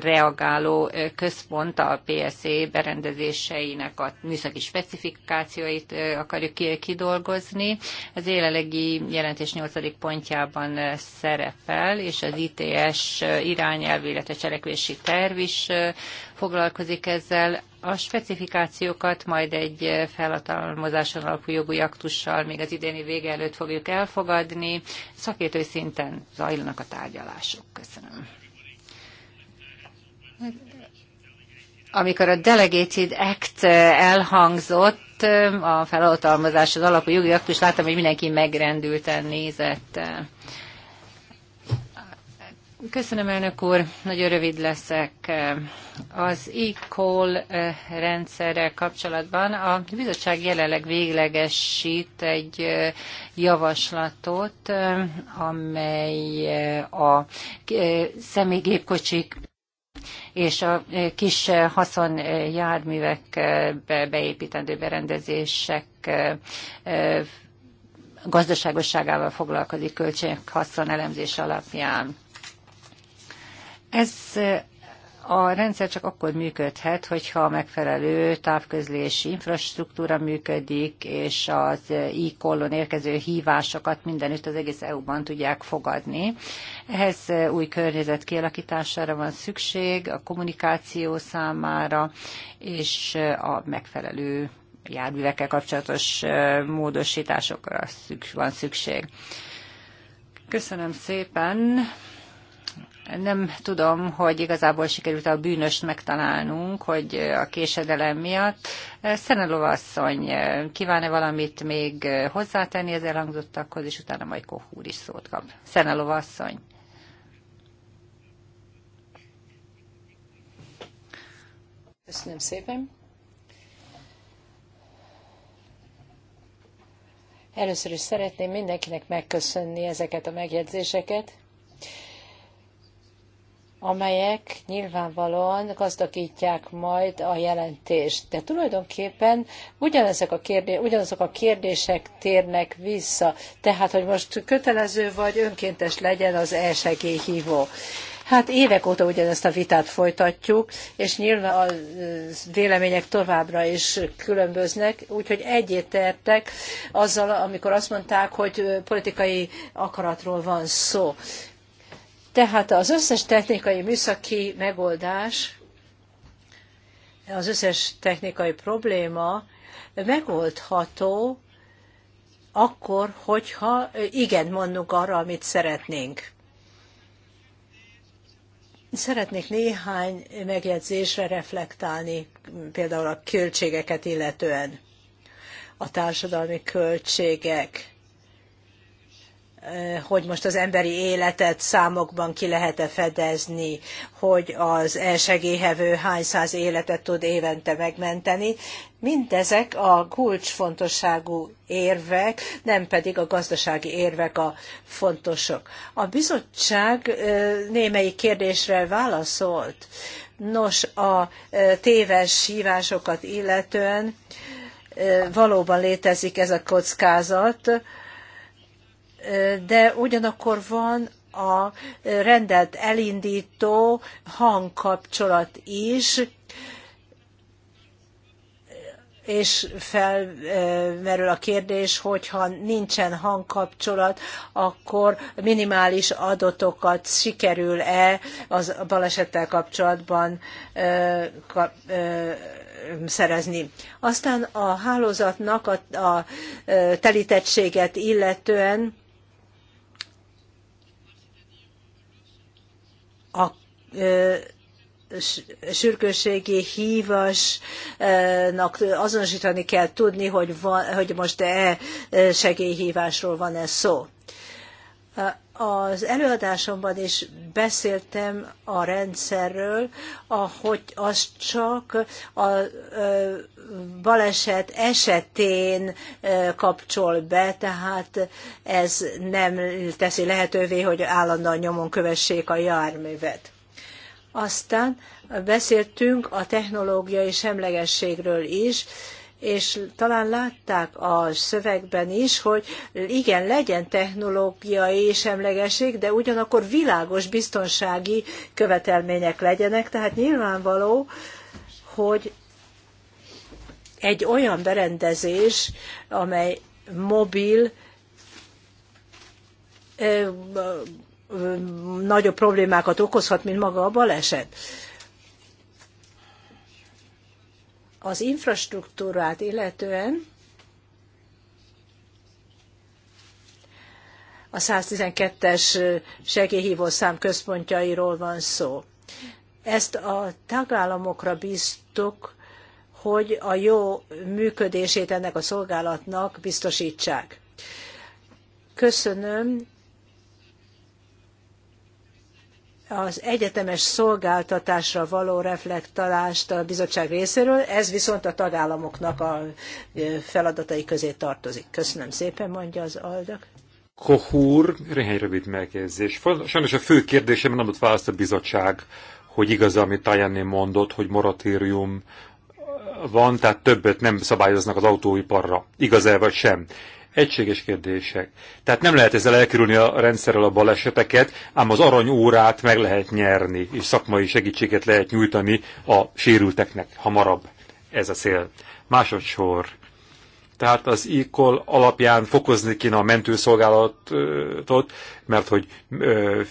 reagáló központ a PSC berendezéseinek a műszaki specifikációit akarjuk kidolgozni. Az élelegi jelentés 8. pontjában szerepel, és az ITS irányelv, illetve cselekvési terv is foglalkozik ezzel. A specifikációkat majd egy felhatalmazáson alapú jogú aktussal még az idéni vége előtt fogjuk elfogadni. Szakértői szinten zajlanak a tárgyalások. Köszönöm. Amikor a Delegated Act elhangzott, a felhatalmazáson alapú jogi aktus, láttam, hogy mindenki megrendülten nézett. Köszönöm, elnök úr. Nagyon rövid leszek. Az e-call eh, rendszerrel kapcsolatban a bizottság jelenleg véglegesít egy eh, javaslatot, eh, amely a személygépkocsik és a kis haszonjárművekbe beépítendő berendezések gazdaságosságával foglalkozik költségek haszon elemzés alapján. Ez eh, a rendszer csak akkor működhet, hogyha a megfelelő távközlési infrastruktúra működik, és az e kollon érkező hívásokat mindenütt az egész EU-ban tudják fogadni. Ehhez eh, új környezet kialakítására van szükség a kommunikáció számára, és a megfelelő járművekkel kapcsolatos módosításokra van szükség. Köszönöm szépen! nem tudom, hogy igazából sikerült a bűnöst megtalálnunk, hogy a késedelem miatt. Szenelova asszony, kíván-e valamit még hozzátenni az elhangzottakhoz, és utána majd Kohúr is szót kap. Szenelova asszony. Köszönöm szépen. Először is szeretném mindenkinek megköszönni ezeket a megjegyzéseket amelyek nyilvánvalóan gazdagítják majd a jelentést. De tulajdonképpen ugyanezek a kérdések, ugyanazok a kérdések térnek vissza. Tehát, hogy most kötelező vagy önkéntes legyen az hívó. Hát évek óta ugyanezt a vitát folytatjuk, és nyilván a vélemények továbbra is különböznek, úgyhogy egyetértek azzal, amikor azt mondták, hogy politikai akaratról van szó. Tehát az összes technikai műszaki megoldás, az összes technikai probléma megoldható akkor, hogyha igen mondunk arra, amit szeretnénk. Szeretnék néhány megjegyzésre reflektálni, például a költségeket illetően. A társadalmi költségek Eh, hogy most az emberi életet számokban ki lehet-e fedezni, hogy az elsegélyhevő hány száz életet tud évente megmenteni. Mindezek a kulcsfontosságú érvek, nem pedig a gazdasági érvek a fontosok. A bizottság eh, némelyik kérdésre válaszolt. Nos, a eh, téves hívásokat illetően valóban létezik ez a kockázat, de ugyanakkor van a rendelt elindító hangkapcsolat is, és felmerül a kérdés, hogyha nincsen hangkapcsolat, akkor minimális adatokat sikerül-e az balesettel kapcsolatban szerezni. Aztán a hálózatnak a, a telítettséget illetően a sürgősségi hívásnak azonosítani kell tudni, hogy, van, hogy most e segélyhívásról van-e szó. Az előadásomban is beszéltem a rendszerről, ahogy az csak a baleset esetén kapcsol be, tehát ez nem teszi lehetővé, hogy állandóan nyomon kövessék a járművet. Aztán beszéltünk a technológiai semlegességről is, és talán látták a szövegben is, hogy igen, legyen technológiai semlegesség, de ugyanakkor világos biztonsági követelmények legyenek, tehát nyilvánvaló, hogy egy olyan berendezés, amely mobil, nagyobb problémákat okozhat, mint maga a baleset. az infrastruktúrát illetően a 112-es szám központjairól van szó. Ezt a tagállamokra bíztuk, hogy a jó működését ennek a szolgálatnak biztosítsák. Köszönöm az egyetemes szolgáltatásra való reflektálást a bizottság részéről, ez viszont a tagállamoknak a feladatai közé tartozik. Köszönöm szépen, mondja az aldak. Kohúr, néhány rövid megjegyzés. Sajnos a fő kérdésem nem ott választ a bizottság, hogy igaz, amit Tajani mondott, hogy moratórium van, tehát többet nem szabályoznak az autóiparra. Igaz-e vagy sem? egységes kérdések. Tehát nem lehet ezzel elkerülni a rendszerrel a baleseteket, ám az aranyórát meg lehet nyerni, és szakmai segítséget lehet nyújtani a sérülteknek hamarabb. Ez a cél. Másodszor. Tehát az ICOL alapján fokozni kéne a mentőszolgálatot, mert hogy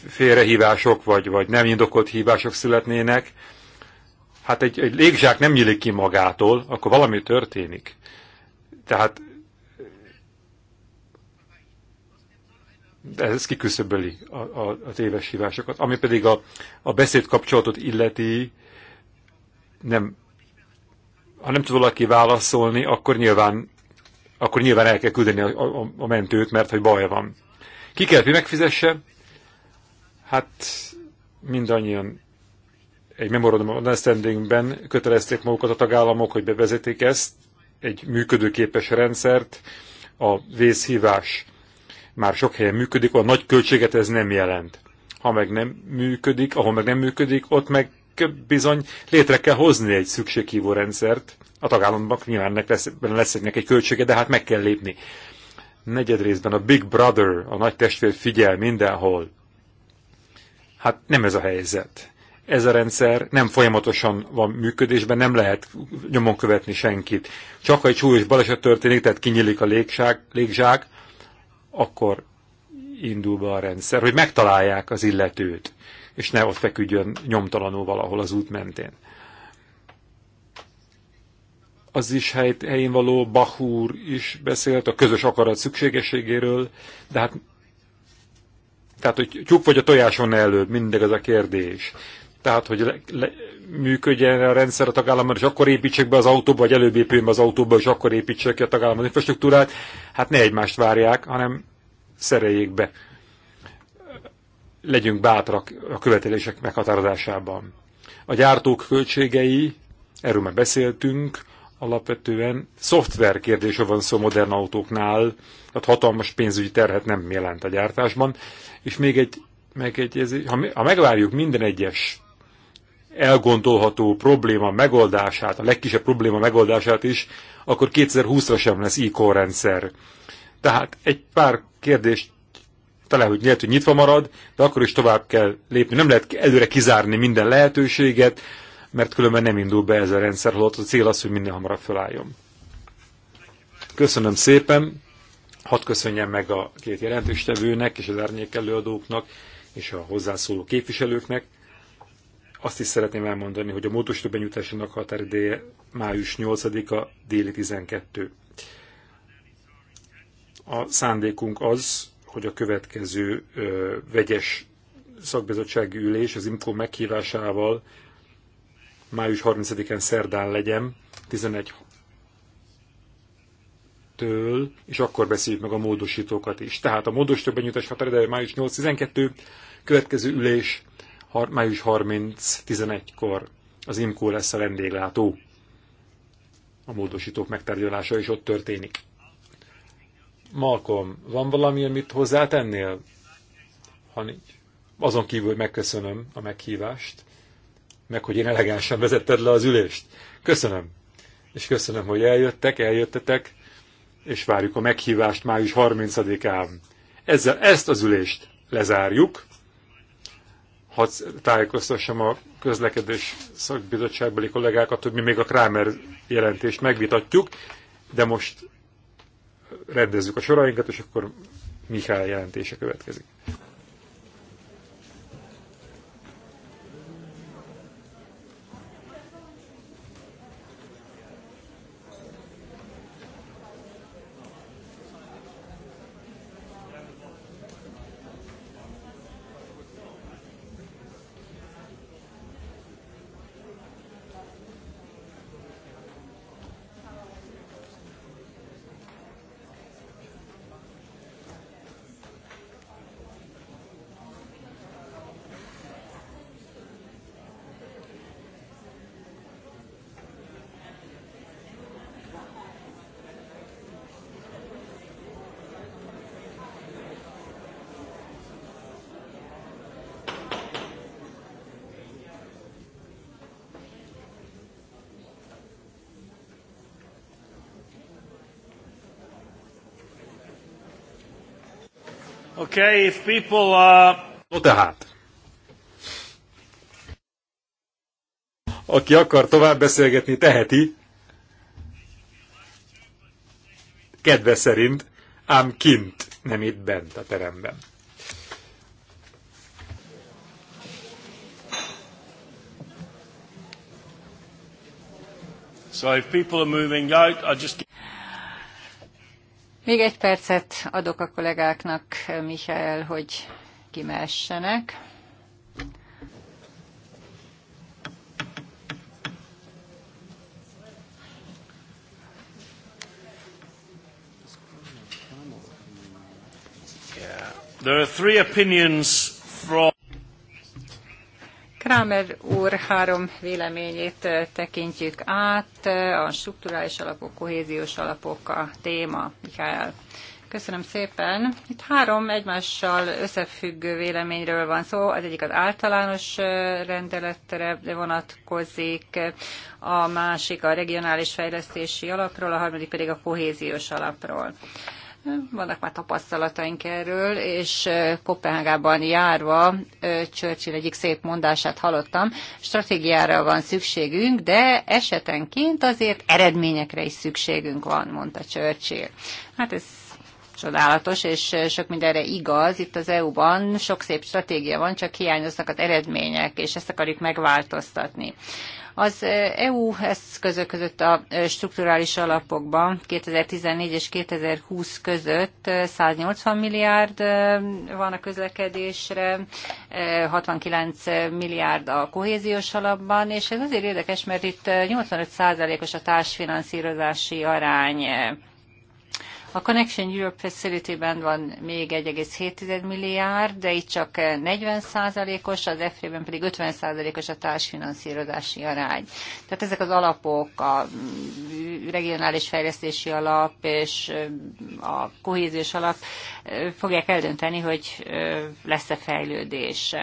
félrehívások vagy, vagy nem indokolt hívások születnének. Hát egy, egy légzsák nem nyílik ki magától, akkor valami történik. Tehát ez kiküszöböli a, a, a téves hívásokat. Ami pedig a, a beszédkapcsolatot illeti, nem, ha nem tud valaki válaszolni, akkor nyilván, akkor nyilván el kell küldeni a, a, a mentőt, mert hogy baj van. Ki kell, hogy megfizesse? Hát mindannyian egy memorandum understandingben kötelezték magukat a tagállamok, hogy bevezetik ezt, egy működőképes rendszert, a vészhívás már sok helyen működik, a nagy költséget ez nem jelent. Ha meg nem működik, ahol meg nem működik, ott meg bizony létre kell hozni egy szükséghívó rendszert. A tagállamban nyilván ennek lesz, lesz ennek egy költsége, de hát meg kell lépni. Negyed részben a Big Brother, a nagy testvér figyel mindenhol. Hát nem ez a helyzet. Ez a rendszer nem folyamatosan van működésben, nem lehet nyomon követni senkit. Csak ha egy súlyos baleset történik, tehát kinyílik a légzsák, légzsák, akkor indul be a rendszer, hogy megtalálják az illetőt, és ne ott feküdjön nyomtalanul valahol az út mentén. Az is helyt helyén való Bahúr is beszélt a közös akarat szükségességéről, de hát tehát, hogy tyúk vagy a tojáson előbb, mindig ez a kérdés tehát hogy le, le, működjen a rendszer a tagállamban, és akkor építsék be az autóba, vagy előbb épüljön be az autóba, és akkor építsék ki a tagállam infrastruktúrát, hát ne egymást várják, hanem szereljék be. Legyünk bátrak a követelések meghatározásában. A gyártók költségei, erről már beszéltünk, alapvetően szoftver kérdése van szó modern autóknál, tehát hatalmas pénzügyi terhet nem jelent a gyártásban, és még egy egy ha, ha megvárjuk minden egyes elgondolható probléma megoldását, a legkisebb probléma megoldását is, akkor 2020-ra sem lesz ICO rendszer. Tehát egy pár kérdést talán, hogy lehet, hogy nyitva marad, de akkor is tovább kell lépni. Nem lehet előre kizárni minden lehetőséget, mert különben nem indul be ez a rendszer, holott a cél az, hogy minden hamarabb felálljon. Köszönöm szépen, hadd köszönjem meg a két jelentéstevőnek és az árnyék előadóknak és a hozzászóló képviselőknek azt is szeretném elmondani, hogy a módosító benyújtásának határideje május 8-a déli 12. A szándékunk az, hogy a következő ö, vegyes szakbizottsági ülés az IMCO meghívásával május 30 en szerdán legyen, 11 től, és akkor beszéljük meg a módosítókat is. Tehát a módosító benyújtás határideje május 8-12, következő ülés május 30-11-kor az IMCO lesz a vendéglátó. A módosítók megtárgyalása is ott történik. Malcolm, van valami, amit hozzátennél? Ha nincs. Azon kívül, megköszönöm a meghívást, meg hogy én elegánsan vezetted le az ülést. Köszönöm. És köszönöm, hogy eljöttek, eljöttetek, és várjuk a meghívást május 30-án. Ezzel ezt az ülést lezárjuk hadd tájékoztassam a közlekedés szakbizottságbeli kollégákat, hogy mi még a Kramer jelentést megvitatjuk, de most rendezzük a sorainkat, és akkor Mihály jelentése következik. Okay, if people are... No tehát. Aki akar tovább beszélgetni, teheti. Kedve szerint, ám kint, nem itt bent a teremben. So if people are moving out, I just még egy percet adok a kollégáknak, Michael, hogy kimessenek. There are three opinions Kramer úr három véleményét eh, tekintjük át. Eh, a strukturális alapok, kohéziós alapok a téma, Mikael. Köszönöm szépen. Itt három egymással összefüggő véleményről van szó. Az egyik az általános eh, rendeletre vonatkozik, a másik a regionális fejlesztési alapról, a harmadik pedig a kohéziós alapról. Vannak már tapasztalataink erről, és Kopenhágában járva Churchill egyik szép mondását hallottam, stratégiára van szükségünk, de esetenként azért eredményekre is szükségünk van, mondta Churchill. Hát ez csodálatos, és sok mindenre igaz. Itt az EU-ban sok szép stratégia van, csak hiányoznak az eredmények, és ezt akarjuk megváltoztatni. Az EU eszközök között a strukturális alapokban 2014 és 2020 között 180 milliárd van a közlekedésre, 69 milliárd a kohéziós alapban, és ez azért érdekes, mert itt 85%-os a társfinanszírozási arány a Connection Europe Facility-ben van még 1,7 milliárd, de itt csak 40 os az EFRE-ben pedig 50 os a társfinanszírozási arány. Tehát ezek az alapok, a regionális fejlesztési alap és a kohéziós alap fogják eldönteni, hogy lesz-e fejlődés.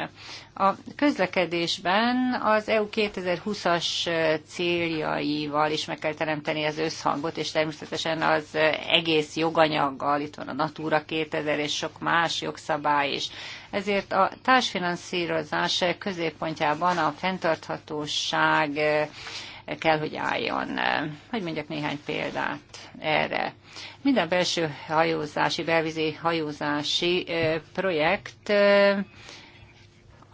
A közlekedésben az EU 2020-as céljaival is meg kell teremteni az összhangot, és természetesen az egész joganyaggal, itt van a Natura 2000 és sok más jogszabály is. Ezért a társfinanszírozás középpontjában a fenntarthatóság kell, hogy álljon. Hogy mondjak néhány példát erre. Minden belső hajózási, belvízi hajózási projekt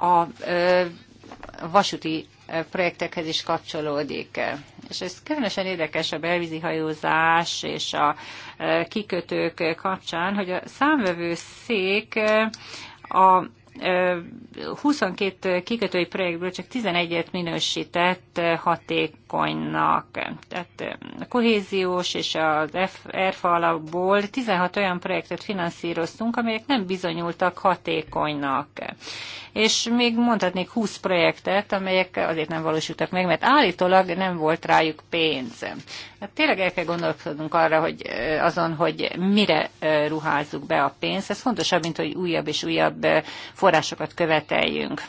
a vasúti projektekhez is kapcsolódik. És ez különösen érdekes a belvízi hajózás és a kikötők kapcsán, hogy a számvevőszék a 22 kikötői projektből csak 11-et minősített hatékonynak. Tehát a kohéziós és az ERFA alapból 16 olyan projektet finanszíroztunk, amelyek nem bizonyultak hatékonynak és még mondhatnék 20 projektet, amelyek azért nem valósultak meg, mert állítólag nem volt rájuk pénz. Hát tényleg el kell gondolkodnunk arra, hogy azon, hogy mire ruházzuk be a pénzt. Ez fontosabb, mint hogy újabb és újabb forrásokat követeljünk.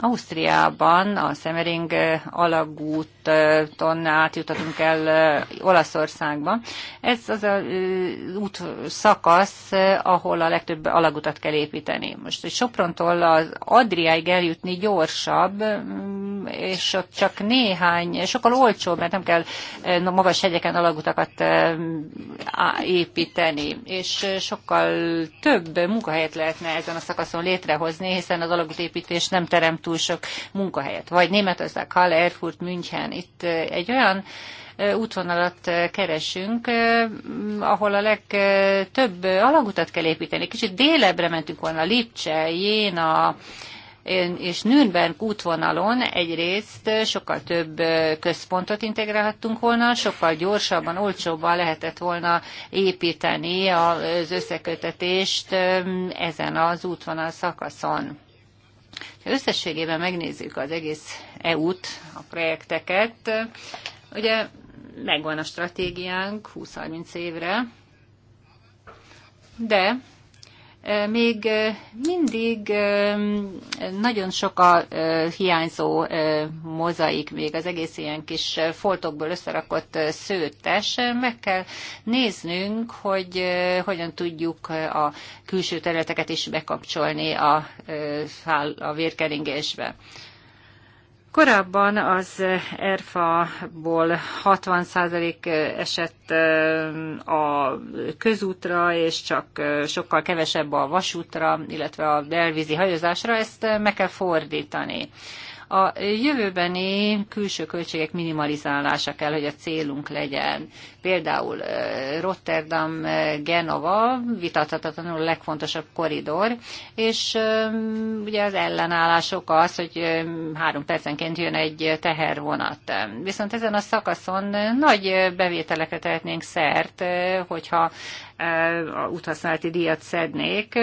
Ausztriában a Semmering eh, alagúton eh, átjutatunk el eh, Olaszországba. Ez az a út szakasz, ahol a legtöbb alagutat kell építeni. Most hogy Soprontól az Adriáig eljutni gyorsabb, mm, és ott csak néhány, sokkal olcsóbb, mert nem kell magas hegyeken alagutakat építeni, és sokkal több munkahelyet lehetne ezen a szakaszon létrehozni, hiszen az alagutépítés nem teremt túl sok munkahelyet. Vagy Németország, Halle, Erfurt, München. Itt egy olyan útvonalat keresünk, ahol a legtöbb alagutat kell építeni. Kicsit délebbre mentünk volna Lipcse, Jéna, és Nürnberg útvonalon egyrészt sokkal több központot integrálhattunk volna, sokkal gyorsabban, olcsóbban lehetett volna építeni az összekötetést ezen az útvonal szakaszon. Ha összességében megnézzük az egész EU-t, a projekteket, ugye megvan a stratégiánk 20-30 évre, de még mindig nagyon sok a hiányzó mozaik, még az egész ilyen kis foltokból összerakott szőttes. Meg kell néznünk, hogy hogyan tudjuk a külső területeket is bekapcsolni a, a vérkeringésbe. Korábban az ERFA-ból 60% esett a közútra, és csak sokkal kevesebb a vasútra, illetve a belvízi hajózásra, ezt meg kell fordítani. A jövőbeni külső költségek minimalizálása kell, hogy a célunk legyen. Például Rotterdam, Genova vitathatatlanul a legfontosabb koridor, és ugye az ellenállások az, hogy három percenként jön egy tehervonat. Viszont ezen a szakaszon nagy bevételeket tehetnénk szert, hogyha a úthasználati díjat szednék,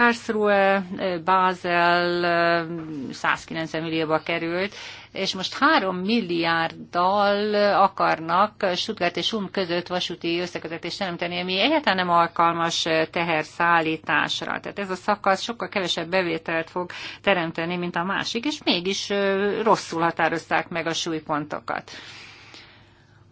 Karlsruhe, Basel 190 millióba került, és most három milliárddal akarnak Stuttgart és Um között vasúti összekötetést teremteni, ami egyáltalán nem alkalmas teherszállításra. Tehát ez a szakasz sokkal kevesebb bevételt fog teremteni, mint a másik, és mégis rosszul határozták meg a súlypontokat.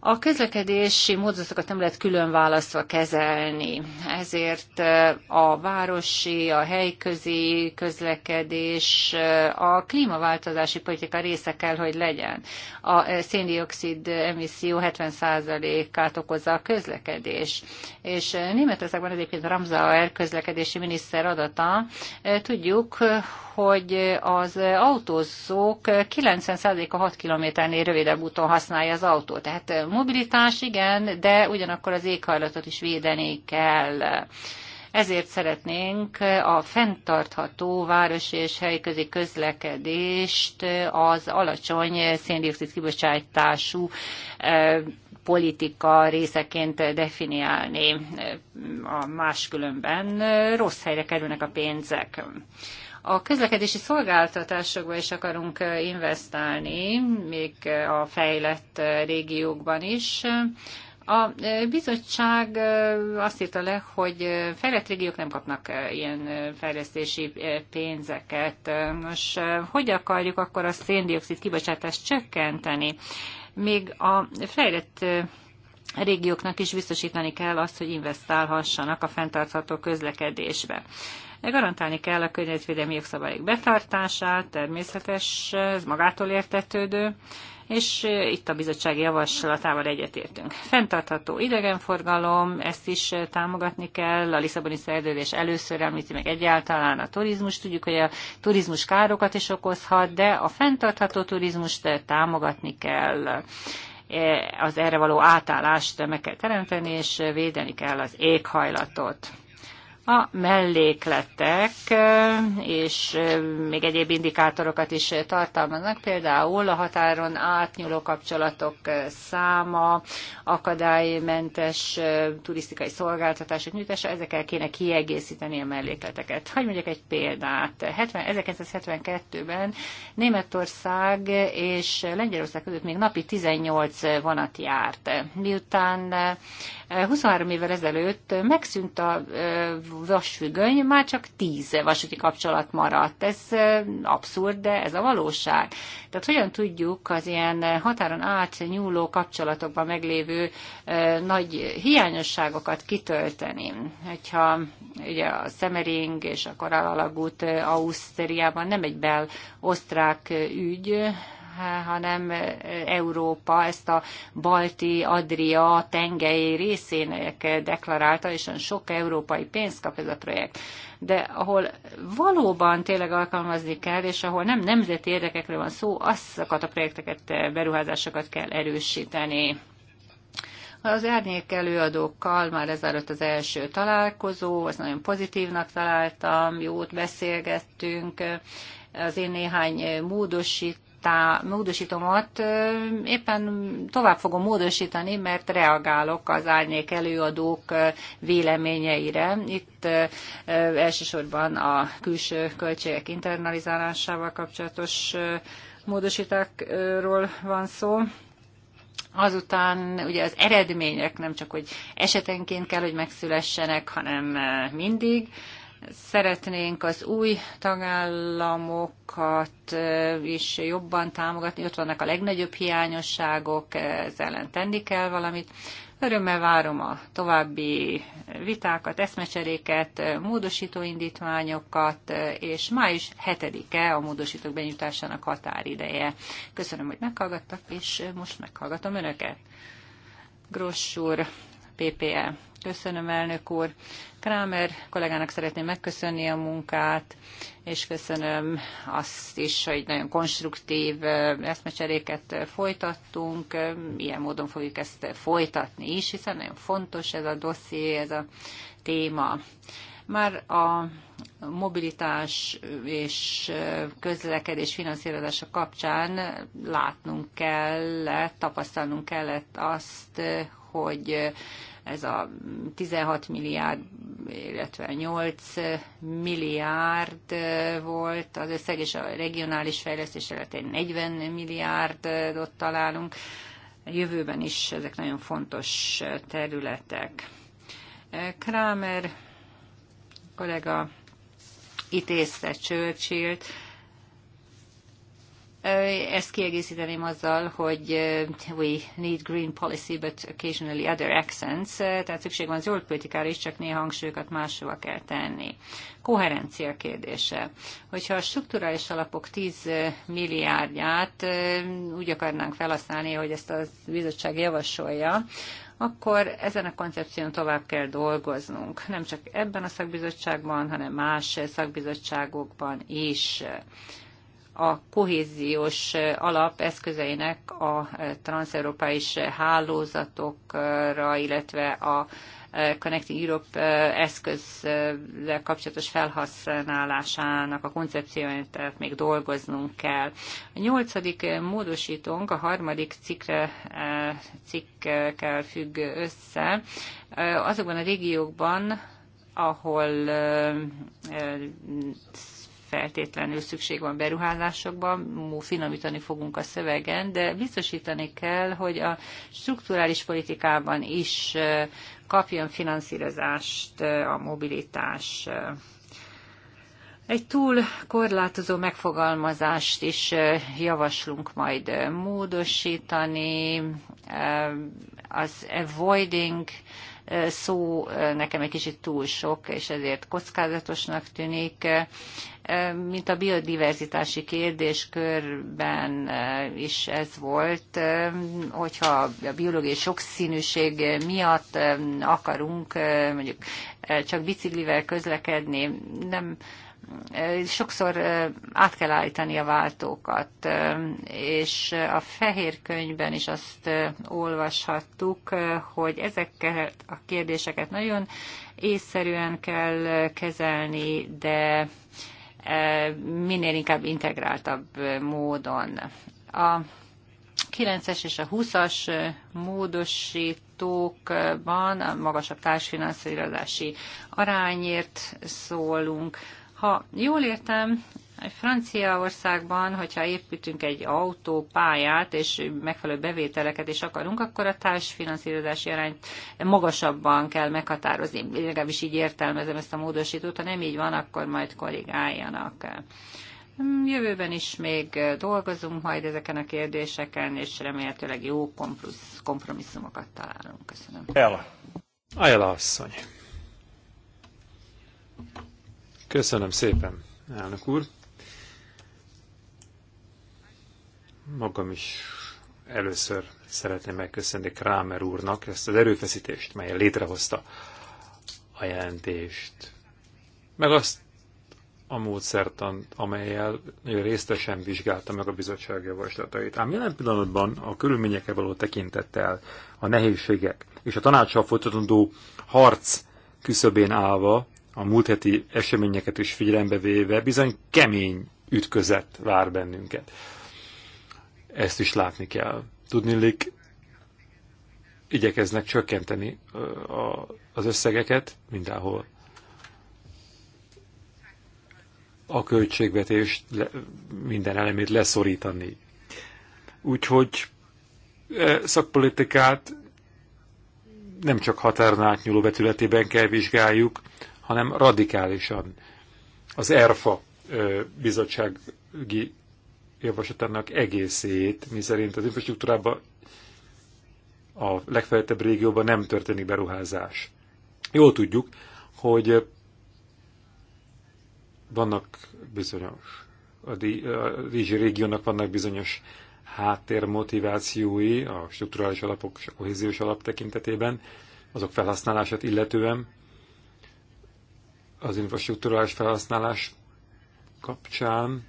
A közlekedési módozatokat nem lehet külön választva kezelni, ezért a városi, a helyközi közlekedés a klímaváltozási politika része kell, hogy legyen. A széndiokszid emisszió 70%-át okozza a közlekedés. És Németországban egyébként Ramsauer közlekedési miniszter adata, tudjuk, hogy az autózók 90%-a 6 kilométernél rövidebb úton használja az autót. Tehát mobilitás igen, de ugyanakkor az éghajlatot is védeni kell. Ezért szeretnénk a fenntartható városi és helyközi közlekedést az alacsony széndiokszid kibocsátású e, politika részeként definiálni. E, a máskülönben rossz helyre kerülnek a pénzek. A közlekedési szolgáltatásokba is akarunk investálni, még a fejlett régiókban is. A bizottság azt írta le, hogy fejlett régiók nem kapnak ilyen fejlesztési pénzeket. Most hogy akarjuk akkor a széndiokszid kibocsátást csökkenteni? Még a fejlett régióknak is biztosítani kell azt, hogy investálhassanak a fenntartható közlekedésbe. Garantálni kell a környezetvédelmi jogszabályok betartását, természetes, ez magától értetődő, és itt a bizottság javaslatával egyetértünk. Fentartható idegenforgalom, ezt is támogatni kell, a Lisszaboni szerződés először említi meg egyáltalán a turizmus, tudjuk, hogy a turizmus károkat is okozhat, de a fenntartható turizmust támogatni kell az erre való átállást meg kell teremteni, és védeni kell az éghajlatot. A mellékletek eh, és eh, még egyéb indikátorokat is tartalmaznak, például a határon átnyúló kapcsolatok eh, száma, akadálymentes turisztikai szolgáltatások nyújtása, ezekkel kéne kiegészíteni a mellékleteket. Hagy mondjak egy példát. 70, 1972-ben Németország és Lengyelország között még napi 18 vonat járt. Miután 23 évvel ezelőtt megszűnt a vasfüggöny, már csak tíz vasúti kapcsolat maradt. Ez abszurd, de ez a valóság. Tehát hogyan tudjuk az ilyen határon át, nyúló kapcsolatokban meglévő nagy hiányosságokat kitölteni? Hogyha ugye a Szemering és a Koralalagút Ausztriában nem egy bel-osztrák ügy, hanem Európa ezt a balti, Adria tengei részének eh, deklarálta, és sok európai pénzt kap ez a projekt. De ahol valóban tényleg alkalmazni kell, és ahol nem nemzeti érdekekről van szó, azokat a projekteket, eh, beruházásokat kell erősíteni. Az árnyék előadókkal már ezelőtt az első találkozó, az nagyon pozitívnak találtam, jót beszélgettünk, az én néhány módosít tá, módosítomat éppen tovább fogom módosítani, mert reagálok az árnyék előadók véleményeire. Itt elsősorban a külső költségek internalizálásával kapcsolatos módosításról van szó. Azután ugye az eredmények nem csak, hogy esetenként kell, hogy megszülessenek, hanem mindig. Szeretnénk az új tagállamokat is jobban támogatni, ott vannak a legnagyobb hiányosságok, ez ellen tenni kell valamit. Örömmel várom a további vitákat, eszmecseréket, módosító indítványokat, és május 7-e a módosítók benyújtásának határideje. Köszönöm, hogy meghallgattak, és most meghallgatom Önöket. Gross úr, PPE. Köszönöm, elnök úr. Krámer kollégának szeretném megköszönni a munkát, és köszönöm azt is, hogy nagyon konstruktív eszmecseréket folytattunk. Ilyen módon fogjuk ezt folytatni is, hiszen nagyon fontos ez a dosszié, ez a téma. Már a mobilitás és közlekedés finanszírozása kapcsán látnunk kellett, tapasztalnunk kellett azt, hogy ez a 16 milliárd, illetve 8 milliárd volt az összeg, és a regionális fejlesztés egy 40 milliárdot találunk. A jövőben is ezek nagyon fontos területek. Kramer kollega ítézte Churchill-t, ezt kiegészíteném azzal, hogy we need green policy, but occasionally other accents, tehát szükség van zöld politikára is, csak néha hangsúlyokat máshova kell tenni. Koherencia kérdése. Hogyha a strukturális alapok 10 milliárdját úgy akarnánk felhasználni, hogy ezt a bizottság javasolja, akkor ezen a koncepción tovább kell dolgoznunk. Nem csak ebben a szakbizottságban, hanem más szakbizottságokban is a kohéziós alap eszközeinek a transzeurópais hálózatokra, illetve a Connecting Europe eszközzel kapcsolatos felhasználásának a koncepcióján tehát még dolgoznunk kell. A nyolcadik módosítónk a harmadik cikkre, cikkel függ össze. Azokban a régiókban, ahol eh, feltétlenül szükség van beruházásokban, finomítani fogunk a szövegen, de biztosítani kell, hogy a strukturális politikában is kapjon finanszírozást a mobilitás. Egy túl korlátozó megfogalmazást is javaslunk majd módosítani. Az avoiding szó nekem egy kicsit túl sok, és ezért kockázatosnak tűnik. Mint a biodiverzitási kérdéskörben is ez volt, hogyha a biológiai sokszínűség miatt akarunk mondjuk csak biciklivel közlekedni, nem sokszor át kell állítani a váltókat, és a fehér könyvben is azt olvashattuk, hogy ezekkel a kérdéseket nagyon észszerűen kell kezelni, de minél inkább integráltabb módon. A 9-es és a 20-as módosítókban a magasabb társfinanszírozási arányért szólunk, ha jól értem, Franciaországban, hogyha építünk egy autópályát, és megfelelő bevételeket is akarunk, akkor a társfinanszírozási arányt magasabban kell meghatározni. Én legalábbis így értelmezem ezt a módosítót, ha nem így van, akkor majd korrigáljanak. Jövőben is még dolgozunk majd ezeken a kérdéseken, és remélhetőleg jó kompromisszumokat találunk. Köszönöm. Ella. Ella asszony. Köszönöm szépen, elnök úr. Magam is először szeretném megköszönni Krámer úrnak ezt az erőfeszítést, melyen létrehozta a jelentést. Meg azt a módszertant, amelyel nagyon részletesen vizsgálta meg a bizottság javaslatait. Ám jelen pillanatban a körülményekkel való tekintettel, a nehézségek és a tanácssal folytatódó harc küszöbén állva a múlt heti eseményeket is figyelembe véve bizony kemény ütközet vár bennünket. Ezt is látni kell. Tudnilik, igyekeznek csökkenteni az összegeket mindenhol. A költségvetés minden elemét leszorítani. Úgyhogy e, szakpolitikát nem csak határnál nyúló betületében kell vizsgáljuk, hanem radikálisan az ERFA bizottsági javaslatának egészét, miszerint az infrastruktúrában a legfeljebb régióban nem történik beruházás. Jól tudjuk, hogy vannak bizonyos, a Rizsi régiónak vannak bizonyos háttérmotivációi a strukturális alapok és a kohéziós alap tekintetében, azok felhasználását illetően, az infrastruktúrális felhasználás kapcsán,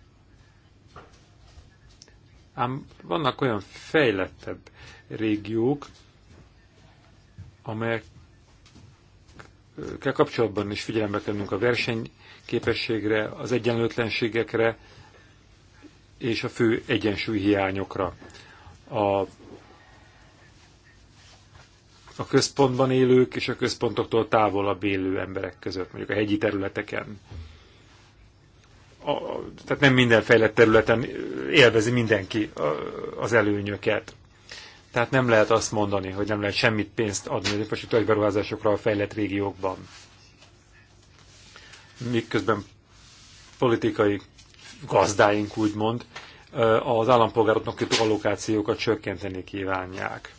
ám vannak olyan fejlettebb régiók, amelyekkel kapcsolatban is figyelembe kellünk a versenyképességre, az egyenlőtlenségekre és a fő egyensúlyhiányokra. A a központban élők és a központoktól távolabb élő emberek között, mondjuk a hegyi területeken. A, tehát nem minden fejlett területen élvezi mindenki az előnyöket. Tehát nem lehet azt mondani, hogy nem lehet semmit pénzt adni az infrastruktúrai beruházásokra a fejlett régiókban. Miközben politikai gazdáink úgymond az állampolgároknak kötő allokációkat csökkenteni kívánják.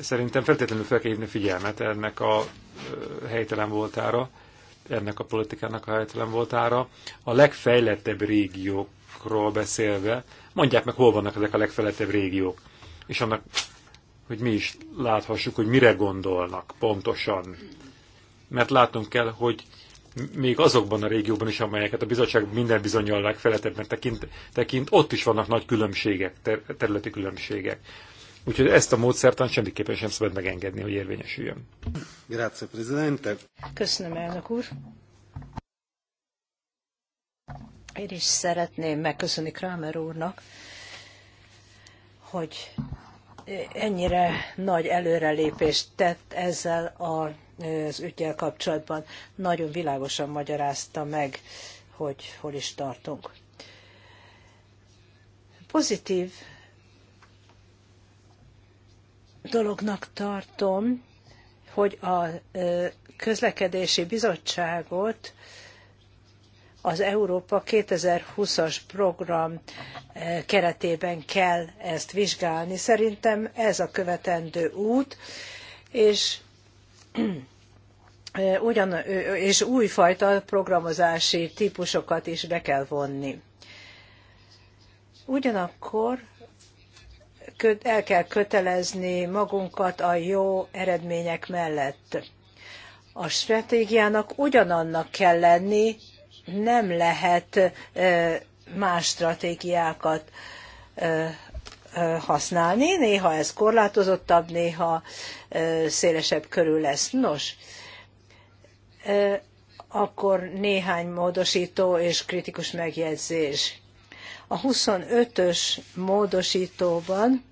Szerintem feltétlenül fel kell hívni figyelmet ennek a helytelen voltára, ennek a politikának a helytelen voltára. A legfejlettebb régiókról beszélve, mondják meg, hol vannak ezek a legfejlettebb régiók, és annak, hogy mi is láthassuk, hogy mire gondolnak pontosan. Mert látnunk kell, hogy még azokban a régióban is, amelyeket a bizottság minden bizonyal legfeletebbnek tekint, tekint, ott is vannak nagy különbségek, ter, területi különbségek. Úgyhogy ezt a módszertan semmiképpen sem szabad megengedni, hogy érvényesüljön. Grazie, Presidente. Köszönöm, elnök úr. Én is szeretném megköszönni Kramer úrnak, hogy ennyire nagy előrelépést tett ezzel az ügyel kapcsolatban. Nagyon világosan magyarázta meg, hogy hol is tartunk. Pozitív dolognak tartom, hogy a közlekedési bizottságot az Európa 2020-as program keretében kell ezt vizsgálni. Szerintem ez a követendő út, és ugyan, és újfajta programozási típusokat is be kell vonni. Ugyanakkor el kell kötelezni magunkat a jó eredmények mellett. A stratégiának ugyanannak kell lenni, nem lehet más stratégiákat használni. Néha ez korlátozottabb, néha szélesebb körül lesz. Nos, akkor néhány módosító és kritikus megjegyzés. A 25-ös módosítóban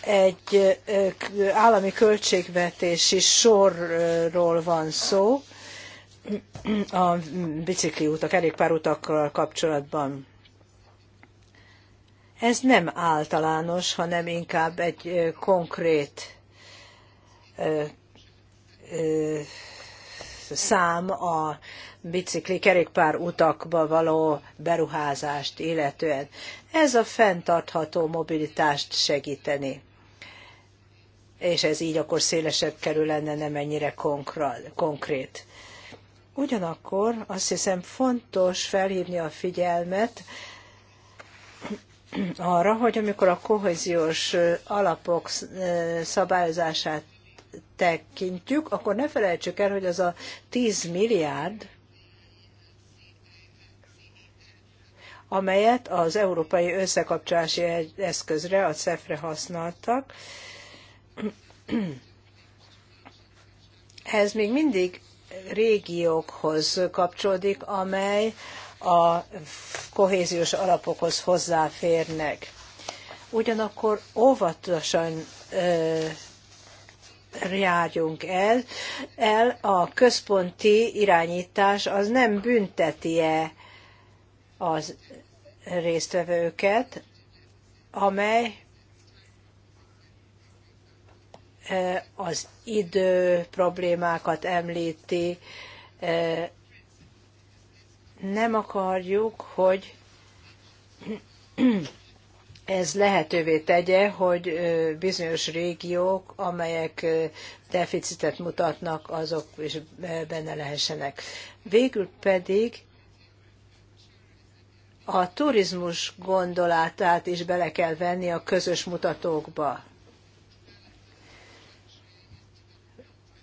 egy állami költségvetési sorról van szó a bicikliútak, kerékpárutakkal kapcsolatban. Ez nem általános, hanem inkább egy konkrét szám a bicikli kerékpár utakba való beruházást illetően. Ez a fenntartható mobilitást segíteni. És ez így akkor szélesebb kerül lenne, nem ennyire konkrét. Ugyanakkor azt hiszem fontos felhívni a figyelmet, arra, hogy amikor a kohéziós alapok szabályozását tekintjük, akkor ne felejtsük el, hogy az a 10 milliárd amelyet az európai összekapcsolási eszközre, a CEF-re használtak. Ez még mindig régiókhoz kapcsolódik, amely a kohéziós alapokhoz hozzáférnek. Ugyanakkor óvatosan ö, járjunk el, el a központi irányítás az nem bünteti-e az résztvevőket, amely az idő problémákat említi. Nem akarjuk, hogy ez lehetővé tegye, hogy bizonyos régiók, amelyek deficitet mutatnak, azok is benne lehessenek. Végül pedig a turizmus gondolatát is bele kell venni a közös mutatókba.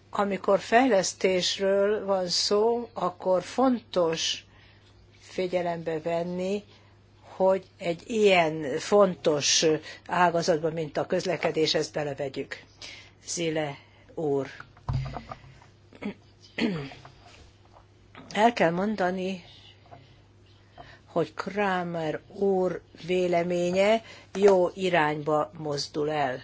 Amikor fejlesztésről van szó, akkor fontos figyelembe venni, hogy egy ilyen fontos ágazatban, mint a közlekedés, ezt belevegyük. Zile úr. El kell mondani, hogy Kramer úr véleménye jó irányba mozdul el.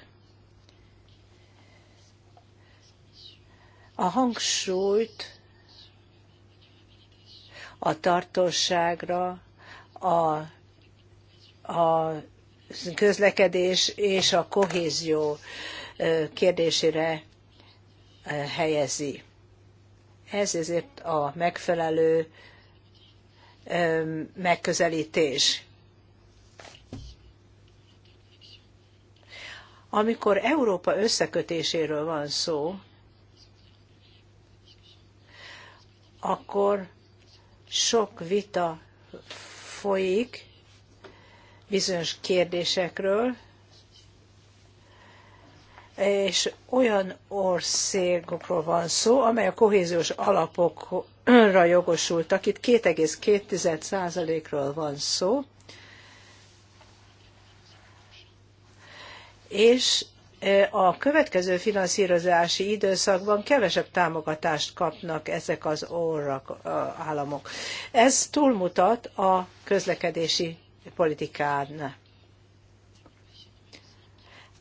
A hangsúlyt a tartóságra, a, a közlekedés és a kohézió kérdésére helyezi. Ez ezért a megfelelő megközelítés. Amikor Európa összekötéséről van szó, akkor sok vita folyik bizonyos kérdésekről, és olyan országokról van szó, amely a kohéziós alapok önra jogosultak. Itt 2,2%-ról van szó. És e, a következő finanszírozási időszakban kevesebb támogatást kapnak ezek az orrak államok. Ez túlmutat a közlekedési politikán.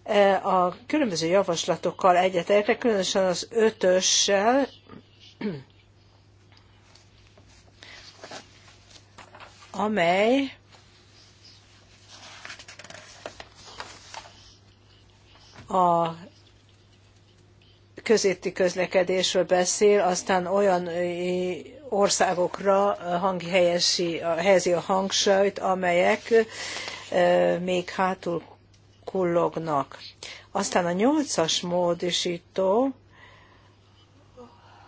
E, a különböző javaslatokkal egyetértek, különösen az ötössel, amely a közéti közlekedésről beszél, aztán olyan országokra hangi helyesi, helyezi a hangsúlyt, amelyek még hátul kullognak. Aztán a nyolcas módosító,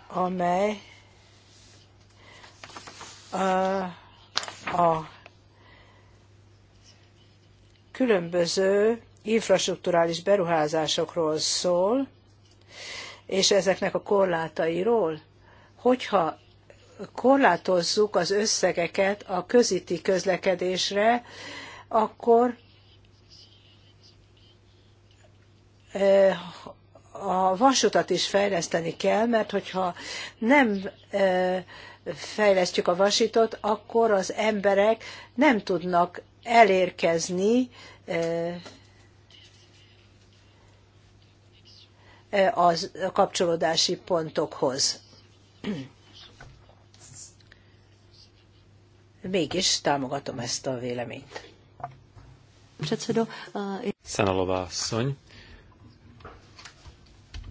amely a, a különböző infrastruktúrális beruházásokról szól, és ezeknek a korlátairól, hogyha korlátozzuk az összegeket a közíti közlekedésre, akkor eh, a vasutat is fejleszteni kell, mert hogyha nem eh, fejlesztjük a vasítot, akkor az emberek nem tudnak elérkezni az kapcsolódási pontokhoz. Mégis támogatom ezt a véleményt. Szenalová asszony.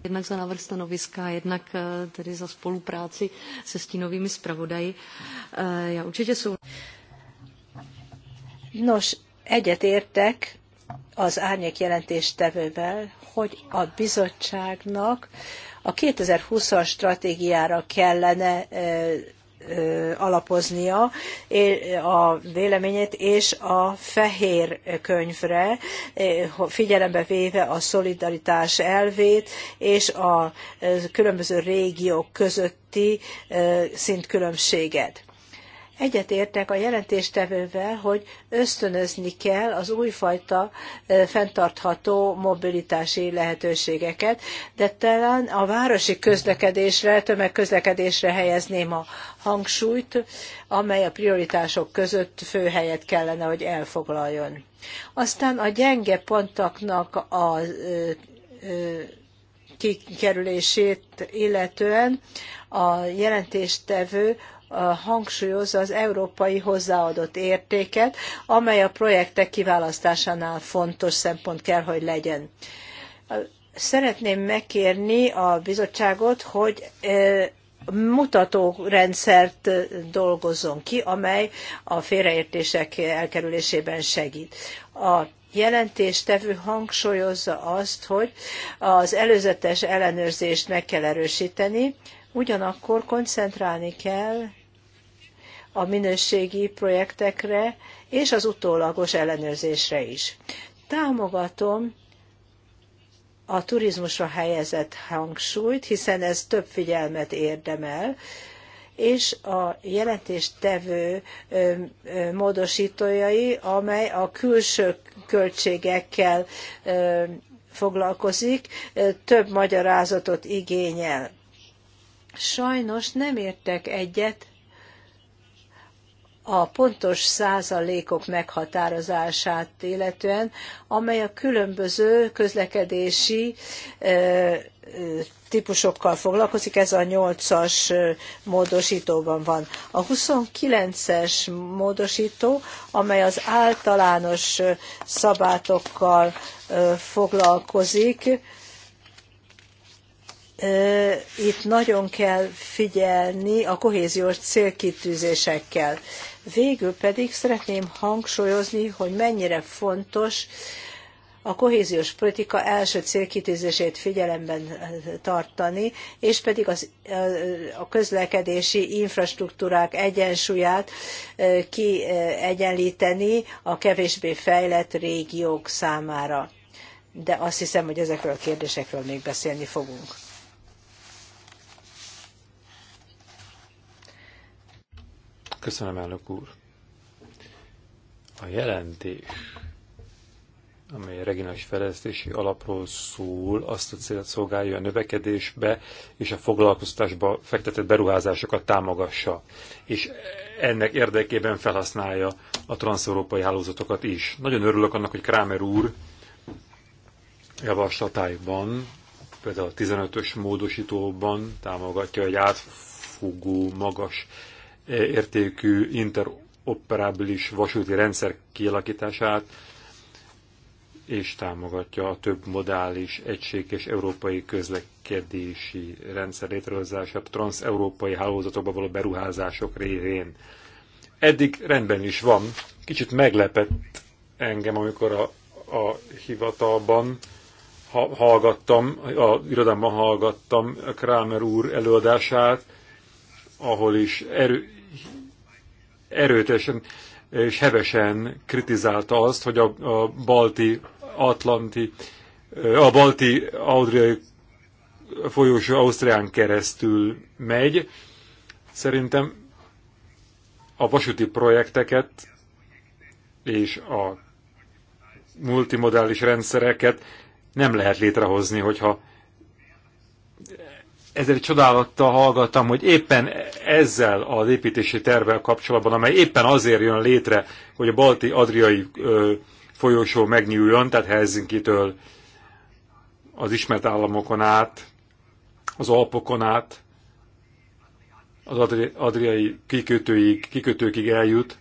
Jednak za návrh stanoviska, jednak eh, tedy za spolupráci se stínovými zpravodaji. Eh, já určitě jsou... Nos, egyetértek az árnyék jelentéstevővel, hogy a bizottságnak a 2020-as stratégiára kellene eh, alapoznia a véleményét, és a fehér könyvre, figyelembe véve a szolidaritás elvét, és a különböző régiók közötti szintkülönbséget. Egyetértek a jelentéstevővel, hogy ösztönözni kell az újfajta fenntartható mobilitási lehetőségeket, de talán a városi közlekedésre, tömegközlekedésre helyezném a hangsúlyt, amely a prioritások között fő helyet kellene, hogy elfoglaljon. Aztán a gyenge pontoknak a kikerülését illetően a jelentéstevő hangsúlyozza az európai hozzáadott értéket, amely a projektek kiválasztásánál fontos szempont kell, hogy legyen. Szeretném megkérni a bizottságot, hogy e, mutatórendszert dolgozzon ki, amely a félreértések elkerülésében segít. A jelentéstevő hangsúlyozza azt, hogy az előzetes ellenőrzést meg kell erősíteni, Ugyanakkor koncentrálni kell a minőségi projektekre és az utólagos ellenőrzésre is. Támogatom a turizmusra helyezett hangsúlyt, hiszen ez több figyelmet érdemel, és a jelentéstevő módosítójai, amely a külső költségekkel foglalkozik, több magyarázatot igényel. Sajnos nem értek egyet a pontos százalékok meghatározását illetően, amely a különböző közlekedési típusokkal foglalkozik, ez a 8-as módosítóban van. A 29-es módosító, amely az általános szabátokkal foglalkozik, itt nagyon kell figyelni a kohéziós célkitűzésekkel. Végül pedig szeretném hangsúlyozni, hogy mennyire fontos a kohéziós politika első célkitűzését figyelemben tartani, és pedig az, a közlekedési infrastruktúrák egyensúlyát kiegyenlíteni a kevésbé fejlett régiók számára. De azt hiszem, hogy ezekről a kérdésekről még beszélni fogunk. Köszönöm, elnök úr. A jelentés, amely a regionális fejlesztési alapról szól, azt a célt szolgálja a növekedésbe és a foglalkoztatásba fektetett beruházásokat támogassa, és ennek érdekében felhasználja a transzeurópai hálózatokat is. Nagyon örülök annak, hogy Krámer úr javaslatáiban, például a 15-ös módosítóban támogatja egy átfogó, magas értékű interoperábilis vasúti rendszer kialakítását, és támogatja a több modális, és európai közlekedési rendszer létrehozását, transeurópai hálózatokba való beruházások révén. Eddig rendben is van. Kicsit meglepett engem, amikor a, a hivatalban ha, hallgattam, a irodámban hallgattam a Kramer úr előadását, ahol is erő, erőteljesen és hevesen kritizálta azt, hogy a, a balti, atlanti, a balti Audriai folyósó Ausztrián keresztül megy. Szerintem a vasúti projekteket és a multimodális rendszereket nem lehet létrehozni, hogyha ezért csodálattal hallgattam, hogy éppen ezzel az építési tervvel kapcsolatban, amely éppen azért jön létre, hogy a balti-adriai folyósó megnyúljon, tehát Helsinki-től az ismert államokon át, az Alpokon át, az adri adriai kikötőig, kikötőkig eljut,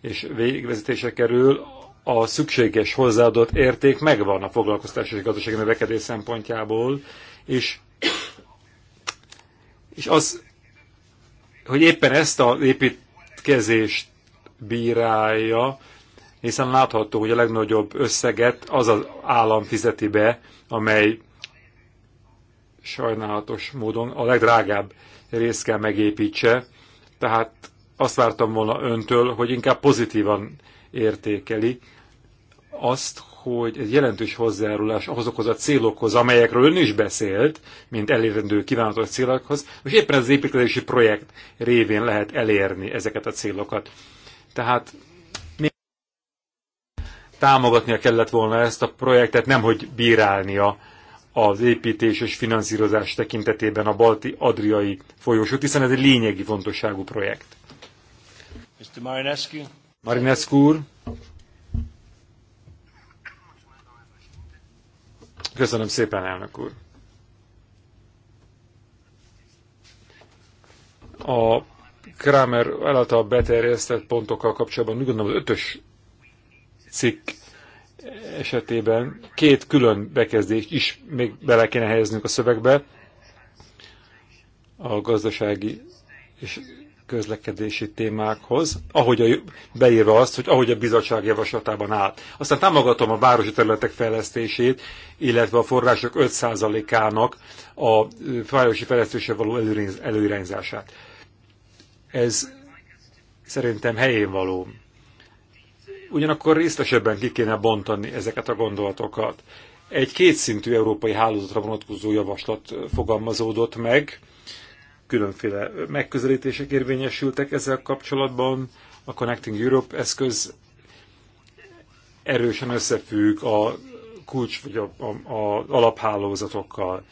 és végvezetése kerül, a szükséges hozzáadott érték megvan a foglalkoztatási és gazdasági növekedés szempontjából, és és az, hogy éppen ezt a építkezést bírálja, hiszen látható, hogy a legnagyobb összeget az az állam fizeti be, amely sajnálatos módon a legdrágább részt kell megépítse, tehát azt vártam volna öntől, hogy inkább pozitívan értékeli azt, hogy ez jelentős hozzájárulás azokhoz a célokhoz, amelyekről ön is beszélt, mint elérendő kívánatos célokhoz, és éppen az építkezési projekt révén lehet elérni ezeket a célokat. Tehát támogatnia kellett volna ezt a projektet, nemhogy bírálnia az építés és finanszírozás tekintetében a balti-adriai folyósot, hiszen ez egy lényegi fontosságú projekt. Mr. Marinescu. Marinescu úr. Köszönöm szépen, elnök úr. A Kramer által beterjesztett pontokkal kapcsolatban úgy gondolom az ötös cikk esetében két külön bekezdést is még bele kéne helyeznünk a szövegbe. A gazdasági és közlekedési témákhoz, ahogy a, beírva azt, hogy ahogy a bizottság javaslatában áll. Aztán támogatom a városi területek fejlesztését, illetve a források 5%-ának a városi fejlesztése való előirányzását. Ez szerintem helyén való. Ugyanakkor részletesebben ki kéne bontani ezeket a gondolatokat. Egy kétszintű európai hálózatra vonatkozó javaslat fogalmazódott meg, különféle megközelítések érvényesültek ezzel kapcsolatban. A Connecting Europe eszköz erősen összefügg a kulcs vagy a, a, a alaphálózatokkal.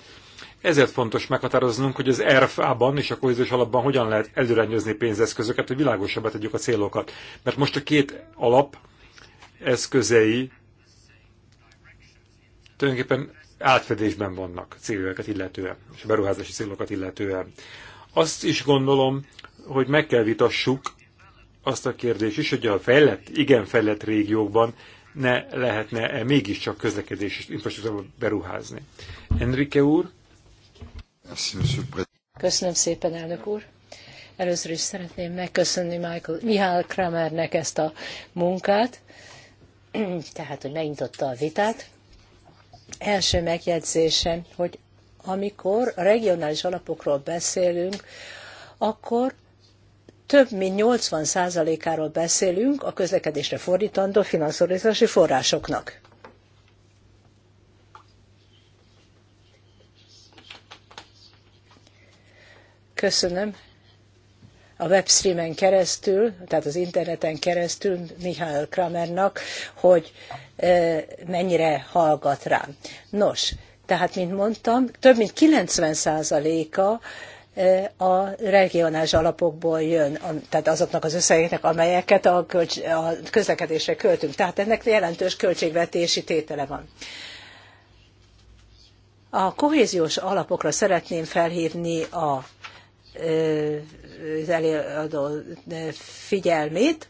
Ezért fontos meghatároznunk, hogy az RFA-ban és a kohéziós alapban hogyan lehet előrenyozni pénzeszközöket, hogy világosabbá tegyük a célokat. Mert most a két alap eszközei tulajdonképpen átfedésben vannak célokat illetően, és beruházási célokat illetően. Azt is gondolom, hogy meg kell vitassuk azt a kérdést is, hogy a fejlett, igen fejlett régiókban ne lehetne -e mégiscsak közlekedés és beruházni. Enrique úr? Köszönöm szépen, elnök úr. Először is szeretném megköszönni Michael, Mihály Kramernek ezt a munkát, tehát, hogy megnyitotta a vitát. Első megjegyzésem, hogy amikor a regionális alapokról beszélünk, akkor több mint 80%-áról beszélünk a közlekedésre fordítandó finanszírozási forrásoknak. Köszönöm a webstreamen keresztül, tehát az interneten keresztül Mihály Kramernak, hogy mennyire hallgat rám. Nos, tehát, mint mondtam, több mint 90%-a a regionális alapokból jön, tehát azoknak az összegeknek, amelyeket a, a közlekedésre költünk. Tehát ennek jelentős költségvetési tétele van. A kohéziós alapokra szeretném felhívni a az előadó figyelmét,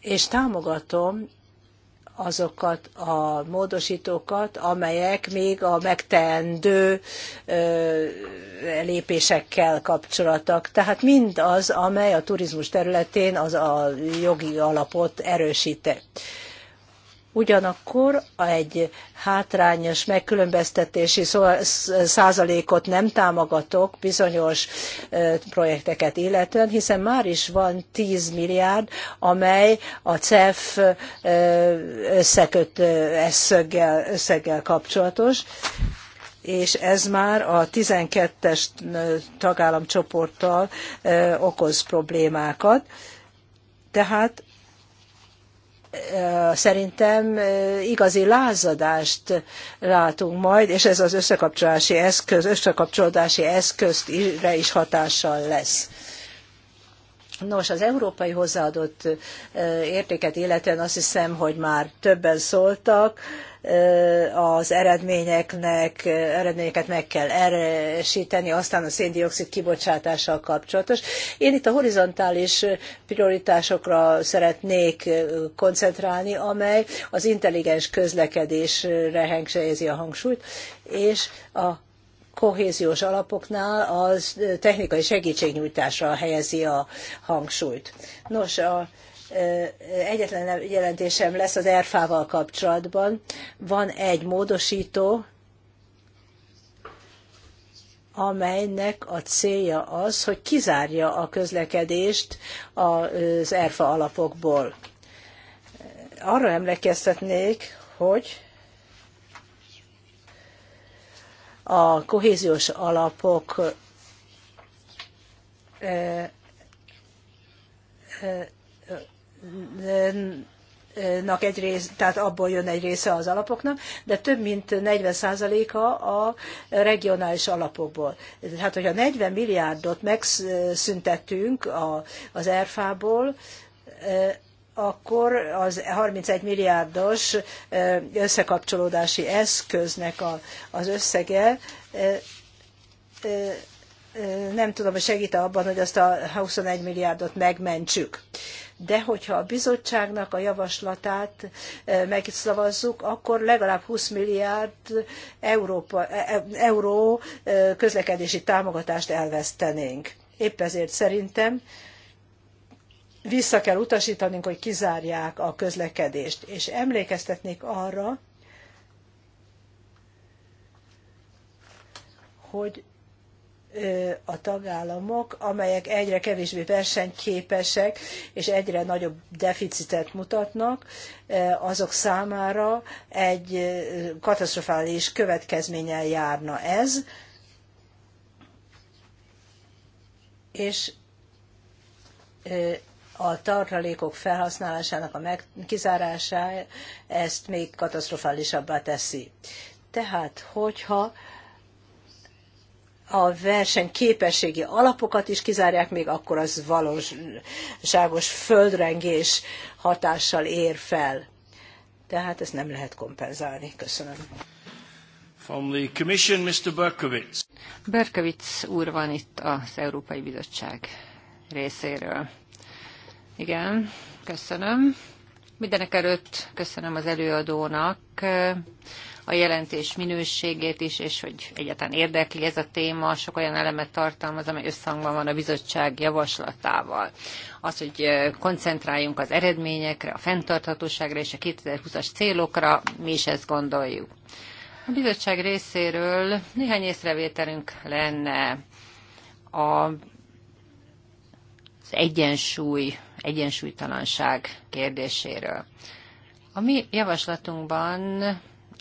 és támogatom azokat a módosítókat, amelyek még a megteendő lépésekkel kapcsolatok. Tehát mindaz, amely a turizmus területén az a jogi alapot erősíti. Ugyanakkor egy hátrányos megkülönböztetési százalékot nem támogatok bizonyos projekteket illetően, hiszen már is van 10 milliárd, amely a CEF összekötő összeggel, összeggel kapcsolatos és ez már a 12-es tagállamcsoporttal okoz problémákat. Tehát szerintem igazi lázadást látunk majd, és ez az összekapcsolási eszköz, összekapcsolódási eszközre is hatással lesz. Nos, az európai hozzáadott értéket illetően azt hiszem, hogy már többen szóltak, az eredményeknek, eredményeket meg kell erősíteni, aztán a széndiokszid kibocsátással kapcsolatos. Én itt a horizontális prioritásokra szeretnék koncentrálni, amely az intelligens közlekedésre helyezi a hangsúlyt, és a kohéziós alapoknál az technikai segítségnyújtásra helyezi a hangsúlyt. Nos, a egyetlen jelentésem lesz az ERFA-val kapcsolatban. Van egy módosító, amelynek a célja az, hogy kizárja a közlekedést az erfa alapokból. Arra emlékeztetnék, hogy a kohéziós alapok nak egy rész, tehát abból jön egy része az alapoknak, de több mint 40%-a a regionális alapokból. Tehát, hogyha 40 milliárdot megszüntettünk az erfából. ból akkor az 31 milliárdos összekapcsolódási eszköznek a, az összege nem tudom, hogy segít -e abban, hogy azt a 21 milliárdot megmentsük. De hogyha a bizottságnak a javaslatát megszavazzuk, akkor legalább 20 milliárd Európa, e, e, euró közlekedési támogatást elvesztenénk. Épp ezért szerintem vissza kell utastanunk, hogy kizárják a közlekedést. És emlékeztetnék arra, hogy a tagállamok, amelyek egyre kevésbé versenyképesek és egyre nagyobb deficitet mutatnak, azok számára egy katasztrofális következménnyel járna ez, és a tartalékok felhasználásának a meg, kizárása ezt még katasztrofálisabbá teszi. Tehát, hogyha a képességi alapokat is kizárják, még akkor az valóságos földrengés hatással ér fel. Tehát ezt nem lehet kompenzálni. Köszönöm. From the commission, Mr. Berkowitz. Berkowitz úr van itt az Európai Bizottság részéről. Igen, köszönöm. Mindenek előtt köszönöm az előadónak eh, a jelentés minőségét is, és hogy egyáltalán érdekli ez a téma, sok olyan elemet tartalmaz, amely összhangban van a bizottság javaslatával. Az, hogy eh, koncentráljunk az eredményekre, a fenntarthatóságra és a 2020-as célokra, mi is ezt gondoljuk. A bizottság részéről néhány észrevételünk lenne a, az egyensúly egyensúlytalanság kérdéséről. A mi javaslatunkban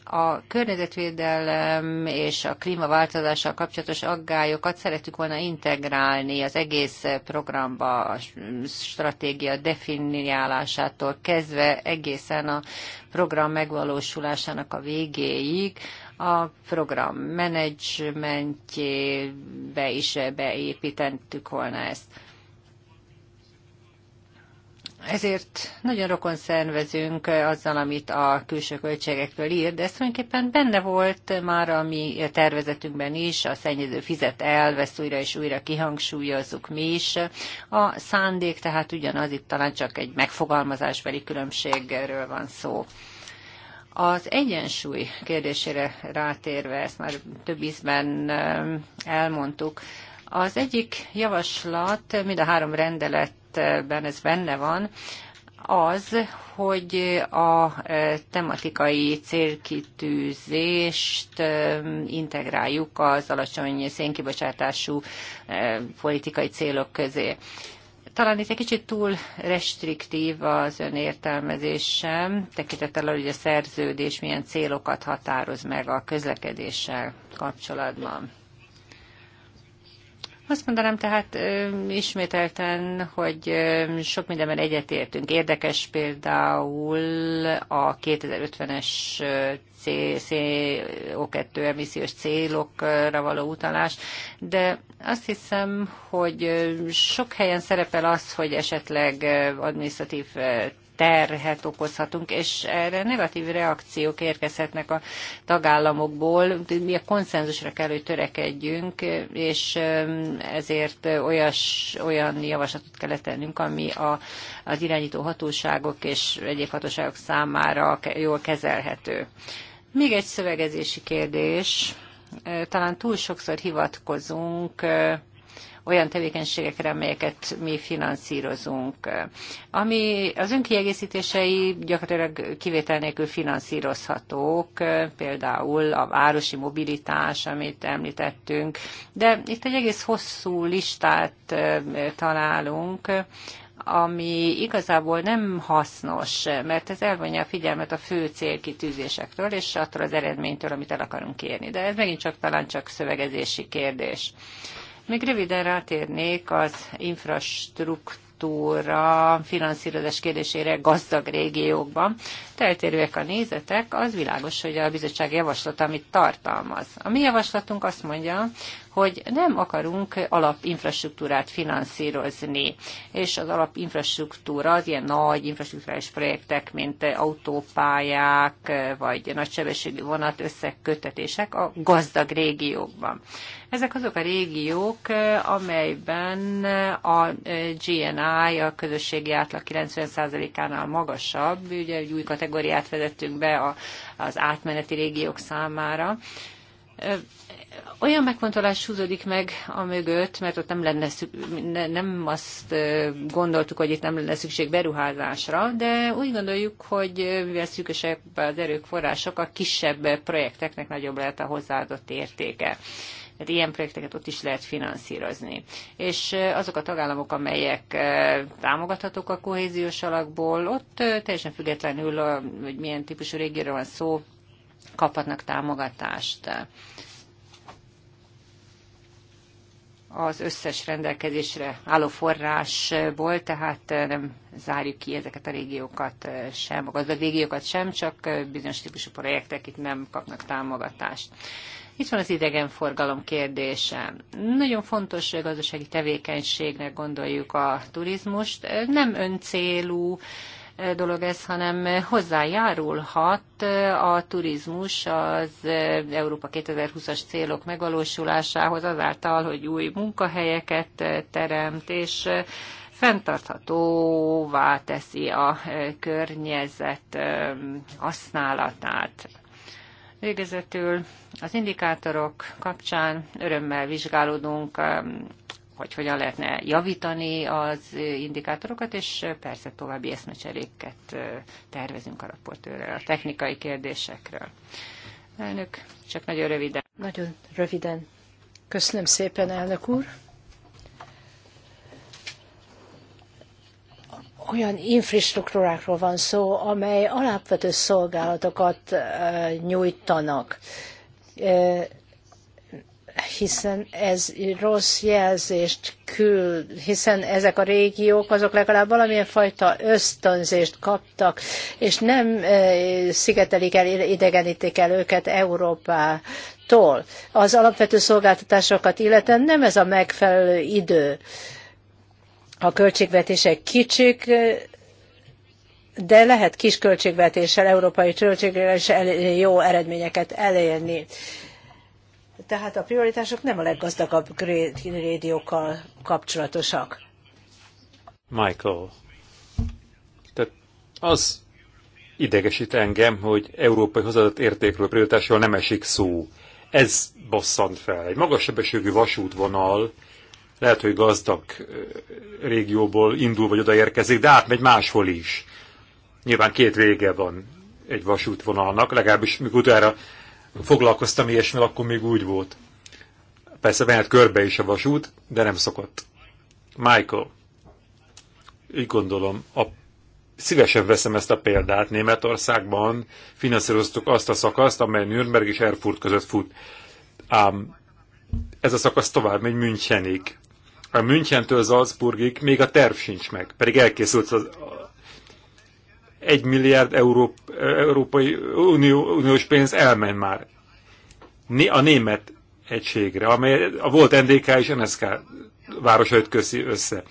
a környezetvédelem és a klímaváltozással kapcsolatos aggályokat szeretük volna integrálni az egész programba, a stratégia definiálásától kezdve egészen a program megvalósulásának a végéig, a program menedzsmentjébe is beépítettük volna ezt. Ezért nagyon rokon szervezünk eh, azzal, amit a külső költségekről ír, de ez tulajdonképpen benne volt már a mi tervezetünkben is, a szennyező fizet el, vesz újra és újra kihangsúlyozzuk mi is. A szándék tehát ugyanaz, itt talán csak egy megfogalmazásbeli különbségről van szó. Az egyensúly kérdésére rátérve, ezt már több ízben eh, elmondtuk, az egyik javaslat mind a három rendelet rendeletben ez benne van, az, hogy a e, tematikai célkitűzést e, integráljuk az alacsony szénkibocsátású e, politikai célok közé. Talán itt egy kicsit túl restriktív az ön értelmezésem, tekintettel, hogy a szerződés milyen célokat határoz meg a közlekedéssel kapcsolatban. Azt mondanám tehát ismételten, hogy sok mindenben egyetértünk. Érdekes például a 2050-es CO2 emissziós célokra való utalás, de azt hiszem, hogy sok helyen szerepel az, hogy esetleg administratív terhet okozhatunk, és erre negatív reakciók érkezhetnek a tagállamokból. Mi a konszenzusra kell, hogy törekedjünk, és um, ezért olyas, olyan javaslatot kellett tennünk, ami a, az irányító hatóságok és egyéb hatóságok számára jól kezelhető. Még egy szövegezési kérdés. Talán túl sokszor hivatkozunk olyan tevékenységekre, amelyeket mi finanszírozunk. Ami az önkiegészítései gyakorlatilag kivétel nélkül finanszírozhatók, például a városi mobilitás, amit említettünk, de itt egy egész hosszú listát találunk, ami igazából nem hasznos, mert ez elvonja a figyelmet a fő célkitűzésektől, és attól az eredménytől, amit el akarunk érni. De ez megint csak talán csak szövegezési kérdés. Még röviden rátérnék az infrastruktúra finanszírozás kérdésére gazdag régiókban. Teltérőek a nézetek, az világos, hogy a bizottság javaslata, amit tartalmaz. A mi javaslatunk azt mondja, hogy nem akarunk alapinfrastruktúrát finanszírozni, és az alapinfrastruktúra, az ilyen nagy infrastruktúrális projektek, mint autópályák, vagy nagysebességű vonat összekötetések a gazdag régiókban. Ezek azok a régiók, amelyben a GNI a közösségi átlag 90%-ánál magasabb, ugye egy új kategóriát vezettünk be az átmeneti régiók számára, olyan megfontolás húzódik meg a mögött, mert ott nem lenne nem azt gondoltuk, hogy itt nem lenne szükség beruházásra, de úgy gondoljuk, hogy mivel szűkösebb az erők források, a kisebb projekteknek nagyobb lehet a hozzáadott értéke. Tehát ilyen projekteket ott is lehet finanszírozni. És azok a tagállamok, amelyek támogathatók a kohéziós alakból, ott teljesen függetlenül, hogy milyen típusú régióról van szó, kaphatnak támogatást. az összes rendelkezésre álló forrásból, tehát nem zárjuk ki ezeket a régiókat sem, a gazdag régiókat sem, csak bizonyos típusú projektek itt nem kapnak támogatást. Itt van az idegenforgalom kérdése. Nagyon fontos gazdasági tevékenységnek gondoljuk a turizmust. Nem öncélú, dolog ez, hanem hozzájárulhat a turizmus az Európa 2020-as célok megvalósulásához azáltal, hogy új munkahelyeket teremt, és fenntarthatóvá teszi a környezet használatát. Végezetül az indikátorok kapcsán örömmel vizsgálódunk hogy hogyan lehetne javítani az indikátorokat, és persze további eszmecseréket tervezünk a raportőrrel a technikai kérdésekről. Elnök, csak nagyon röviden. Nagyon röviden. Köszönöm szépen, elnök úr. olyan infrastruktúrákról van szó, amely alapvető szolgálatokat nyújtanak hiszen ez rossz jelzést küld, hiszen ezek a régiók azok legalább valamilyen fajta ösztönzést kaptak, és nem e, szigetelik el, idegenítik el őket Európától. Az alapvető szolgáltatásokat illetően nem ez a megfelelő idő. A költségvetések kicsik, e, de lehet kis költségvetéssel, európai költségvetéssel jó eredményeket elérni. Tehát a prioritások nem a leggazdagabb rédiókkal kapcsolatosak. Michael, tehát az idegesít engem, hogy európai hozzáadott értékről, prioritásról nem esik szó. Ez bosszant fel. Egy magas sebességű vasútvonal lehet, hogy gazdag régióból indul vagy odaérkezik, de átmegy máshol is. Nyilván két vége van egy vasútvonalnak, legalábbis mikor utána foglalkoztam ilyesmivel, akkor még úgy volt. Persze mehet körbe is a vasút, de nem szokott. Michael, így gondolom, a, szívesen veszem ezt a példát. Németországban finanszíroztuk azt a szakaszt, amely Nürnberg és Erfurt között fut. Ám ez a szakasz tovább megy Münchenig. A Münchentől Salzburgig még a terv sincs meg, pedig elkészült az, egy milliárd euró Európai Unió, Uniós pénz elmen már a német egységre, amely a volt NDK és NSK városait köszi össze.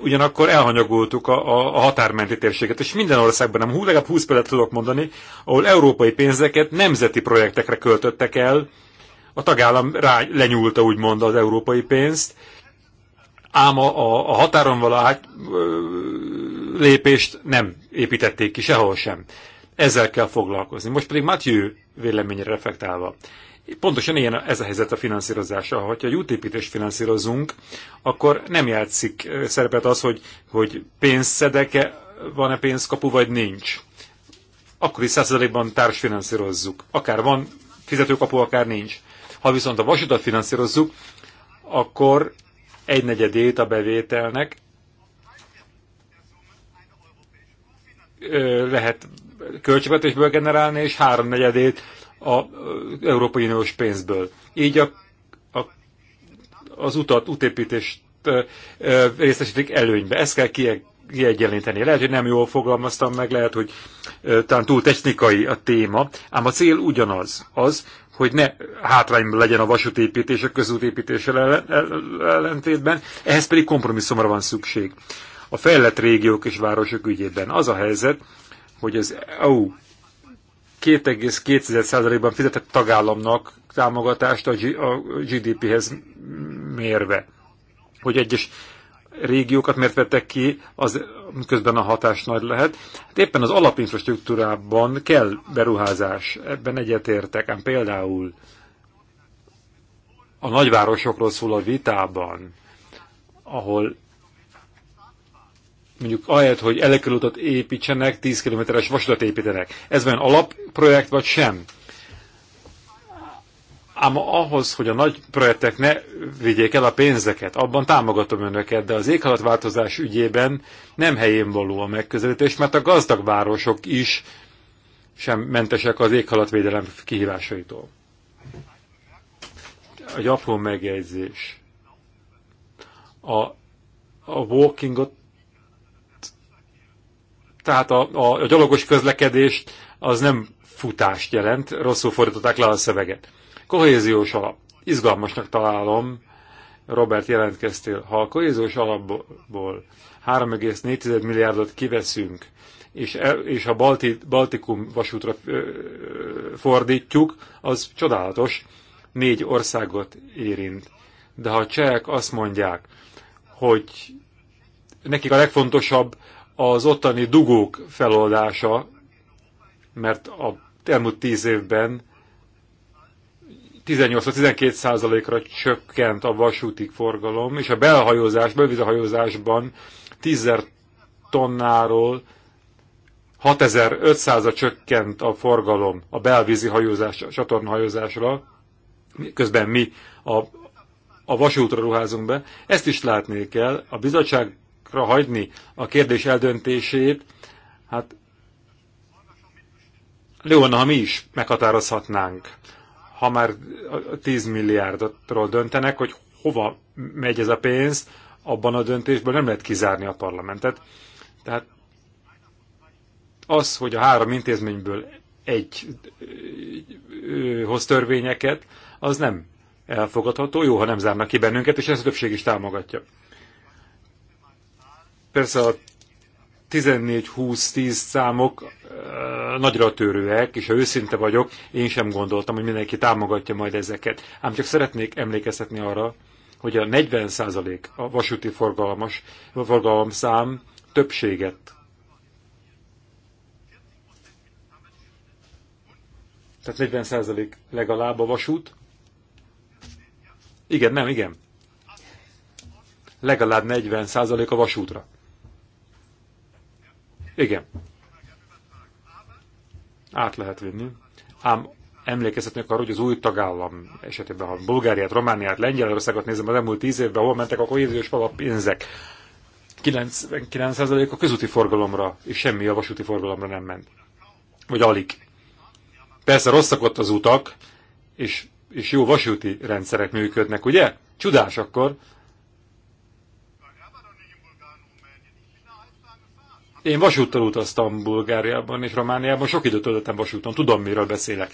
Ugyanakkor elhanyagoltuk a, a, a határmenti térséget, és minden országban, nem legalább 20 példát tudok mondani, ahol európai pénzeket nemzeti projektekre költöttek el, a tagállam rá lenyúlta úgymond az európai pénzt, ám a, a, a határon való lépést nem építették ki sehol sem. Ezzel kell foglalkozni. Most pedig Matthew véleményre reflektálva. Pontosan ilyen ez a helyzet a finanszírozása. Ha egy útépítést finanszírozunk, akkor nem játszik szerepet az, hogy, hogy pénzszedeke, van-e pénzkapu, vagy nincs. Akkor is százalékban társfinanszírozzuk. Akár van fizetőkapu, akár nincs. Ha viszont a vasutat finanszírozzuk, akkor egy negyedét a bevételnek lehet költségvetésből generálni, és háromnegyedét a Európai Uniós pénzből. Így a, a, az utat, útépítést részesítik előnybe. Ezt kell kiegyenlíteni. Lehet, hogy nem jól fogalmaztam meg, lehet, hogy talán túl technikai a téma, ám a cél ugyanaz. Az, hogy ne hátrányban legyen a vasútépítés a közútépítéssel ellentétben, ehhez pedig kompromisszumra van szükség a fejlett régiók és városok ügyében. Az a helyzet, hogy az EU 2,2%-ban fizetett tagállamnak támogatást a GDP-hez mérve. Hogy egyes régiókat miért vettek ki, az közben a hatás nagy lehet. Hát éppen az alapinfrastruktúrában kell beruházás, ebben egyetértek. Ám például a nagyvárosokról szól a vitában, ahol mondjuk ahelyett, hogy elekülutat építsenek, 10 kilométeres vasutat építenek. Ez van alapprojekt, vagy sem? Ám ahhoz, hogy a nagy projektek ne vigyék el a pénzeket, abban támogatom önöket, de az éghajlatváltozás ügyében nem helyén való a megközelítés, mert a gazdag városok is sem mentesek az éghajlatvédelem kihívásaitól. Egy apró megjegyzés. A, a walkingot tehát a, a, a gyalogos közlekedés az nem futást jelent, rosszul fordították le a szöveget. Kohéziós alap. Izgalmasnak találom, Robert jelentkeztél, ha a kohéziós alapból 3,4 milliárdot kiveszünk, és, e, és a Balti, Baltikum vasútra ö, fordítjuk, az csodálatos, négy országot érint. De ha a csehek azt mondják, hogy nekik a legfontosabb az ottani dugók feloldása, mert a elmúlt tíz évben 18-12 százalékra csökkent a vasúti forgalom, és a belhajózás, belvizahajózásban 10 tonnáról 6500-ra csökkent a forgalom a belvízi hajózás, csatornahajózásra, közben mi a, a vasútra ruházunk be. Ezt is látni kell, a bizottság tagállamokra hagyni a kérdés eldöntését, hát Leona ha mi is meghatározhatnánk, ha már 10 milliárdról döntenek, hogy hova megy ez a pénz, abban a döntésből nem lehet kizárni a parlamentet. Tehát az, hogy a három intézményből egy hoz törvényeket, az nem elfogadható, jó, ha nem zárnak ki bennünket, és ezt a többség is támogatja. Persze a 14-20-10 számok nagyra törőek, és ha őszinte vagyok, én sem gondoltam, hogy mindenki támogatja majd ezeket. Ám csak szeretnék emlékeztetni arra, hogy a 40% a vasúti forgalmas, forgalomszám többséget Tehát 40% legalább a vasút. Igen, nem, igen. Legalább 40% a vasútra. Igen. Át lehet vinni. Ám emlékezhetnek arra, hogy az új tagállam esetében, ha Bulgáriát, Romániát, Lengyelországot nézem az elmúlt tíz évben, hol mentek a kohéziós pénzek. 99% a közúti forgalomra, és semmi a vasúti forgalomra nem ment. Vagy alig. Persze rosszak ott az utak, és, és jó vasúti rendszerek működnek, ugye? Csodás akkor, Én vasúttal utaztam Bulgáriában és Romániában, sok időt töltöttem vasúton, tudom, miről beszélek.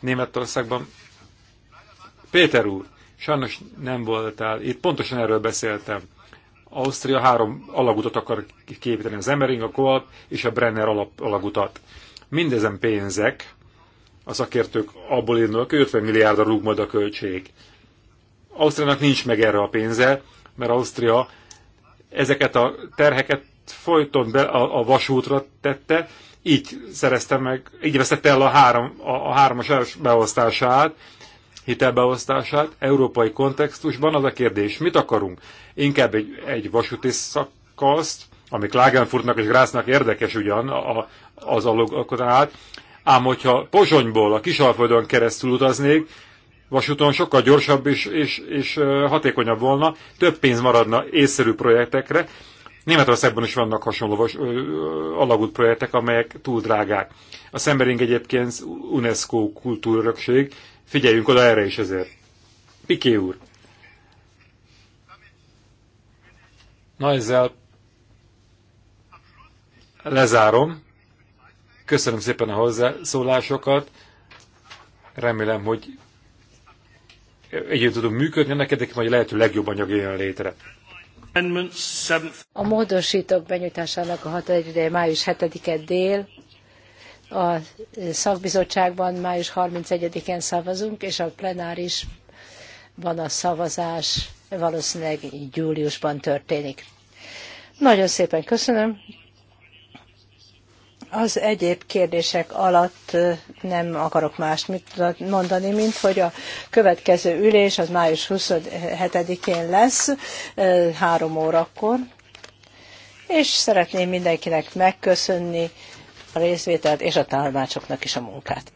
Németországban. Péter úr, sajnos nem voltál, itt pontosan erről beszéltem. Ausztria három alagutat akar képíteni, az Emmering, a Coop és a Brenner alap, alagutat. Mindezen pénzek, a szakértők abból írnak, hogy 50 milliárdra rúg majd a költség. Ausztriának nincs meg erre a pénze, mert Ausztria ezeket a terheket folyton be a, a vasútra tette, így szerezte meg, így vesztette el a, három, a, a hármas beosztását, hitelbeosztását európai kontextusban. Az a kérdés, mit akarunk? Inkább egy, egy vasúti szakaszt, ami Klagenfurtnak és Grásznak érdekes ugyan a, az alokon át, ám hogyha Pozsonyból a Kisalföldön keresztül utaznék, vasúton sokkal gyorsabb és, és, és hatékonyabb volna, több pénz maradna észszerű projektekre, Németországban is vannak hasonló alagút projektek, amelyek túl drágák. A Semmering egyébként UNESCO kultúrörökség, figyeljünk oda erre is ezért. Piké úr. Na ezzel lezárom. Köszönöm szépen a hozzászólásokat. Remélem, hogy együtt tudunk működni, ennek de hogy lehető legjobb anyag jön létre. A módosítók benyújtásának a határideje május 7-e dél, a szakbizottságban május 31 én szavazunk, és a plenárisban a szavazás valószínűleg júliusban történik. Nagyon szépen köszönöm az egyéb kérdések alatt nem akarok mást mondani, mint hogy a következő ülés az május 27-én lesz, három órakor, és szeretném mindenkinek megköszönni a részvételt és a tármácsoknak is a munkát.